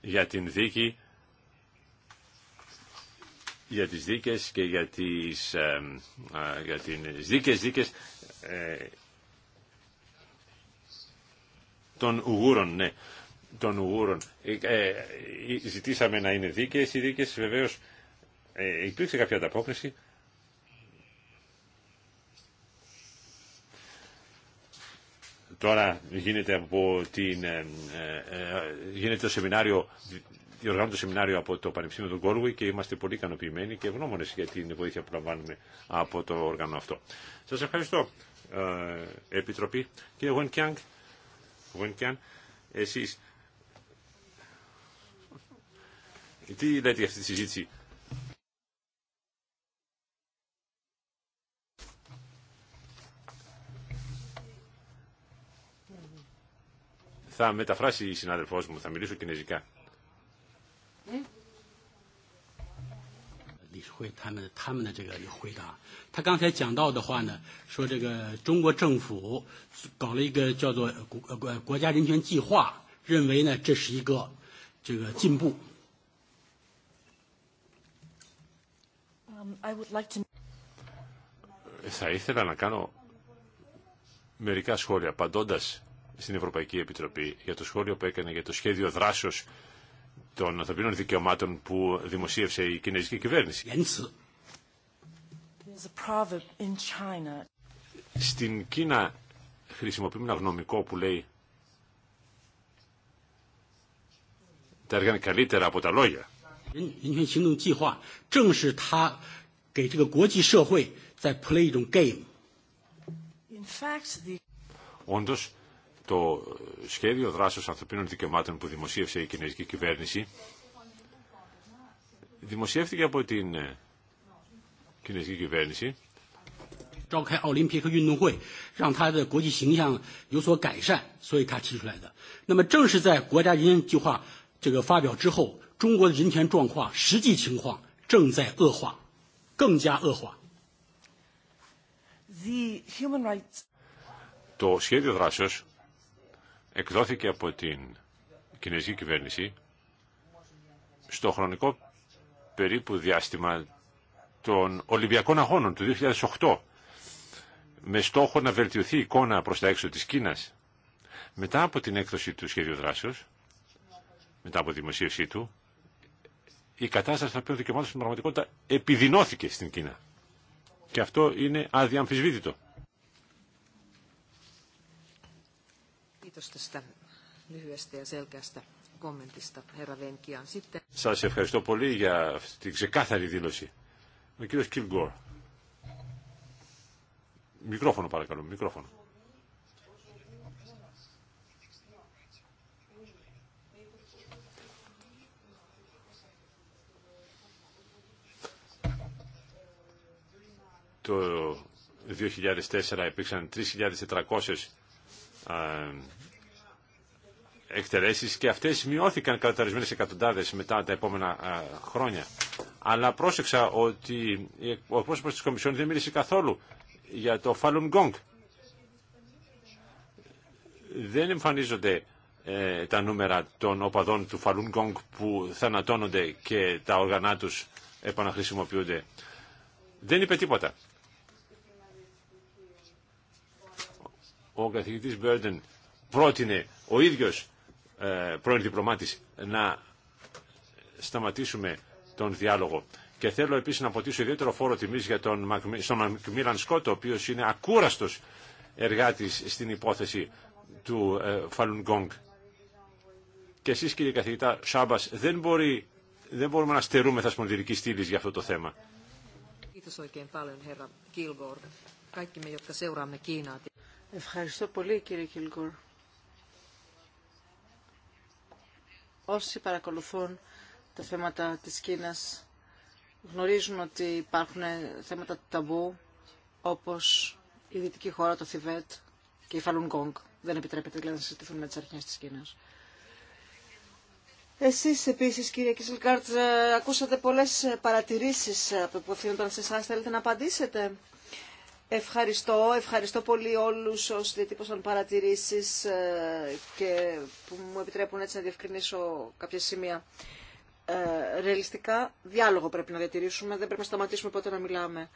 Για την δίκη για τις δίκες και για τις, ε, ε, για τις δίκες, δίκες ε, των ουγούρων, ναι, των ουγούρων. ζητήσαμε να είναι δίκες, οι δίκες βεβαίως υπήρξε κάποια ανταπόκριση. Τώρα γίνεται, από την, γίνεται το σεμινάριο διοργάνω το σεμινάριο από το Πανεπιστήμιο του Γκόρουι και είμαστε πολύ ικανοποιημένοι και ευγνώμονε για την βοήθεια που λαμβάνουμε από το όργανο αυτό. Σα ευχαριστώ, ε, Επιτροπή. Κύριε Γουενκιάνγκ, εσεί τι λέτε για αυτή τη συζήτηση. Θα μεταφράσει η συνάδελφός μου, θα μιλήσω κινέζικα. Θα ήθελα να κάνω μερικά σχόλια, απαντώντα στην Ευρωπαϊκή Επιτροπή για το σχόλιο που έκανε για το σχέδιο δράσεως των ανθρωπίνων δικαιωμάτων που δημοσίευσε η κινέζικη κυβέρνηση. Στην Κίνα χρησιμοποιούμε ένα γνωμικό που λέει τα έργα είναι καλύτερα από τα λόγια. Όντως, το σχέδιο δράσεως ανθρωπίνων δικαιωμάτων που δημοσίευσε η κινέζικη κυβέρνηση δημοσιεύτηκε από την ε, κινέζικη κυβέρνηση το σχέδιο δράσεως εκδόθηκε από την κινέζικη κυβέρνηση στο χρονικό περίπου διάστημα των Ολυμπιακών Αγώνων του 2008 με στόχο να βελτιωθεί η εικόνα προς τα έξω της Κίνας. Μετά από την έκδοση του σχέδιου δράσεως, μετά από τη δημοσίευσή του, η κατάσταση των οποίων δικαιωμάτων στην πραγματικότητα επιδεινώθηκε στην Κίνα. Και αυτό είναι αδιαμφισβήτητο. Kiitos tästä lyhyestä ja selkeästä kommentista, herra Venkian. Sitten... Σας ευχαριστώ πολύ για αυτή την ξεκάθαρη δήλωση. Ο κύριος Κιλγκόρ. Μικρόφωνο παρακαλώ, μικρόφωνο. Το 2004 υπήρξαν 3.400 εκτελέσεις και αυτές μειώθηκαν κατά ορισμένες εκατοντάδες μετά τα επόμενα χρόνια. Αλλά πρόσεξα ότι ο πρόσωπος της Κομισιόν δεν μίλησε καθόλου για το Falun Gong. Δεν εμφανίζονται ε, τα νούμερα των οπαδών του Falun Gong που θανατώνονται και τα όργανά τους επαναχρησιμοποιούνται. Δεν είπε τίποτα. Ο καθηγητής Μπέρντεν πρότεινε ο ίδιος ε, πρώην διπλωμάτης να σταματήσουμε τον διάλογο. Και θέλω επίσης να αποτίσω ιδιαίτερο φόρο τιμής για τον στον Σκότ, ο οποίος είναι ακούραστος εργάτης στην υπόθεση του ε, Φαλουνγκόγκ. Και εσείς κύριε καθηγητά Σάμπας, δεν, μπορεί, δεν μπορούμε να στερούμε θα σπονδυρική στήλη για αυτό το θέμα. Ευχαριστώ πολύ κύριε Κιλγκόρ. όσοι παρακολουθούν τα θέματα της Κίνας γνωρίζουν ότι υπάρχουν θέματα ταμπού όπως η δυτική χώρα, το Θιβέτ και η Φαλούν Κόγκ. Δεν επιτρέπεται δηλαδή να συζητηθούν με τις αρχές της Κίνας. Εσείς επίσης κύριε Κισελκάρτ ε, ακούσατε πολλές παρατηρήσεις ε, που υποθύνονταν σε εσάς. Θέλετε να απαντήσετε. Ευχαριστώ. Ευχαριστώ πολύ όλους όσοι διατύπωσαν παρατηρήσεις ε, και που μου επιτρέπουν έτσι να διευκρινίσω κάποια σημεία. Ε, ρεαλιστικά, διάλογο πρέπει να διατηρήσουμε, δεν πρέπει να σταματήσουμε ποτέ να μιλάμε.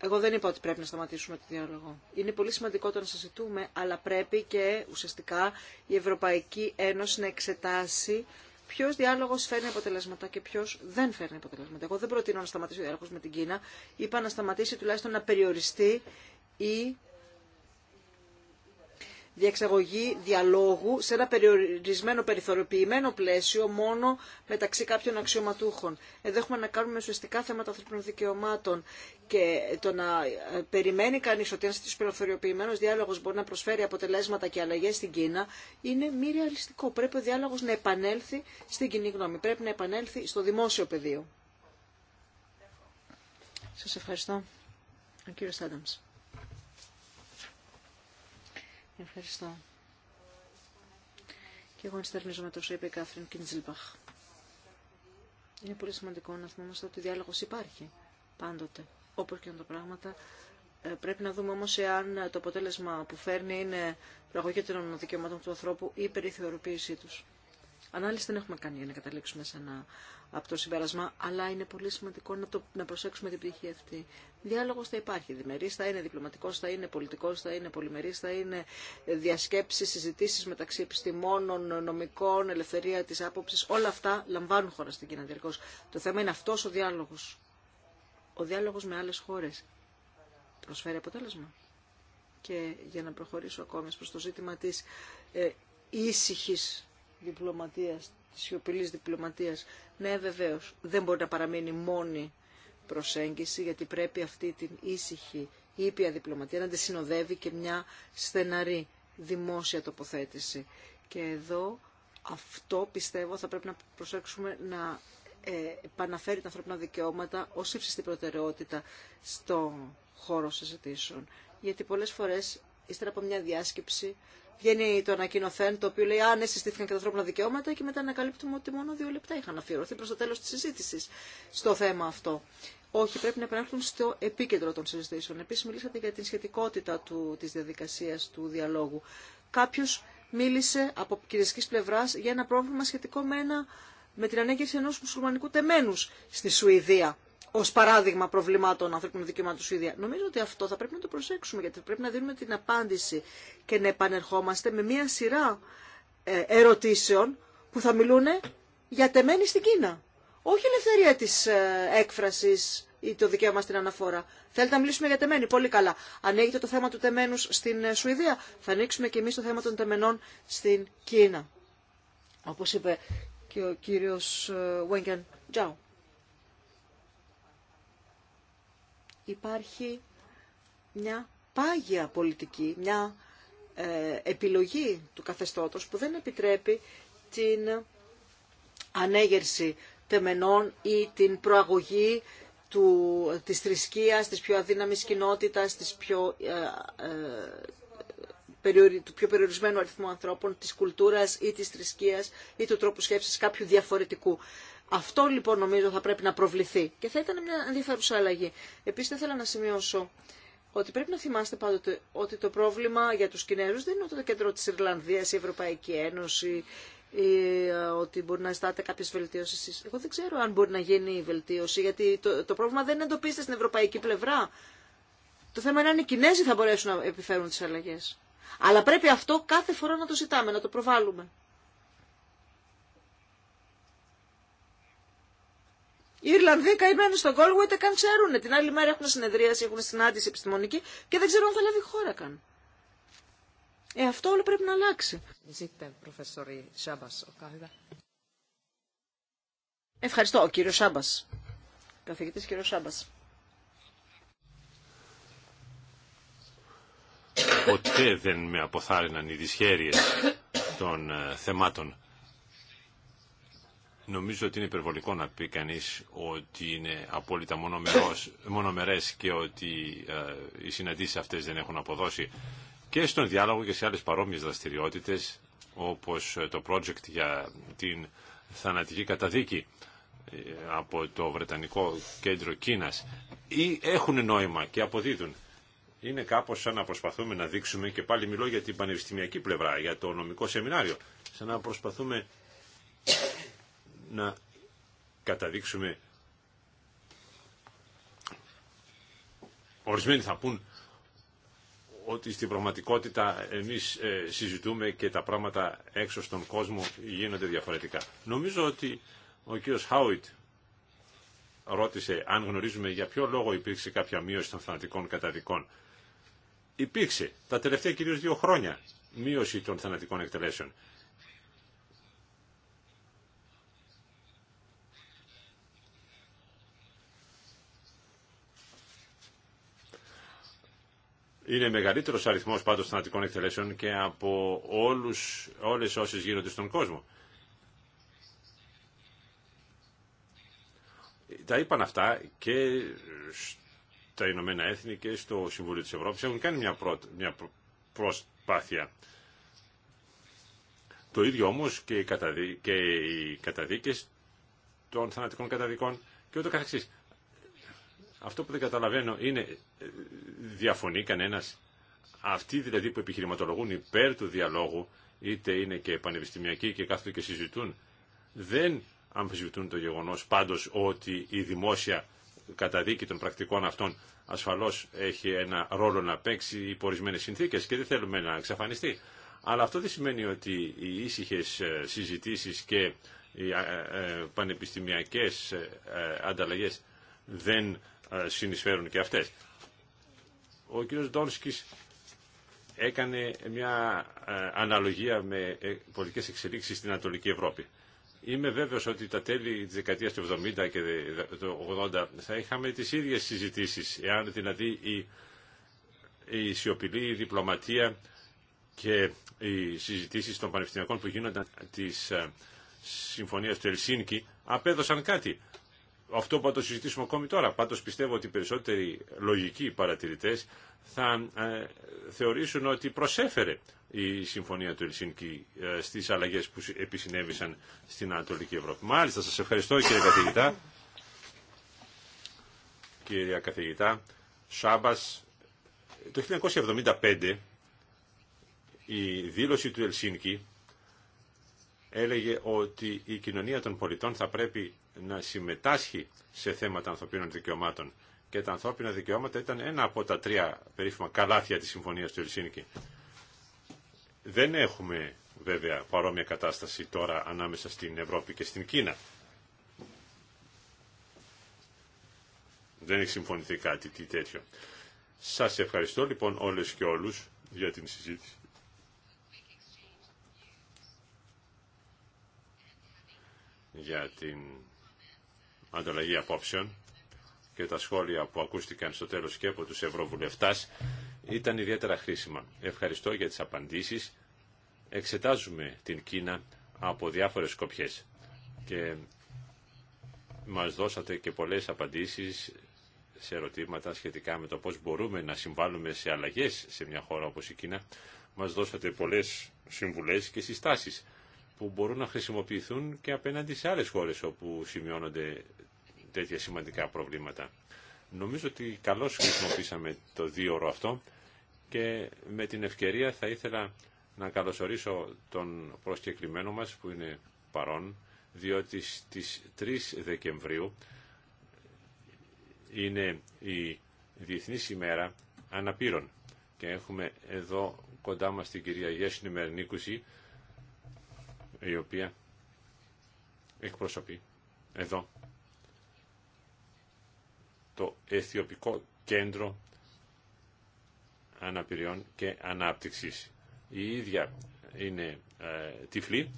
Εγώ δεν είπα ότι πρέπει να σταματήσουμε το διάλογο. Είναι πολύ σημαντικό το να συζητούμε, αλλά πρέπει και ουσιαστικά η Ευρωπαϊκή Ένωση να εξετάσει ποιο διάλογο φέρνει αποτελέσματα και ποιο δεν φέρνει αποτελέσματα. Εγώ δεν προτείνω να σταματήσει ο διάλογο με την Κίνα. Είπα να σταματήσει τουλάχιστον να περιοριστεί η διεξαγωγή διαλόγου σε ένα περιορισμένο περιθωριοποιημένο πλαίσιο μόνο μεταξύ κάποιων αξιωματούχων. Εδώ έχουμε να κάνουμε ουσιαστικά θέματα ανθρωπίνων δικαιωμάτων και το να ε, περιμένει κανεί ότι ένα τέτοιο περιθωριοποιημένο διάλογο μπορεί να προσφέρει αποτελέσματα και αλλαγέ στην Κίνα είναι μη ρεαλιστικό. Πρέπει ο διάλογο να επανέλθει στην κοινή γνώμη. Πρέπει να επανέλθει στο δημόσιο πεδίο. Σας ευχαριστώ. Ο Ευχαριστώ. Και εγώ ενστερνίζομαι με το είπε η Κάθριν Κιντζιλμπαχ. Είναι πολύ σημαντικό να θυμόμαστε ότι διάλογος υπάρχει πάντοτε, όπω και αν τα πράγματα. Ε, πρέπει να δούμε όμως εάν το αποτέλεσμα που φέρνει είναι προαγωγή των δικαιωμάτων του ανθρώπου ή περιθεωροποίησή του. Ανάλυση δεν έχουμε κάνει για να καταλήξουμε σε ένα από το συμπέρασμα, αλλά είναι πολύ σημαντικό να, να προσέξουμε την πτυχή αυτή. Διάλογο θα υπάρχει. Διμερή θα είναι, διπλωματικό θα είναι, πολιτικό θα είναι, πολυμερή θα είναι, διασκέψει, συζητήσει μεταξύ επιστημόνων, νομικών, ελευθερία τη άποψη. Όλα αυτά λαμβάνουν χώρα στην Κίνα διαρκώ. Το θέμα είναι αυτό ο διάλογο. Ο διάλογο με άλλε χώρε προσφέρει αποτέλεσμα. Και για να προχωρήσω ακόμη προ το ζήτημα τη ε, διπλωματίας, της σιωπηλής διπλωματίας. Ναι, βεβαίως, δεν μπορεί να παραμείνει μόνη προσέγγιση, γιατί πρέπει αυτή την ήσυχη ήπια διπλωματία να τη συνοδεύει και μια στεναρή δημόσια τοποθέτηση. Και εδώ αυτό πιστεύω θα πρέπει να προσέξουμε να ε, επαναφέρει τα ανθρώπινα δικαιώματα ως ύψιστη προτεραιότητα στο χώρο συζητήσεων. Γιατί πολλές φορές, ύστερα από μια διάσκεψη, βγαίνει το ανακοινοθέν το οποίο λέει Α, ναι, συστήθηκαν και τα ανθρώπινα δικαιώματα και μετά ανακαλύπτουμε ότι μόνο δύο λεπτά είχαν αφιερωθεί προ το τέλο τη συζήτηση στο θέμα αυτό. Όχι, πρέπει να επανέλθουν στο επίκεντρο των συζητήσεων. Επίση, μιλήσατε για την σχετικότητα τη διαδικασία του διαλόγου. Κάποιο μίλησε από κυριαρχική πλευρά για ένα πρόβλημα σχετικό με, ένα, με την ανέγερση ενό μουσουλμανικού τεμένου στη Σουηδία ω παράδειγμα προβλημάτων ανθρώπινων δικαιωμάτων Σουηδία. Νομίζω ότι αυτό θα πρέπει να το προσέξουμε, γιατί πρέπει να δίνουμε την απάντηση και να επανερχόμαστε με μία σειρά ε, ερωτήσεων που θα μιλούν για τεμένη στην Κίνα. Όχι ελευθερία τη ε, έκφραση ή το δικαίωμα στην αναφορά. Θέλετε να μιλήσουμε για τεμένη. Πολύ καλά. Ανοίγετε το θέμα του τεμένου στην ε, Σουηδία. Θα ανοίξουμε και εμεί το θέμα των τεμενών στην Κίνα. Όπω είπε και ο κύριο Βέγγεν Τζάου. υπάρχει μια πάγια πολιτική, μια ε, επιλογή του καθεστώτος που δεν επιτρέπει την ανέγερση τεμενών ή την προαγωγή του, της θρησκείας, της πιο αδύναμης κοινότητας, της πιο, ε, ε, του πιο περιορισμένου αριθμού ανθρώπων, της κουλτούρας ή της θρησκείας ή του τρόπου σκέψης κάποιου διαφορετικού. Αυτό λοιπόν νομίζω θα πρέπει να προβληθεί και θα ήταν μια ενδιαφέρουσα αλλαγή. Επίση, θα ήθελα να σημειώσω ότι πρέπει να θυμάστε πάντοτε ότι το πρόβλημα για του Κινέζους δεν είναι ούτε το κέντρο τη Ιρλανδίας, η Ευρωπαϊκή Ένωση, ή ε, ότι μπορεί να ζητάτε κάποιε βελτίωσει εσεί. Εγώ δεν ξέρω αν μπορεί να γίνει η οτι μπορει να ζητατε καποιε βελτιωσει εγω δεν γιατί το, το πρόβλημα δεν εντοπίζεται στην ευρωπαϊκή πλευρά. Το θέμα είναι αν οι Κινέζοι θα μπορέσουν να επιφέρουν τι αλλαγέ. Αλλά πρέπει αυτό κάθε φορά να το ζητάμε, να το προβάλλουμε. Οι Ιρλανδοί καημένοι στον κόλπο ούτε καν ξέρουν. Την άλλη μέρα έχουν συνεδρίαση, έχουν συνάντηση επιστημονική και δεν ξέρουν αν θα λάβει χώρα καν. Ε, αυτό όλο πρέπει να αλλάξει. Ευχαριστώ, ο κύριος Σάμπας. Καθηγητής κύριος Σάμπας. Ποτέ δεν με αποθάρρυναν οι δυσχέρειες των ε, θεμάτων Νομίζω ότι είναι υπερβολικό να πει κανεί ότι είναι απόλυτα μονομερές και ότι ε, οι συναντήσεις αυτές δεν έχουν αποδώσει και στον διάλογο και σε άλλες παρόμοιες δραστηριότητες όπως ε, το project για την θανατική καταδίκη ε, από το Βρετανικό Κέντρο Κίνας ή έχουν νόημα και αποδίδουν. Είναι κάπως σαν να προσπαθούμε να δείξουμε και πάλι μιλώ για την πανεπιστημιακή πλευρά, για το νομικό σεμινάριο, σαν να προσπαθούμε να καταδείξουμε Ορισμένοι θα πούν ότι στην πραγματικότητα εμείς ε, συζητούμε και τα πράγματα έξω στον κόσμο γίνονται διαφορετικά. Νομίζω ότι ο κύριος Χάουιτ ρώτησε αν γνωρίζουμε για ποιο λόγο υπήρξε κάποια μείωση των θανατικών καταδικών. Υπήρξε τα τελευταία κυρίως δύο χρόνια μείωση των θανατικών εκτελέσεων. Είναι μεγαλύτερος αριθμός πάντως θανατικών εκτελέσεων και από όλους, όλες όσες γίνονται στον κόσμο. Τα είπαν αυτά και στα Ηνωμένα Έθνη και στο Συμβούλιο της Ευρώπης έχουν κάνει μια, μια προσπάθεια. Το ίδιο όμως και οι, καταδί... και οι καταδίκες των θανατικών καταδικών και ούτω καθεξής. Αυτό που δεν καταλαβαίνω είναι, ε, διαφωνεί κανένας, αυτοί δηλαδή που επιχειρηματολογούν υπέρ του διαλόγου, είτε είναι και πανεπιστημιακοί και κάθονται και συζητούν, δεν αμφισβητούν το γεγονός πάντως ότι η δημόσια καταδίκη των πρακτικών αυτών ασφαλώς έχει ένα ρόλο να παίξει υπό ορισμένε συνθήκες και δεν θέλουμε να εξαφανιστεί. Αλλά αυτό δεν σημαίνει ότι οι ήσυχε ε, συζητήσεις και οι ε, πανεπιστημιακές ανταλλαγές δεν ε, συνεισφέρουν και αυτές. Ο κ. Ντόνσκης έκανε μια ε, αναλογία με ε, πολιτικές εξελίξεις στην Ανατολική Ευρώπη. Είμαι βέβαιος ότι τα τέλη της δεκαετίας του 70 και του 80 θα είχαμε τις ίδιες συζητήσεις, εάν δηλαδή η, η σιωπηλή η διπλωματία και οι συζητήσεις των πανεπιστημιακών που γίνονταν της Συμφωνίας του Ελσίνκη απέδωσαν κάτι. Αυτό που θα το συζητήσουμε ακόμη τώρα. Πάντω πιστεύω ότι οι περισσότεροι λογικοί παρατηρητές θα ε, θεωρήσουν ότι προσέφερε η Συμφωνία του Ελσίνκη ε, στις αλλαγέ που επισυνέβησαν στην Ανατολική Ευρώπη. Μάλιστα, σας ευχαριστώ κύριε καθηγητά. Κύριε καθηγητά, Σάμπα, το 1975 η δήλωση του Ελσίνκη έλεγε ότι η κοινωνία των πολιτών θα πρέπει να συμμετάσχει σε θέματα ανθρωπίνων δικαιωμάτων. Και τα ανθρώπινα δικαιώματα ήταν ένα από τα τρία περίφημα καλάθια της Συμφωνίας του Ελσίνικη. Δεν έχουμε βέβαια παρόμοια κατάσταση τώρα ανάμεσα στην Ευρώπη και στην Κίνα. Δεν έχει συμφωνηθεί κάτι τι τέτοιο. Σας ευχαριστώ λοιπόν όλες και όλους για την συζήτηση. για την ανταλλαγή απόψεων και τα σχόλια που ακούστηκαν στο τέλος και από τους Ευρωβουλευτάς ήταν ιδιαίτερα χρήσιμα. Ευχαριστώ για τις απαντήσεις. Εξετάζουμε την Κίνα από διάφορες σκοπιές και μας δώσατε και πολλές απαντήσεις σε ερωτήματα σχετικά με το πώς μπορούμε να συμβάλλουμε σε αλλαγές σε μια χώρα όπως η Κίνα. Μας δώσατε πολλές συμβουλές και συστάσεις που μπορούν να χρησιμοποιηθούν και απέναντι σε άλλες χώρες όπου σημειώνονται τέτοια σημαντικά προβλήματα. Νομίζω ότι καλώς χρησιμοποίησαμε το δίωρο αυτό και με την ευκαιρία θα ήθελα να καλωσορίσω τον προσκεκλημένο μας που είναι παρόν, διότι στις 3 Δεκεμβρίου είναι η Διεθνής ημέρα αναπήρων και έχουμε εδώ κοντά μας την κυρία Γέσνη Μερνίκουση η οποία εκπροσωπεί εδώ το Αιθιοπικό Κέντρο Αναπηριών και Ανάπτυξης. Η ίδια είναι ε, τυφλή,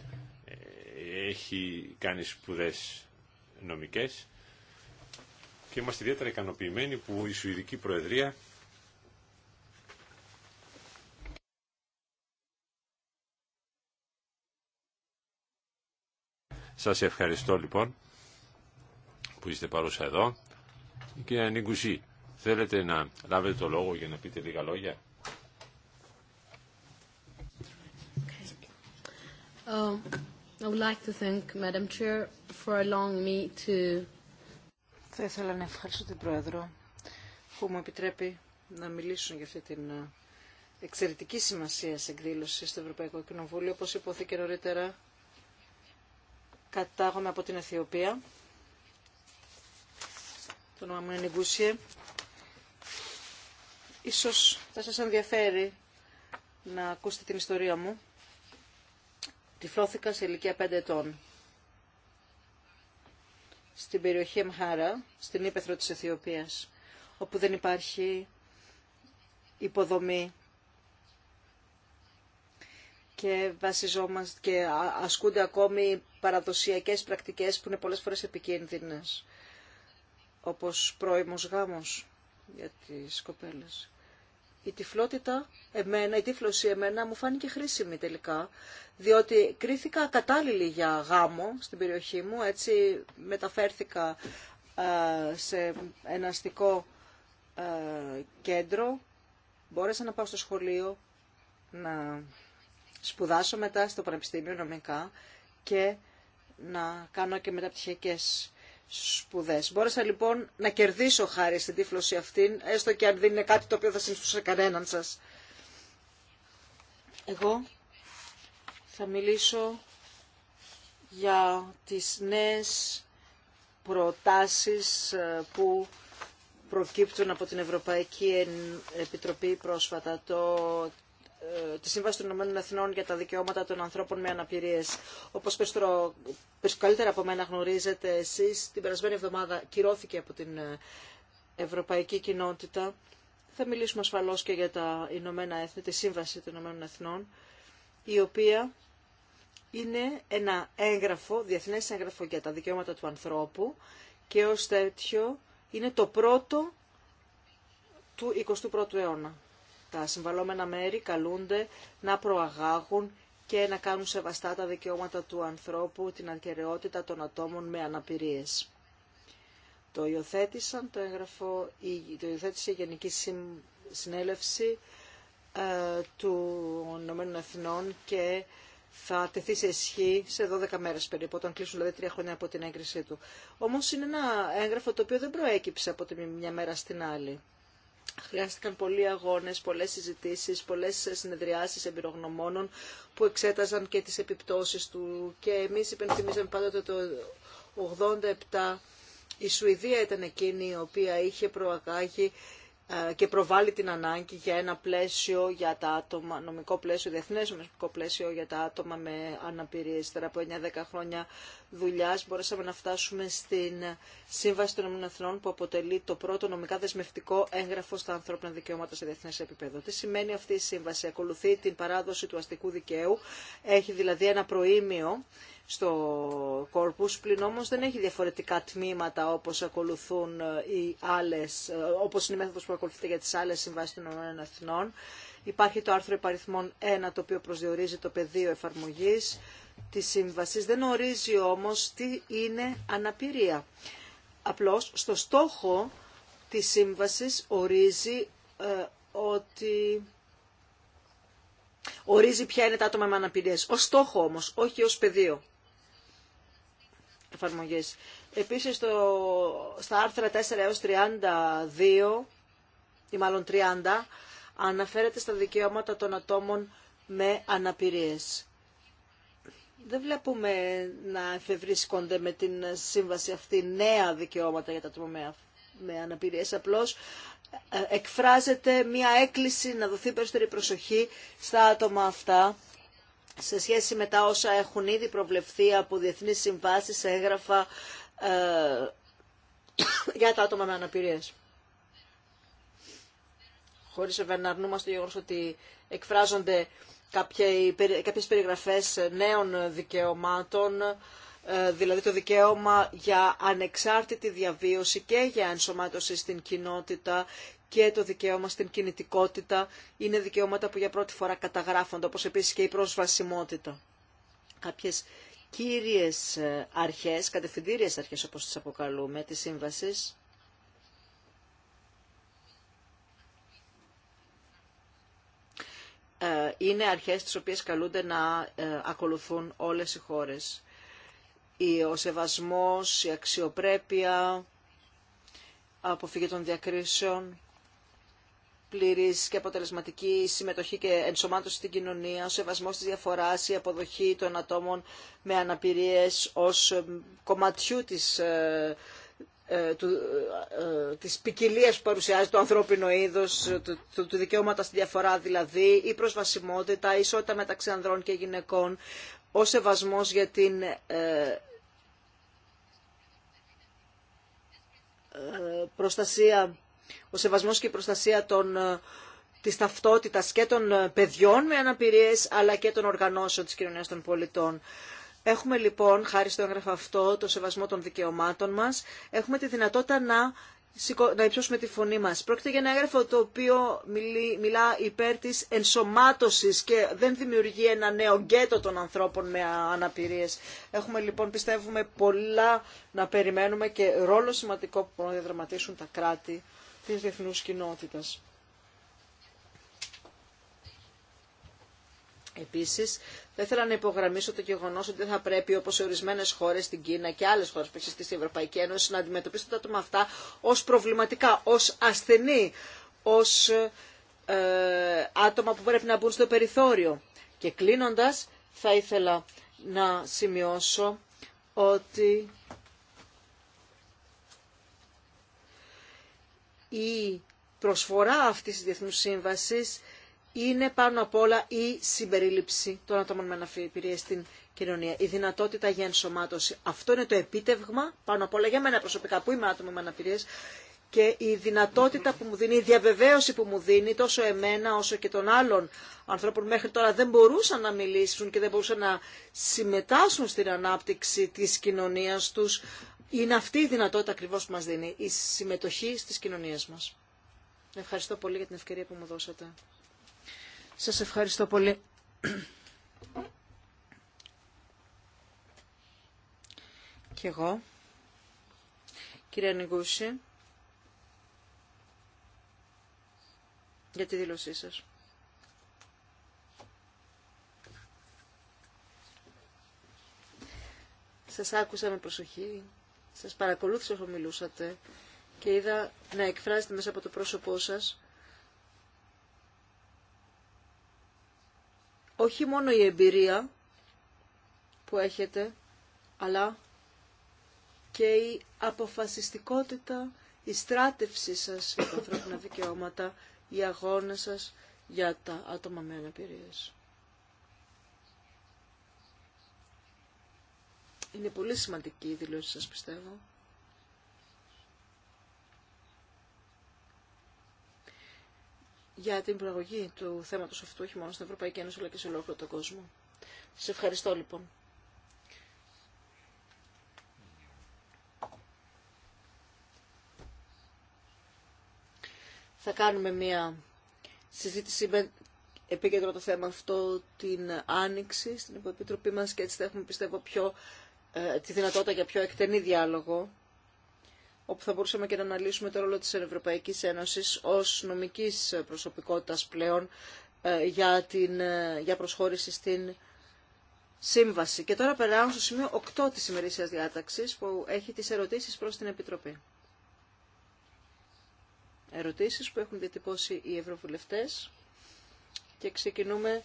ε, έχει κάνει σπουδές νομικές και είμαστε ιδιαίτερα ικανοποιημένοι που η Σουηδική Προεδρία Σας ευχαριστώ λοιπόν που είστε παρούσα εδώ. Κύριε Νικούση θέλετε να λάβετε το λόγο για να πείτε λίγα λόγια. Θα ήθελα να ευχαριστώ την Πρόεδρο που μου επιτρέπει να μιλήσω για αυτή την ε, εξαιρετική σημασία εκδήλωση στο Ευρωπαϊκό Κοινοβούλιο. Όπως υπόθηκε νωρίτερα, κατάγομαι από την Αιθιοπία. Το όνομα μου είναι Νιγκούσιε. Ίσως θα σας ενδιαφέρει να ακούσετε την ιστορία μου. Τυφλώθηκα σε ηλικία 5 ετών. Στην περιοχή Εμχάρα, στην ύπεθρο της Αιθιοπίας, όπου δεν υπάρχει υποδομή και βασιζόμαστε και ασκούνται ακόμη παραδοσιακές πρακτικές που είναι πολλές φορές επικίνδυνες, όπως πρώιμος γάμος για τις κοπέλες. Η τυφλότητα, εμένα, η τύφλωση εμένα μου φάνηκε χρήσιμη τελικά, διότι κρίθηκα κατάλληλη για γάμο στην περιοχή μου, έτσι μεταφέρθηκα σε ένα αστικό κέντρο, μπόρεσα να πάω στο σχολείο, να σπουδάσω μετά στο Πανεπιστήμιο νομικά και να κάνω και μεταπτυχιακές σπουδές. Μπόρεσα λοιπόν να κερδίσω χάρη στην τύφλωση αυτήν, έστω και αν δεν είναι κάτι το οποίο θα συνιστούσε κανέναν σας. Εγώ θα μιλήσω για τις νέες προτάσεις ε, που προκύπτουν από την Ευρωπαϊκή Επιτροπή πρόσφατα. Το ε, τη Σύμβαση των Ηνωμένων Εθνών για τα Δικαιώματα των Ανθρώπων με Αναπηρίες. Όπως καλύτερα από μένα γνωρίζετε εσείς, την περασμένη εβδομάδα κυρώθηκε από την ε, Ευρωπαϊκή Κοινότητα. Θα μιλήσουμε ασφαλώς και για τα Ηνωμένα Έθνη, τη Σύμβαση των Ηνωμένων Εθνών, η οποία είναι ένα έγγραφο, διεθνές έγγραφο για τα δικαιώματα του ανθρώπου και ως τέτοιο είναι το πρώτο του 21ου αιώνα. Τα συμβαλόμενα μέρη καλούνται να προαγάγουν και να κάνουν σεβαστά τα δικαιώματα του ανθρώπου, την ακαιρεότητα των ατόμων με αναπηρίες. Το υιοθέτησαν, το έγγραφο, το υιοθέτησε η Γενική Συνέλευση ε, του Ηνωμένων Εθνών και θα τεθεί σε ισχύ σε 12 μέρες περίπου, όταν κλείσουν δηλαδή τρία χρόνια από την έγκρισή του. Όμως είναι ένα έγγραφο το οποίο δεν προέκυψε από τη μια μέρα στην άλλη. Χρειάστηκαν πολλοί αγώνες, πολλές συζητήσεις, πολλές συνεδριάσεις εμπειρογνωμόνων που εξέταζαν και τις επιπτώσεις του. Και εμείς υπενθυμίζαμε πάντοτε το 87 η Σουηδία ήταν εκείνη η οποία είχε προαγάγει ε, και προβάλλει την ανάγκη για ένα πλαίσιο για τα άτομα, νομικό πλαίσιο, διεθνές νομικό πλαίσιο για τα άτομα με αναπηριες τωρα Ύστερα από 9-10 χρόνια δουλειά μπορέσαμε να φτάσουμε στην Σύμβαση των Εθνών που αποτελεί το πρώτο νομικά δεσμευτικό έγγραφο στα ανθρώπινα δικαιώματα σε διεθνές επίπεδο. Τι σημαίνει αυτή η σύμβαση. Ακολουθεί την παράδοση του αστικού δικαίου, έχει δηλαδή ένα προήμιο στο κόρπους, πλην όμως δεν έχει διαφορετικά τμήματα όπως ακολουθούν ε, οι άλλες, ε, όπως είναι η μέθοδος που ακολουθείται για τις άλλες συμβάσεις των ΟΕΕ. Υπάρχει το άρθρο υπαριθμών 1 το οποίο προσδιορίζει το πεδίο εφαρμογής της σύμβασης, δεν ορίζει όμως τι είναι αναπηρία. Απλώς στο στόχο της σύμβασης ορίζει ε, ότι ορίζει ποια είναι τα άτομα με αναπηρίες. Ως στόχο όμως, όχι ως πεδίο. Επίση, Επίσης στα άρθρα 4 έως 32 ή μάλλον 30 αναφέρεται στα δικαιώματα των ατόμων με αναπηρίες. Δεν βλέπουμε να εφευρίσκονται με την σύμβαση αυτή νέα δικαιώματα για τα άτομα με αναπηρίες. Απλώς ε, εκφράζεται μία έκκληση να δοθεί περισσότερη προσοχή στα άτομα αυτά σε σχέση με τα όσα έχουν ήδη προβλεφθεί από διεθνείς συμβάσεις, έγραφα ε, για τα άτομα με αναπηρίες. Χωρίς να αρνούμαστε το γεγονός ότι εκφράζονται κάποιες περιγραφές νέων δικαιωμάτων, ε, δηλαδή το δικαίωμα για ανεξάρτητη διαβίωση και για ενσωμάτωση στην κοινότητα και το δικαίωμα στην κινητικότητα είναι δικαιώματα που για πρώτη φορά καταγράφονται, όπως επίσης και η προσβασιμότητα. Κάποιες κύριες ε, αρχές, κατευθυντήριες αρχές όπως τις αποκαλούμε, τη σύμβαση. Ε, είναι αρχές τις οποίες καλούνται να ε, ακολουθούν όλες οι χώρες. Ο σεβασμός, η αξιοπρέπεια, αποφύγη των διακρίσεων, πλήρης και αποτελεσματική συμμετοχή και ενσωμάτωση στην κοινωνία, ο σεβασμό τη διαφορά, η αποδοχή των ατόμων με αναπηρίες ως ε, κομματιού της, ε, ε, της ποικιλία που παρουσιάζει το ανθρώπινο είδο, του, το δικαιώματα στη διαφορά δηλαδή, η προσβασιμότητα, η ισότητα μεταξύ ανδρών και γυναικών, ο σεβασμό για την προστασία ο σεβασμός και η προστασία των, ε, της ταυτότητας και των ε, παιδιών με αναπηρίες αλλά και των οργανώσεων της κοινωνίας των πολιτών. Έχουμε λοιπόν, χάρη στο έγγραφο αυτό, το σεβασμό των δικαιωμάτων μας, έχουμε τη δυνατότητα να να υψώσουμε τη φωνή μας. Πρόκειται για ένα έγγραφο το οποίο μιλά υπέρ της ενσωμάτωσης και δεν δημιουργεί ένα νέο γκέτο των ανθρώπων με αναπηρίες. Έχουμε λοιπόν πιστεύουμε πολλά να περιμένουμε και ρόλο σημαντικό που μπορούν να διαδραματίσουν τα κράτη της διεθνούς κοινότητας. Επίσης, θα ήθελα να υπογραμμίσω το γεγονός ότι δεν θα πρέπει όπως σε ορισμένες χώρες στην Κίνα και άλλες χώρες που έχει στην Ευρωπαϊκή Ένωση να αντιμετωπίσουν τα άτομα αυτά ως προβληματικά, ως ασθενή, ως ε, άτομα που πρέπει να μπουν στο περιθώριο. Και κλείνοντας, θα ήθελα να σημειώσω ότι η προσφορά αυτής της Διεθνούς Σύμβασης είναι πάνω απ' όλα η συμπερίληψη των ατόμων με αναπηρία στην κοινωνία, η δυνατότητα για ενσωμάτωση. Αυτό είναι το επίτευγμα, πάνω απ' όλα για μένα προσωπικά που είμαι άτομο με αναπηρία και η δυνατότητα που μου δίνει, η διαβεβαίωση που μου δίνει τόσο εμένα όσο και των άλλων ανθρώπων μέχρι τώρα δεν μπορούσαν να μιλήσουν και δεν μπορούσαν να συμμετάσχουν στην ανάπτυξη της κοινωνίας τους είναι αυτή η δυνατότητα ακριβώ που μας δίνει η συμμετοχή στις κοινωνίε μας. Ευχαριστώ πολύ για την ευκαιρία που μου δώσατε. Σας ευχαριστώ πολύ. Και εγώ, Κύριε Νιγκούση, για τη δήλωσή σας. Σας άκουσα με προσοχή. Σας παρακολούθησα όσο μιλούσατε και είδα να εκφράζετε μέσα από το πρόσωπό σας όχι μόνο η εμπειρία που έχετε, αλλά και η αποφασιστικότητα, η στράτευσή σας για τα ανθρώπινα δικαιώματα, οι αγώνες σας για τα άτομα με αναπηρίες. Είναι πολύ σημαντική η δηλώση σας πιστεύω. για την προαγωγή του θέματος αυτού, όχι μόνο στην Ευρωπαϊκή Ένωση, αλλά και σε ολόκληρο τον κόσμο. Σας ευχαριστώ λοιπόν. Θα κάνουμε μια συζήτηση με επίκεντρο το θέμα αυτό την Άνοιξη στην Υποεπιτροπή μας και έτσι θα έχουμε πιστεύω πιο ε, τη δυνατότητα για πιο εκτενή διάλογο, όπου θα μπορούσαμε και να αναλύσουμε το ρόλο της Ευρωπαϊκής Ένωσης ως νομικής προσωπικότητας πλέον ε, για, την, ε, για προσχώρηση στην σύμβαση. Και τώρα περνάω στο σημείο 8 της ημερήσιας διάταξης που έχει τις ερωτήσεις προς την Επιτροπή. Ερωτήσεις που έχουν διατυπώσει οι ευρωβουλευτές και ξεκινούμε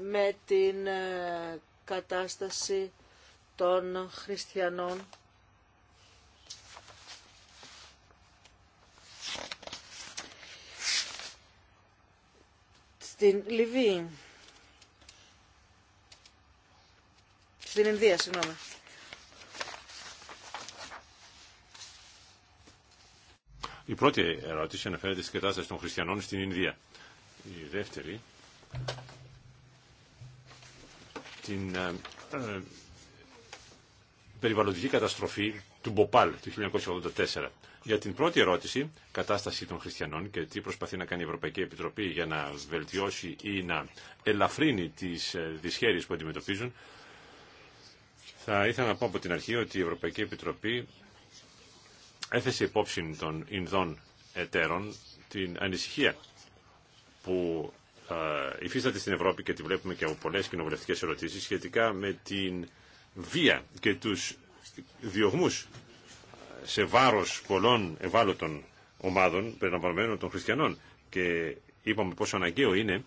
με την κατάσταση των χριστιανών στην Λιβύη. Στην Ινδία, συγγνώμη. Η πρώτη ερώτηση αναφέρεται στην κατάσταση των χριστιανών στην Ινδία. Η δεύτερη την ε, ε, περιβαλλοντική καταστροφή του Μποπάλ του 1984. Για την πρώτη ερώτηση, κατάσταση των χριστιανών και τι προσπαθεί να κάνει η Ευρωπαϊκή Επιτροπή για να βελτιώσει ή να ελαφρύνει τις ε, δυσχέρειες που αντιμετωπίζουν, θα ήθελα να πω από την αρχή ότι η Ευρωπαϊκή Επιτροπή έθεσε υπόψη των Ινδών εταίρων την ανησυχία που ε, υφίσταται στην Ευρώπη και τη βλέπουμε και από πολλές κοινοβουλευτικές ερωτήσεις σχετικά με την βία και τους διωγμούς σε βάρος πολλών ευάλωτων ομάδων, περιλαμβανομένων των χριστιανών. Και είπαμε πόσο αναγκαίο είναι,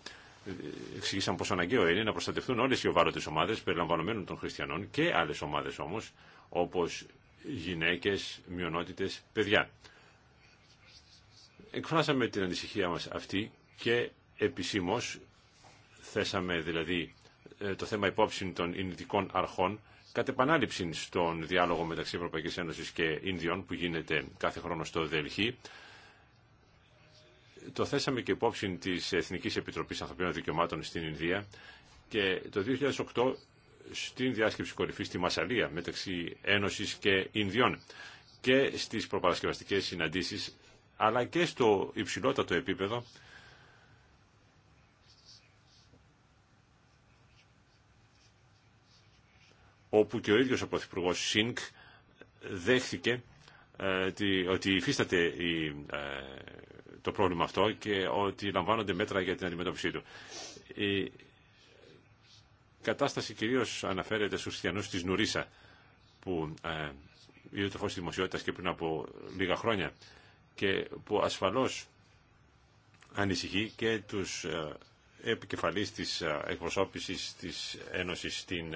εξηγήσαμε πόσο αναγκαίο είναι να προστατευτούν όλες οι ευάλωτες ομάδες, περιλαμβανομένων των χριστιανών και άλλες ομάδες όμως, όπως γυναίκες, μειονότητες, παιδιά. Εκφράσαμε την ανησυχία μας αυτή και επισήμως θέσαμε δηλαδή ε, το θέμα υπόψη των ινητικών αρχών κατ' επανάληψη στον διάλογο μεταξύ Ευρωπαϊκής Ένωσης και Ινδιών που γίνεται κάθε χρόνο στο Δελχή. Το θέσαμε και υπόψη της Εθνικής Επιτροπής Ανθρωπίνων Δικαιωμάτων στην Ινδία και το 2008 στην διάσκεψη κορυφή στη Μασαλία μεταξύ Ένωσης και Ινδιών και στις προπαρασκευαστικές συναντήσεις αλλά και στο υψηλότατο επίπεδο όπου και ο ίδιος ο Πρωθυπουργό ΣΥΝΚ δέχθηκε ε, ότι υφίσταται ε, το πρόβλημα αυτό και ότι λαμβάνονται μέτρα για την αντιμετώπιση του. Η κατάσταση κυρίως αναφέρεται στους χριστιανούς της Νουρίσα που ε, είδε το φως της δημοσιότητας και πριν από λίγα χρόνια και που ασφαλώς ανησυχεί και τους επικεφαλής της εκπροσώπησης της Ένωσης στην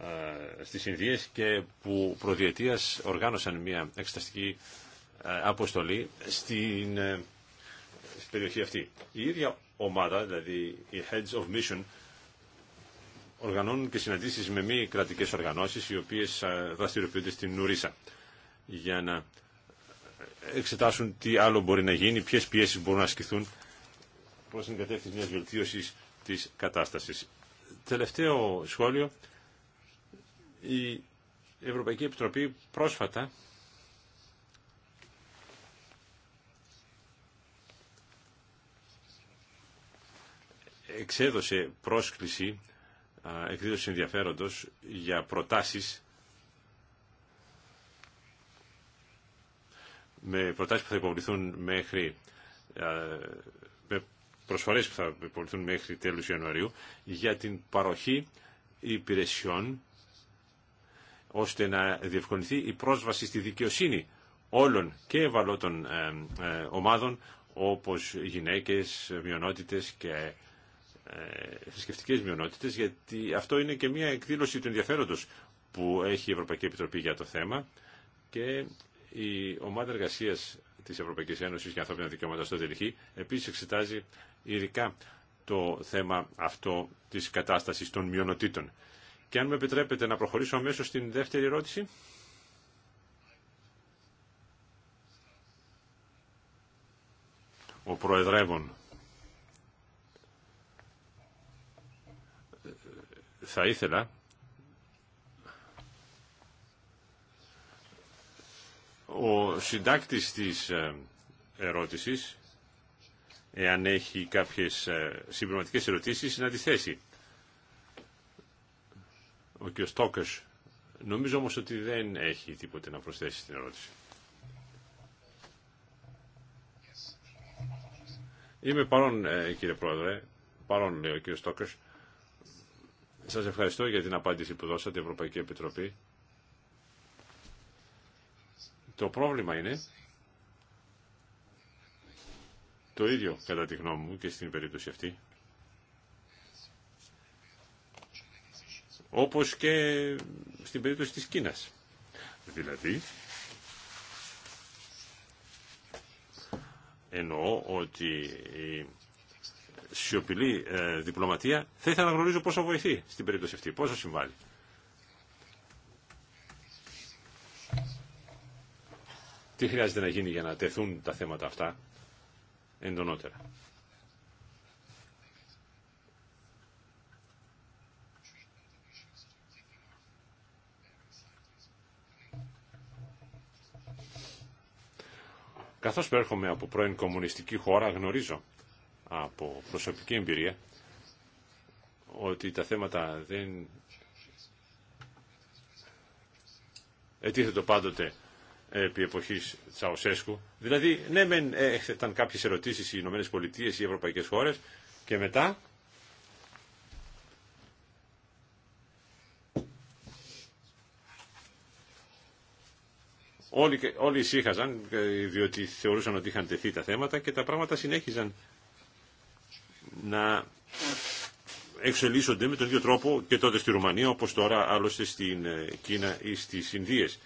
ε, στις Ινδίες και που προδιετίας οργάνωσαν μια εξεταστική ε, αποστολή ε, στην, περιοχή αυτή. Η ίδια ομάδα, δηλαδή οι Heads of Mission, οργανώνουν και συναντήσεις με μη κρατικές οργανώσεις οι οποίες δραστηριοποιούνται στην Νουρίσα για να εξετάσουν τι άλλο μπορεί να γίνει, ποιες πιέσεις μπορούν να ασκηθούν προς την κατεύθυνση μιας βελτίωσης της κατάστασης. Τελευταίο σχόλιο η Ευρωπαϊκή Επιτροπή πρόσφατα εξέδωσε πρόσκληση εκδήλωση ενδιαφέροντος για προτάσεις με προτάσεις που θα υποβληθούν μέχρι με προσφορές που θα υποβληθούν μέχρι τέλους Ιανουαρίου για την παροχή υπηρεσιών ώστε να διευκολυνθεί η πρόσβαση στη δικαιοσύνη όλων και ευαλώτων ε, ε, ομάδων όπως γυναίκες, μειονότητες και ε, θρησκευτικέ μειονότητε, γιατί αυτό είναι και μια εκδήλωση του ενδιαφέροντος που έχει η Ευρωπαϊκή Επιτροπή για το θέμα και η ομάδα Εργασίας της Ευρωπαϊκής Ένωσης για ανθρώπινα δικαιώματα στο Δελχή επίσης εξετάζει ειδικά το θέμα αυτό της κατάστασης των μειονοτήτων. Και αν με επιτρέπετε να προχωρήσω αμέσω στην δεύτερη ερώτηση. Ο Προεδρεύων. Θα ήθελα ο συντάκτης της ε, ερώτησης, εάν έχει κάποιες ε, συμπληρωματικές ερωτήσεις, να τη θέσει ο κ. Στόκος. Νομίζω όμως ότι δεν έχει τίποτε να προσθέσει στην ερώτηση. Είμαι παρόν ε, κύριε Πρόεδρε, παρόν λέει ο κ. Στόκος. Σας ευχαριστώ για την απάντηση που δώσατε Ευρωπαϊκή Επιτροπή. Το πρόβλημα είναι το ίδιο κατά τη γνώμη μου και στην περίπτωση αυτή όπως και στην περίπτωση της Κίνας. Δηλαδή, εννοώ ότι η σιωπηλή ε, διπλωματία θα ήθελα να γνωρίζω πόσο βοηθεί στην περίπτωση αυτή, πόσο συμβάλλει. Τι χρειάζεται να γίνει για να τεθούν τα θέματα αυτά εντονότερα. Καθώς προέρχομαι από πρώην κομμουνιστική χώρα, γνωρίζω από προσωπική εμπειρία ότι τα θέματα δεν ετίθετο πάντοτε επί εποχής Τσαοσέσκου. Δηλαδή, ναι, μεν έθεταν κάποιες ερωτήσεις οι Ηνωμένες Πολιτείες, οι ευρωπαϊκές χώρες και μετά Όλοι, όλοι ησύχαζαν ε, διότι θεωρούσαν ότι είχαν τεθεί τα θέματα και τα πράγματα συνέχιζαν να εξελίσσονται με τον ίδιο τρόπο και τότε στη Ρουμανία όπως τώρα άλλωστε στην ε, Κίνα ή στις Ινδίες.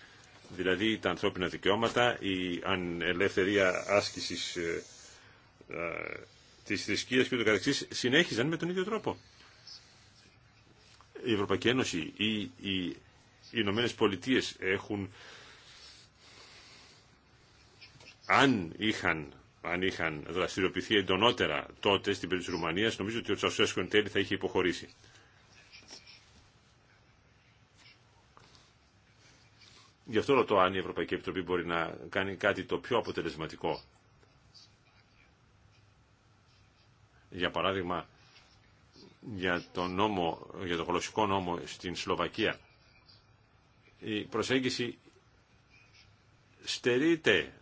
Δηλαδή τα ανθρώπινα δικαιώματα, η ανελευθερία άσκησης ε, ε, της θρησκείας και ούτω καθεξής συνέχιζαν με τον ίδιο τρόπο. Η Ευρωπαϊκή Ένωση ή οι Ηνωμένε Πολιτείες έχουν αν είχαν, αν είχαν δραστηριοποιηθεί εντονότερα τότε στην περίπτωση της Ρουμανίας, νομίζω ότι ο Τσαουσέσκο εν τέλει θα είχε υποχωρήσει. Γι' αυτό ρωτώ αν η Ευρωπαϊκή Επιτροπή μπορεί να κάνει κάτι το πιο αποτελεσματικό. Για παράδειγμα, για το νόμο, για το γλωσσικό νόμο στην Σλοβακία. Η προσέγγιση στερείται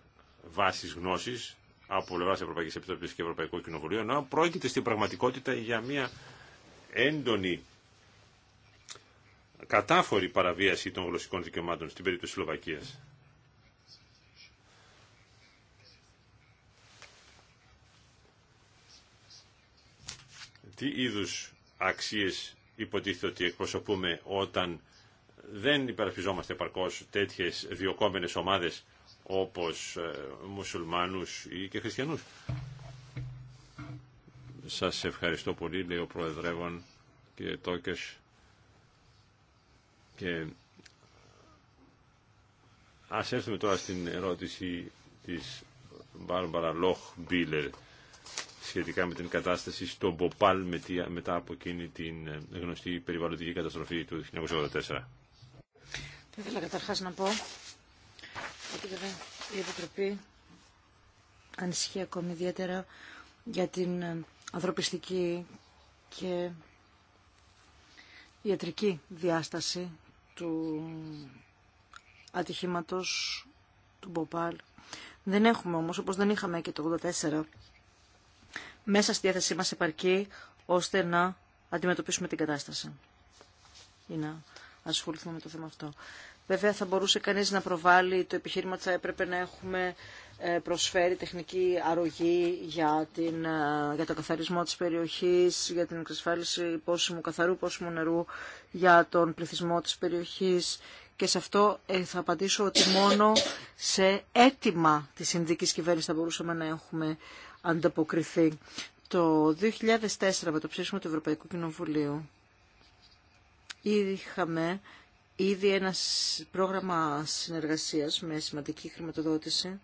βάσης γνώσης από πλευρά Ευρωπαϊκή Επιτροπή και Ευρωπαϊκού Κοινοβουλίου, Να πρόκειται στην πραγματικότητα για μια έντονη κατάφορη παραβίαση των γλωσσικών δικαιωμάτων στην περίπτωση της Σλοβακίας. Τι είδους αξίες υποτίθεται ότι εκπροσωπούμε όταν δεν υπερασπιζόμαστε παρκώς τέτοιες διοκόμενες ομάδες όπως ε, μουσουλμάνους ή και χριστιανούς. Σας ευχαριστώ πολύ, λέει ο Προεδρεύων και Τόκες και ας έρθουμε τώρα στην ερώτηση της Μπάρμπαρα Λόχ Μπίλερ σχετικά με την κατάσταση στο Μποπάλ μετά από εκείνη την ε, γνωστή περιβαλλοντική καταστροφή του 1984. Θα ήθελα καταρχάς να πω η Επιτροπή ανησυχεί ακόμη ιδιαίτερα για την ε, ανθρωπιστική και ιατρική διάσταση του ατυχήματος του Μποπάλ. Δεν έχουμε όμως, όπως δεν είχαμε και το 84, μέσα στη διάθεσή μας επαρκή ώστε να αντιμετωπίσουμε την κατάσταση ή να ασχοληθούμε με το θέμα αυτό. Βέβαια θα μπορούσε κανείς να προβάλλει το επιχείρημα ότι θα έπρεπε να έχουμε ε, προσφέρει τεχνική αρρωγή για, την, ε, για το καθαρισμό της περιοχής, για την εξασφάλιση πόσιμου καθαρού, πόσιμου νερού, για τον πληθυσμό της περιοχής. Και σε αυτό ε, θα απαντήσω ότι μόνο σε αίτημα της Συνδικής Κυβέρνησης θα μπορούσαμε να έχουμε ανταποκριθεί. Το 2004 με το ψήφισμα του Ευρωπαϊκού Κοινοβουλίου είχαμε ήδη ένα πρόγραμμα συνεργασίας με σημαντική χρηματοδότηση,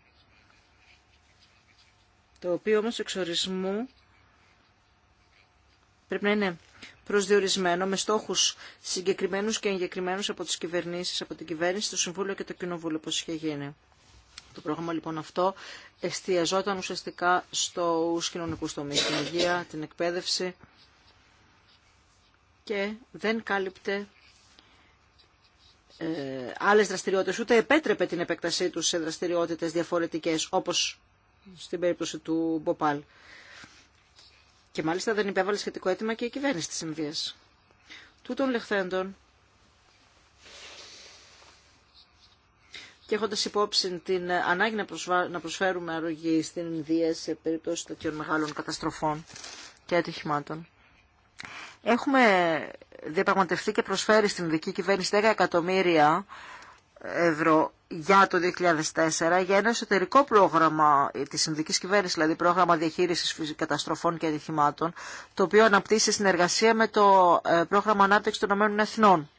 το οποίο όμως εξορισμού πρέπει να είναι προσδιορισμένο με στόχους συγκεκριμένους και εγκεκριμένους από τις κυβερνήσεις, από την κυβέρνηση, το Συμβούλιο και το Κοινοβούλιο, όπως είχε γίνει. Το πρόγραμμα λοιπόν αυτό εστιαζόταν ουσιαστικά στους κοινωνικούς τομείς, την υγεία, την εκπαίδευση και δεν κάλυπτε ε, άλλες δραστηριότητες, ούτε επέτρεπε την επέκτασή τους σε δραστηριότητες διαφορετικές, όπως στην περίπτωση του Μποπάλ. Και μάλιστα δεν υπέβαλε σχετικό αίτημα και η κυβέρνηση της Ινδίας. Τούτων λεχθέντων, και έχοντας υπόψη την ανάγκη να προσφέρουμε αρρωγή στην Ινδία σε περίπτωση τέτοιων μεγάλων καταστροφών και ατυχημάτων, Έχουμε διαπραγματευτεί και προσφέρει στην ειδική κυβέρνηση 10 εκατομμύρια ευρώ για το 2004 για ένα εσωτερικό πρόγραμμα της ειδική κυβέρνηση, δηλαδή πρόγραμμα διαχείρισης καταστροφών και ατυχημάτων, το οποίο αναπτύσσει συνεργασία με το ε, πρόγραμμα ανάπτυξη των Ηνωμένων Εθνών,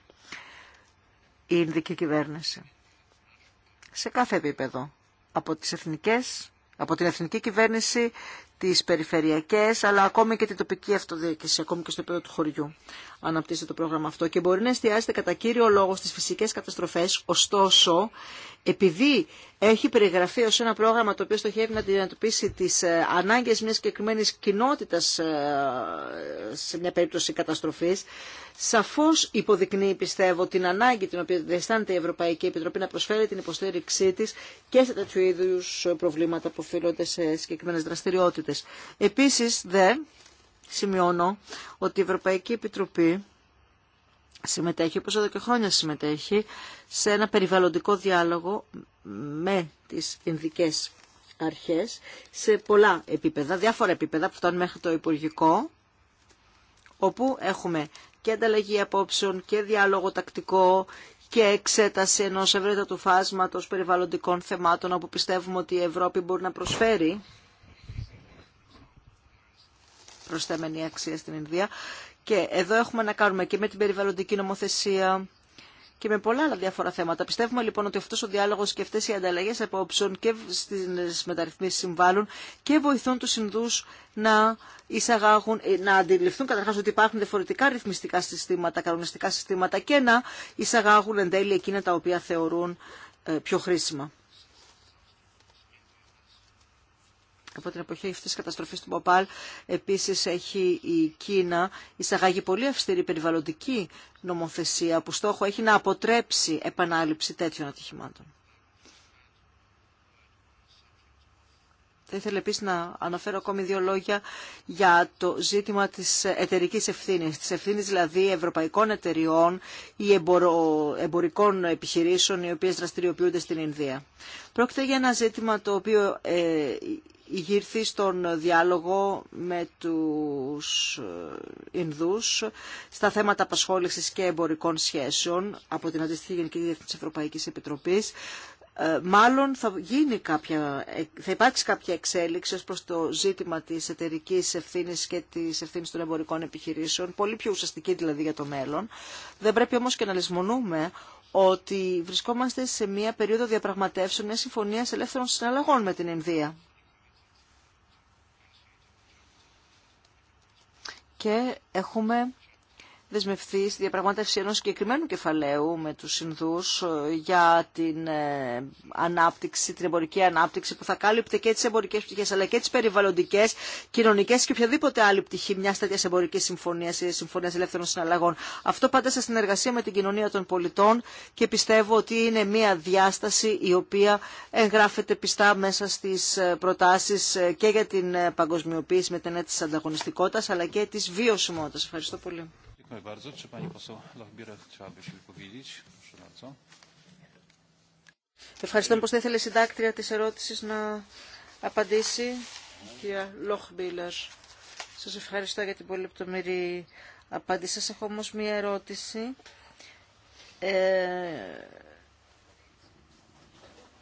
η ειδική κυβέρνηση. Σε κάθε επίπεδο, εθνικές, από την εθνική κυβέρνηση, τις περιφερειακές, αλλά ακόμη και την τοπική αυτοδιοίκηση, ακόμη και στο επίπεδο του χωριού αναπτύσσεται το πρόγραμμα αυτό και μπορεί να εστιάζεται κατά κύριο λόγο στις φυσικές καταστροφές, ωστόσο επειδή έχει περιγραφεί ως ένα πρόγραμμα το οποίο στοχεύει να αντιμετωπίσει τις ε, ανάγκες μιας συγκεκριμένη κοινότητας ε, σε μια περίπτωση καταστροφής, σαφώς υποδεικνύει, πιστεύω, την ανάγκη την οποία αισθάνεται η Ευρωπαϊκή Επιτροπή να προσφέρει την υποστήριξή της και σε τέτοιου είδου προβλήματα που οφείλονται σε συγκεκριμένε δραστηριότητες. Επίσης, δε, σημειώνω ότι η Ευρωπαϊκή Επιτροπή συμμετέχει, όπως εδώ και χρόνια συμμετέχει, σε ένα περιβαλλοντικό διάλογο με τις ινδικές αρχές σε πολλά επίπεδα, διάφορα επίπεδα που φτάνουν μέχρι το Υπουργικό, όπου έχουμε και ανταλλαγή απόψεων και διάλογο τακτικό και εξέταση ενός ευρύτατου φάσματος περιβαλλοντικών θεμάτων όπου πιστεύουμε ότι η Ευρώπη μπορεί να προσφέρει προσθέμενη αξία στην Ινδία και εδώ έχουμε να κάνουμε και με την περιβαλλοντική νομοθεσία και με πολλά άλλα διάφορα θέματα. Πιστεύουμε λοιπόν ότι αυτός ο διάλογος και αυτές οι ανταλλαγές απόψεων και στις μεταρρυθμίσεις συμβάλλουν και βοηθούν τους Ινδούς να εισαγάγουν, ε, να αντιληφθούν καταρχάς ότι υπάρχουν διαφορετικά ρυθμιστικά συστήματα, κανονιστικά συστήματα και να εισαγάγουν εν τέλει εκείνα τα οποία θεωρούν ε, πιο χρήσιμα. από την εποχή αυτή τη καταστροφή του Μποπάλ, επίση έχει η Κίνα εισαγάγει πολύ αυστηρή περιβαλλοντική νομοθεσία που στόχο έχει να αποτρέψει επανάληψη τέτοιων ατυχημάτων. Θα ήθελα επίση να αναφέρω ακόμη δύο λόγια για το ζήτημα τη εταιρική ευθύνη. Τη ευθύνη δηλαδή ευρωπαϊκών εταιριών ή εμπορικών επιχειρήσεων οι οποίε δραστηριοποιούνται στην Ινδία. Πρόκειται για ένα ζήτημα το οποίο ε, γύρθη στον διάλογο με τους ε, Ινδούς στα θέματα απασχόλησης και εμπορικών σχέσεων από την αντίστοιχη Γενική Διεύθυνση της Ευρωπαϊκής Επιτροπής. Ε, μάλλον θα, γίνει κάποια, θα υπάρξει κάποια εξέλιξη ως προς το ζήτημα της εταιρική ευθύνη και της ευθύνη των εμπορικών επιχειρήσεων, πολύ πιο ουσιαστική δηλαδή για το μέλλον. Δεν πρέπει όμως και να λησμονούμε ότι βρισκόμαστε σε μια περίοδο διαπραγματεύσεων μια συμφωνία ελεύθερων συναλλαγών με την Ινδία. και έχουμε δεσμευθεί στη διαπραγμάτευση ενός συγκεκριμένου κεφαλαίου με τους Ινδούς ε, για την ε, ανάπτυξη, την εμπορική ανάπτυξη που θα κάλυπτε και τις εμπορικές πτυχές αλλά και τις περιβαλλοντικές, κοινωνικές και οποιαδήποτε άλλη πτυχή μιας τέτοιας εμπορικής συμφωνίας ή συμφωνίας ελεύθερων συναλλαγών. Αυτό πάντα σε συνεργασία με την κοινωνία των πολιτών και πιστεύω ότι είναι μια διάσταση η οποία εγγράφεται πιστά μέσα στις ε, προτάσεις και για την παγκοσμιοποίηση με την αίτηση ανταγωνιστικότητας αλλά και της βιωσιμότητας. Ευχαριστώ πολύ. Ευχαριστώ. Πώς θα ήθελε της ερώτησης να απαντήσει, κυρία Σας ευχαριστώ για την πολύ απάντηση. έχω όμως μία ερώτηση. Ε,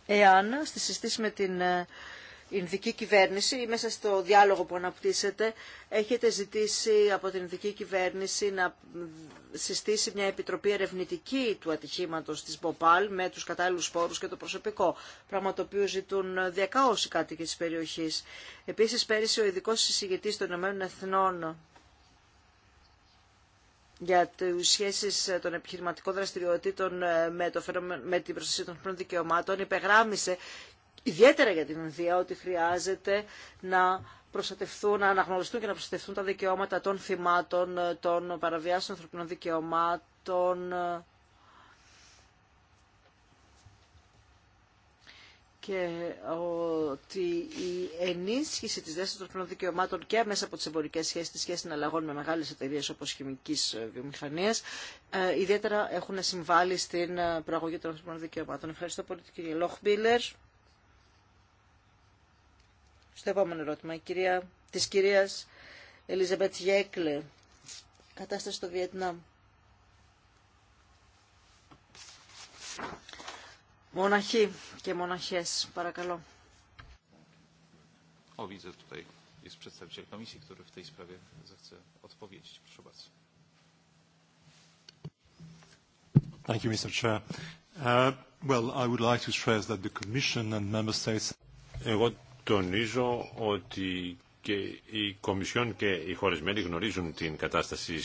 εάν στη με την ε, Ινδική κυβέρνηση, μέσα στο διάλογο που αναπτύσσεται, έχετε ζητήσει από την Ινδική κυβέρνηση να συστήσει μια επιτροπή ερευνητική του ατυχήματος της Μποπάλ με τους κατάλληλους φόρους και το προσωπικό, πράγμα το οποίο ζητούν διακάως οι κάτοικοι της περιοχής. Επίσης, πέρυσι ο ειδικός συζητητής των ΗΕ Εθνών για τις σχέσεις των επιχειρηματικών δραστηριοτήτων με, το την προστασία των δικαιωμάτων υπεγράμισε ιδιαίτερα για την Ινδία ότι χρειάζεται να προστατευτούν, να αναγνωριστούν και να προστατευτούν τα δικαιώματα των θυμάτων, των παραβιάσεων ανθρωπινών δικαιωμάτων και ότι η ενίσχυση της δέσμης των δικαιωμάτων και μέσα από τις εμπορικές σχέσεις, τις σχέσεις συναλλαγών με μεγάλες εταιρείες όπως χημικής ε, βιομηχανίας, ε, ιδιαίτερα έχουν συμβάλει στην ε, προαγωγή των ανθρωπινών δικαιωμάτων. Ευχαριστώ πολύ την κυρία Λόχμπίλερ στο επόμενο ερώτημα η κυρία, της κυρίας Ελίζαμπετ Γέκλε, κατάσταση στο Βιετνάμ. Μοναχοί και μοναχές, παρακαλώ. O, widzę tutaj jest przedstawiciel komisji, który w tej sprawie zechce odpowiedzieć. Proszę bardzo. Thank you, Mr. Chair. Uh, well, I would like to stress that the Commission and Member States... Εγώ τονίζω ότι και η Κομισιόν και οι χωρισμένοι γνωρίζουν την κατάσταση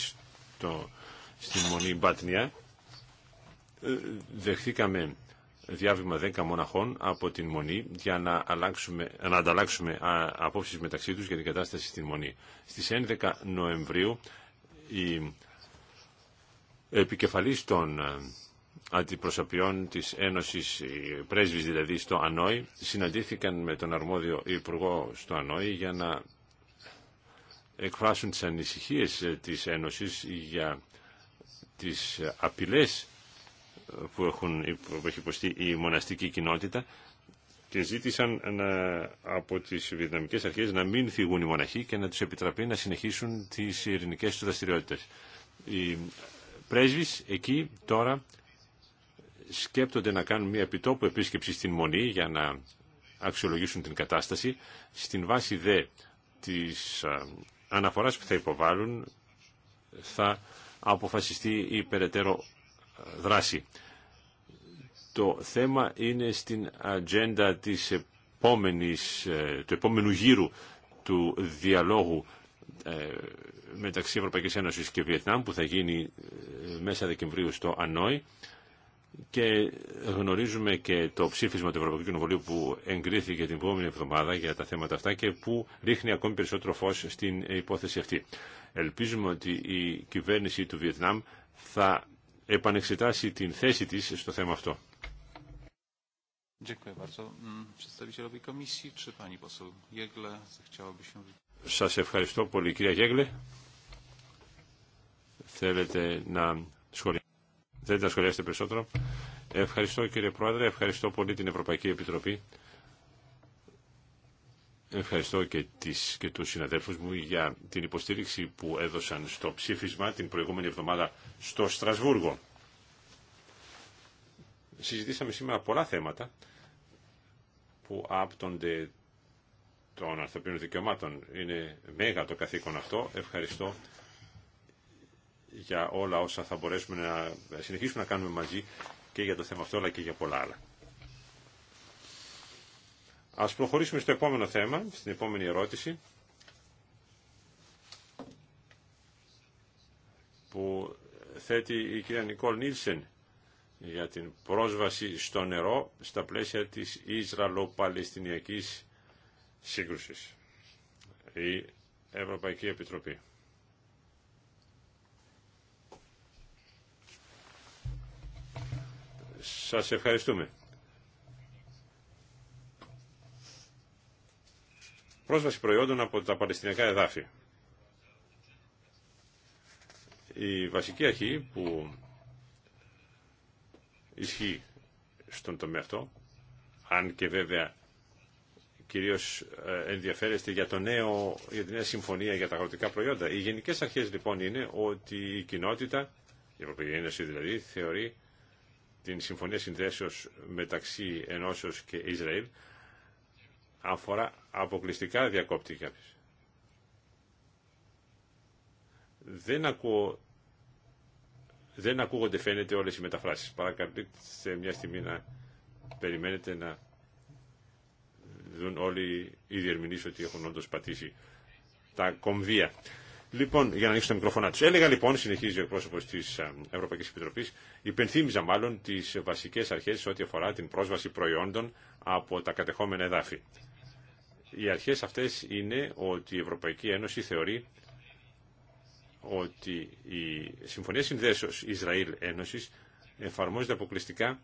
στην Μονή Μπάτνια. Ε, δεχθήκαμε διάβημα 10 μοναχών από την Μονή για να, αλλάξουμε, να ανταλλάξουμε απόψεις μεταξύ τους για την κατάσταση στην Μονή. Στις 11 Νοεμβρίου η επικεφαλής των αντιπροσωπιών της Ένωσης Πρέσβης δηλαδή στο Ανόη συναντήθηκαν με τον αρμόδιο υπουργό στο Ανόη για να εκφράσουν τις ανησυχίες ε, της Ένωσης για τις απειλές ε, που, έχουν, που έχει υποστεί η μοναστική κοινότητα και ζήτησαν να, από τις βιετναμικές αρχές να μην φύγουν οι μοναχοί και να τους επιτραπεί να συνεχίσουν τις ειρηνικές του δραστηριότητες. Οι εκεί τώρα σκέπτονται να κάνουν μια επιτόπου επίσκεψη στην Μονή για να αξιολογήσουν την κατάσταση. Στην βάση δε της αναφοράς που θα υποβάλουν θα αποφασιστεί η περαιτέρω δράση. Το θέμα είναι στην ατζέντα της επόμενης, ε, του επόμενου γύρου του διαλόγου ε, μεταξύ Ευρωπαϊκής Ένωσης και Βιετνάμ που θα γίνει ε, μέσα Δεκεμβρίου στο Ανόη και γνωρίζουμε και το ψήφισμα του Ευρωπαϊκού Κοινοβουλίου που εγκρίθηκε την επόμενη εβδομάδα για τα θέματα αυτά και που ρίχνει ακόμη περισσότερο φως στην υπόθεση αυτή. Ελπίζουμε ότι η κυβέρνηση του Βιετνάμ θα επανεξετάσει την θέση της στο θέμα αυτό. Mm, Σας ευχαριστώ πολύ κυρία Γέγλε. Θέλετε να σχολιάσετε. Δεν τα σχολιάσετε περισσότερο. Ευχαριστώ κύριε Πρόεδρε, ευχαριστώ πολύ την Ευρωπαϊκή Επιτροπή. Ευχαριστώ και, τις, και τους συναδέλφους μου για την υποστήριξη που έδωσαν στο ψήφισμα την προηγούμενη εβδομάδα στο Στρασβούργο. Συζητήσαμε σήμερα πολλά θέματα που άπτονται των ανθρωπίνων δικαιωμάτων. Είναι μέγα το καθήκον αυτό. Ευχαριστώ για όλα όσα θα μπορέσουμε να συνεχίσουμε να κάνουμε μαζί και για το θέμα αυτό αλλά και για πολλά άλλα. Ας προχωρήσουμε στο επόμενο θέμα, στην επόμενη ερώτηση που θέτει η κυρία Νικόλ Νίλσεν για την πρόσβαση στο νερό στα πλαίσια της ισραλο παλαιστινιακης σύγκρουσης. Η Ευρωπαϊκή Επιτροπή. Σας ευχαριστούμε. Πρόσβαση προϊόντων από τα Παλαιστινιακά εδάφη. Η βασική αρχή που ισχύει στον τομέα αυτό, αν και βέβαια κυρίως ε, ενδιαφέρεστε για, το νέο, για τη νέα συμφωνία για τα αγροτικά προϊόντα. Οι γενικές αρχές λοιπόν είναι ότι η κοινότητα, η Ευρωπαϊκή Ένωση δηλαδή, θεωρεί την Συμφωνία Συνδέσεως μεταξύ Ενώσεως και Ισραήλ αφορά αποκλειστικά διακόπτη κάποιος. Δεν, ακούω, δεν ακούγονται φαίνεται όλες οι μεταφράσεις. Παρακαλείτε σε μια στιγμή να περιμένετε να δουν όλοι οι διερμηνείς ότι έχουν όντως πατήσει τα κομβία. Λοιπόν, για να ανοίξω τα μικροφωνά του. Έλεγα λοιπόν, συνεχίζει ο εκπρόσωπο τη Ευρωπαϊκή Επιτροπή, υπενθύμιζα μάλλον τι βασικέ αρχέ ό,τι αφορά την πρόσβαση προϊόντων από τα κατεχόμενα εδάφη. Οι αρχέ αυτέ είναι ότι η Ευρωπαϊκή Ένωση θεωρεί ότι η συμφωνια Συνδέσεω Συνδέσεως Ένωση εφαρμόζεται αποκλειστικά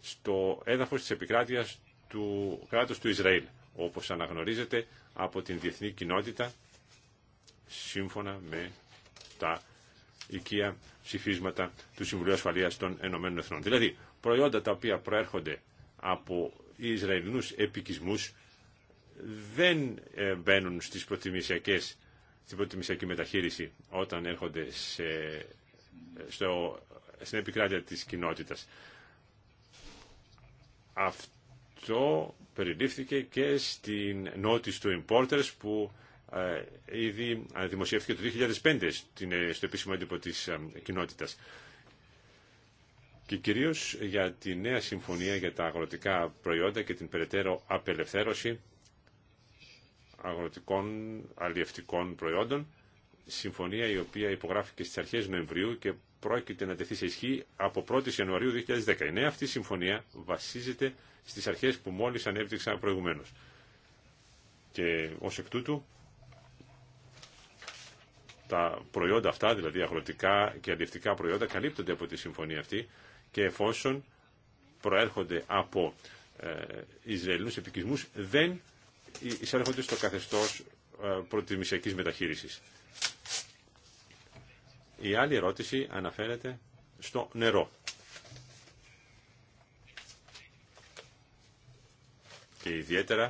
στο έδαφο τη επικράτεια του κράτου του Ισραήλ, όπω αναγνωρίζεται από την διεθνή κοινότητα σύμφωνα με τα οικία ψηφίσματα του Συμβουλίου Ασφαλείας των Ενωμένων Εθνών. Δηλαδή, προϊόντα τα οποία προέρχονται από Ισραηλινούς επικισμούς δεν ε, μπαίνουν στις προτιμησιακές, στην προτιμησιακή μεταχείριση όταν έρχονται στο, στην επικράτεια της κοινότητας. Αυτό περιλήφθηκε και στην νότης του Importers που ε, ήδη ε, δημοσιεύθηκε το 2005 ε, στο επίσημο έντυπο της κοινότητας. Και κυρίως για τη νέα συμφωνία για τα αγροτικά προϊόντα και την περαιτέρω απελευθέρωση αγροτικών αλλιευτικών προϊόντων, συμφωνία η οποία υπογράφηκε στις αρχές Νοεμβρίου και πρόκειται να τεθεί σε ισχύ από 1η Ιανουαρίου 2019. νέα αυτή συμφωνία βασίζεται στις αρχές που μόλις ανέπτυξα προηγουμένως. Και ως εκ τούτου τα προϊόντα αυτά, δηλαδή αγροτικά και αντιευτικά προϊόντα, καλύπτονται από τη συμφωνία αυτή και εφόσον προέρχονται από ε, Ισραηλινούς επικισμούς, δεν εισέρχονται στο καθεστώς ε, προτιμησιακής μεταχείρισης. Η άλλη ερώτηση αναφέρεται στο νερό. Και ιδιαίτερα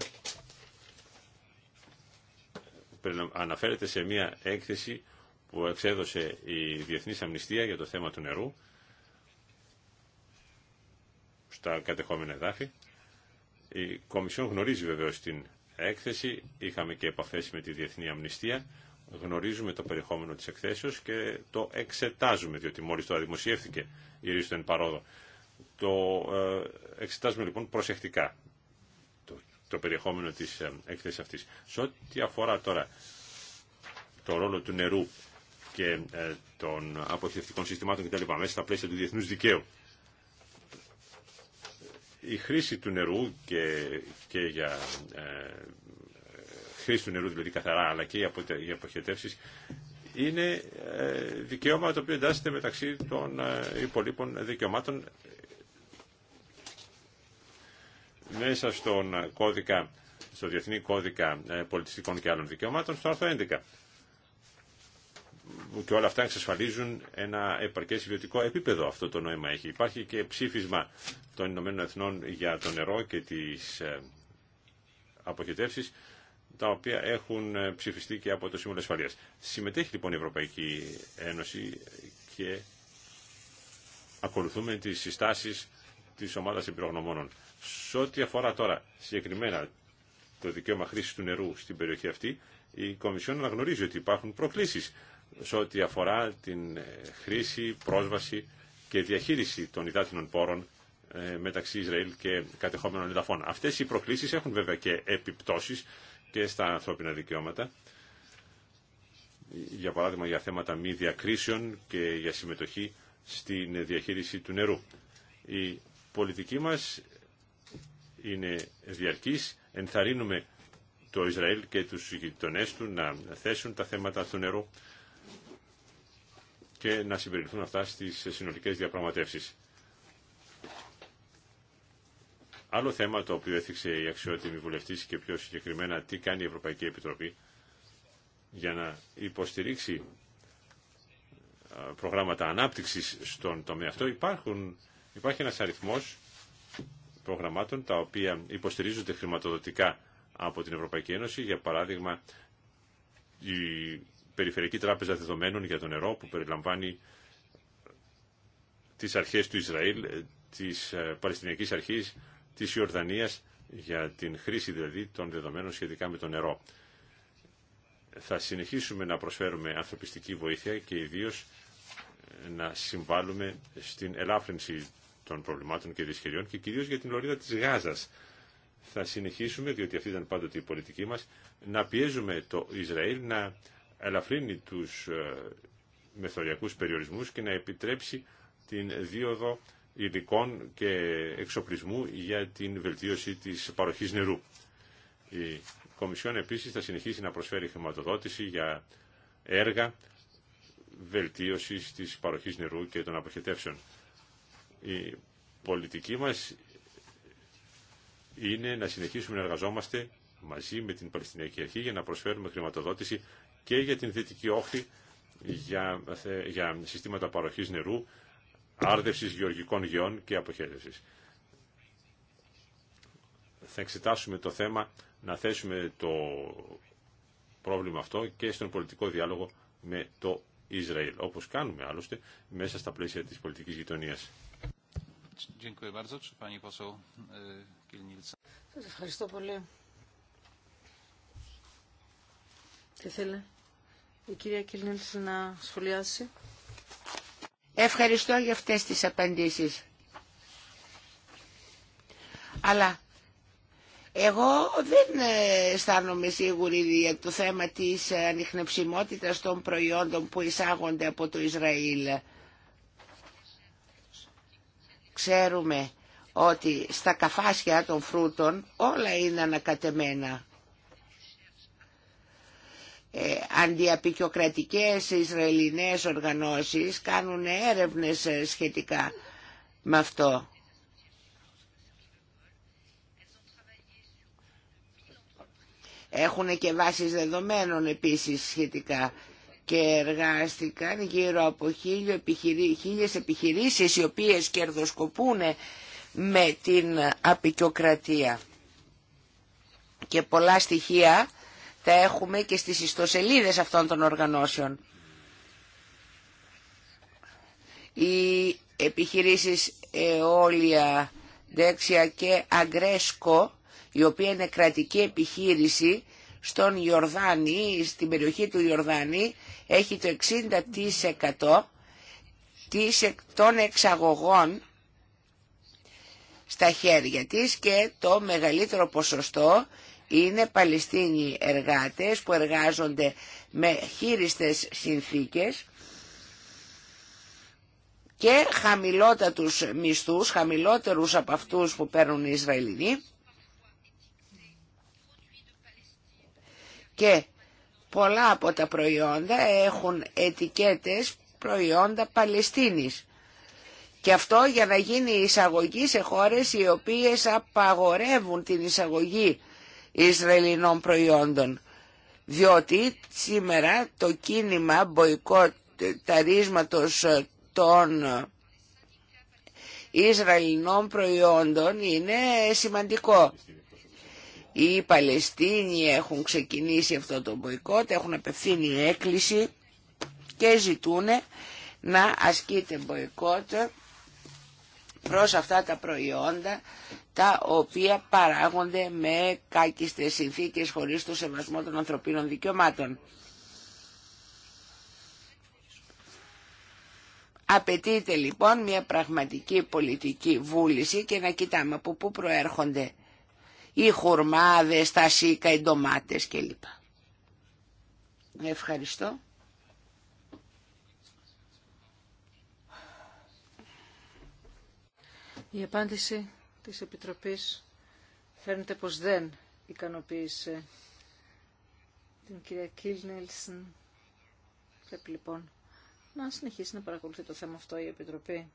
αναφέρεται σε μια έκθεση που εξέδωσε η Διεθνής Αμνηστία για το θέμα του νερού στα κατεχόμενα εδάφη. Η Κομισιόν γνωρίζει βεβαίως την έκθεση, είχαμε και επαφές με τη Διεθνή Αμνηστία, γνωρίζουμε το περιεχόμενο της εκθέσεως και το εξετάζουμε, διότι μόλις το δημοσιεύθηκε η Ρίστον Παρόδο. Το ε, εξετάζουμε λοιπόν προσεκτικά το περιεχόμενο της ε, έκθεσης αυτής. Σε ό,τι αφορά τώρα το ρόλο του νερού και ε, των αποχαιρετικών συστημάτων κτλ. μέσα στα πλαίσια του διεθνούς δικαίου. Η χρήση του νερού και, και για ε, χρήση του νερού δηλαδή καθαρά αλλά και οι αποχαιρετεύσεις είναι ε, δικαίωμα το οποίο εντάσσεται μεταξύ των υπολείπων δικαιωμάτων μέσα στον κώδικα, στο Διεθνή Κώδικα ε, Πολιτιστικών και Άλλων Δικαιωμάτων, στο άρθρο 11. Και όλα αυτά εξασφαλίζουν ένα επαρκές ιδιωτικό επίπεδο. Αυτό το νόημα έχει. Υπάρχει και ψήφισμα των Ηνωμένων Εθνών για το νερό και τις ε, αποχετεύσεις, τα οποία έχουν ε, ψηφιστεί και από το Σύμβολο Ασφαλείας. Συμμετέχει λοιπόν η Ευρωπαϊκή Ένωση και ακολουθούμε τις συστάσεις της ομάδας εμπειρογνωμόνων. Σε ό,τι αφορά τώρα συγκεκριμένα το δικαίωμα χρήση του νερού στην περιοχή αυτή, η Κομισιόν αναγνωρίζει ότι υπάρχουν προκλήσει σε ό,τι αφορά την ε, χρήση, πρόσβαση και διαχείριση των υδάτινων πόρων ε, μεταξύ Ισραήλ και κατεχόμενων εδαφών. Αυτέ οι προκλήσει έχουν βέβαια και επιπτώσει και στα ανθρώπινα δικαιώματα. Για παράδειγμα, για θέματα μη διακρίσεων και για συμμετοχή στην διαχείριση του νερού. Η πολιτική μας είναι διαρκής. Ενθαρρύνουμε το Ισραήλ και τους γειτονέ του να θέσουν τα θέματα του νερού και να συμπεριληφθούν αυτά στις συνολικές διαπραγματεύσεις. Άλλο θέμα το οποίο έθιξε η αξιότιμη βουλευτής και πιο συγκεκριμένα τι κάνει η Ευρωπαϊκή Επιτροπή για να υποστηρίξει προγράμματα ανάπτυξης στον τομέα αυτό υπάρχουν, υπάρχει ένας αριθμός προγραμμάτων τα οποία υποστηρίζονται χρηματοδοτικά από την Ευρωπαϊκή Ένωση, για παράδειγμα η Περιφερειακή Τράπεζα Δεδομένων για το νερό που περιλαμβάνει τις αρχές του Ισραήλ, της ε, Παλαιστινιακής Αρχής, της Ιορδανίας για την χρήση δηλαδή των δεδομένων σχετικά με το νερό. Θα συνεχίσουμε να προσφέρουμε ανθρωπιστική βοήθεια και ιδίως να συμβάλλουμε στην ελάφρυνση των προβλημάτων και δυσχεριών και κυρίως για την λωρίδα της Γάζας. Θα συνεχίσουμε, διότι αυτή ήταν πάντοτε η πολιτική μας, να πιέζουμε το Ισραήλ να ελαφρύνει τους ε, μεθοριακούς περιορισμούς και να επιτρέψει την δίωδο υλικών και εξοπλισμού για την βελτίωση της παροχής νερού. Η Κομισιόν επίσης θα συνεχίσει να προσφέρει χρηματοδότηση για έργα βελτίωσης της παροχής νερού και των αποχετεύσεων. Η πολιτική μας είναι να συνεχίσουμε να εργαζόμαστε μαζί με την Παλαιστινιακή Αρχή για να προσφέρουμε χρηματοδότηση και για την Δυτική Όχθη για, για συστήματα παροχής νερού, άρδευσης γεωργικών γεών και αποχέτευσης. Θα εξετάσουμε το θέμα να θέσουμε το πρόβλημα αυτό και στον πολιτικό διάλογο με το Ισραήλ, όπως κάνουμε άλλωστε μέσα στα πλαίσια της πολιτικής γειτονίας. E, ευχαριστώ πολύ. η να Ευχαριστώ για αυτές τις απαντήσεις. Αλλά εγώ δεν ε, αισθάνομαι σίγουρη για το θέμα της ε, ανιχνευσιμότητας των προϊόντων που εισάγονται από το Ισραήλ. Ξέρουμε ότι στα καφάσια των φρούτων όλα είναι ανακατεμένα. Ε, αντιαπικιοκρατικές Ισραηλινές οργανώσεις κάνουν έρευνες ε, σχετικά με αυτό. Έχουν και βάσεις δεδομένων επίσης σχετικά και εργάστηκαν γύρω από χίλιες επιχειρήσεις οι οποίες κερδοσκοπούν με την απεικιοκρατία. Και πολλά στοιχεία τα έχουμε και στις ιστοσελίδες αυτών των οργανώσεων. Οι επιχειρήσεις Εόλια, Δέξια και Αγκρέσκο, η οποία είναι κρατική επιχείρηση, στον Ιορδάνη, στην περιοχή του Ιορδάνη, έχει το 60% των εξαγωγών στα χέρια της και το μεγαλύτερο ποσοστό είναι Παλαιστίνοι εργάτες που εργάζονται με χείριστες συνθήκες και χαμηλότατους μισθούς, χαμηλότερους από αυτούς που παίρνουν οι Ισραηλινοί Και πολλά από τα προϊόντα έχουν ετικέτες προϊόντα Παλαιστίνης. Και αυτό για να γίνει εισαγωγή σε χώρες οι οποίες απαγορεύουν την εισαγωγή Ισραηλινών προϊόντων. Διότι σήμερα το κίνημα ταρίσματος των Ισραηλινών προϊόντων είναι σημαντικό. Οι Παλαιστίνοι έχουν ξεκινήσει αυτό το μποϊκότ, έχουν απευθύνει έκκληση και ζητούν να ασκείται μποϊκότ προς αυτά τα προϊόντα τα οποία παράγονται με κάκιστες συνθήκες χωρίς το σεβασμό των ανθρωπίνων δικαιωμάτων. Απαιτείται λοιπόν μια πραγματική πολιτική βούληση και να κοιτάμε από πού προέρχονται οι χορμάδες, τα σίκα, οι ντομάτες κλπ. Ευχαριστώ. Η απάντηση της Επιτροπής φαίνεται πως δεν ικανοποίησε την κυρία Κιλ Πρέπει λοιπόν να συνεχίσει να παρακολουθεί το θέμα αυτό η Επιτροπή.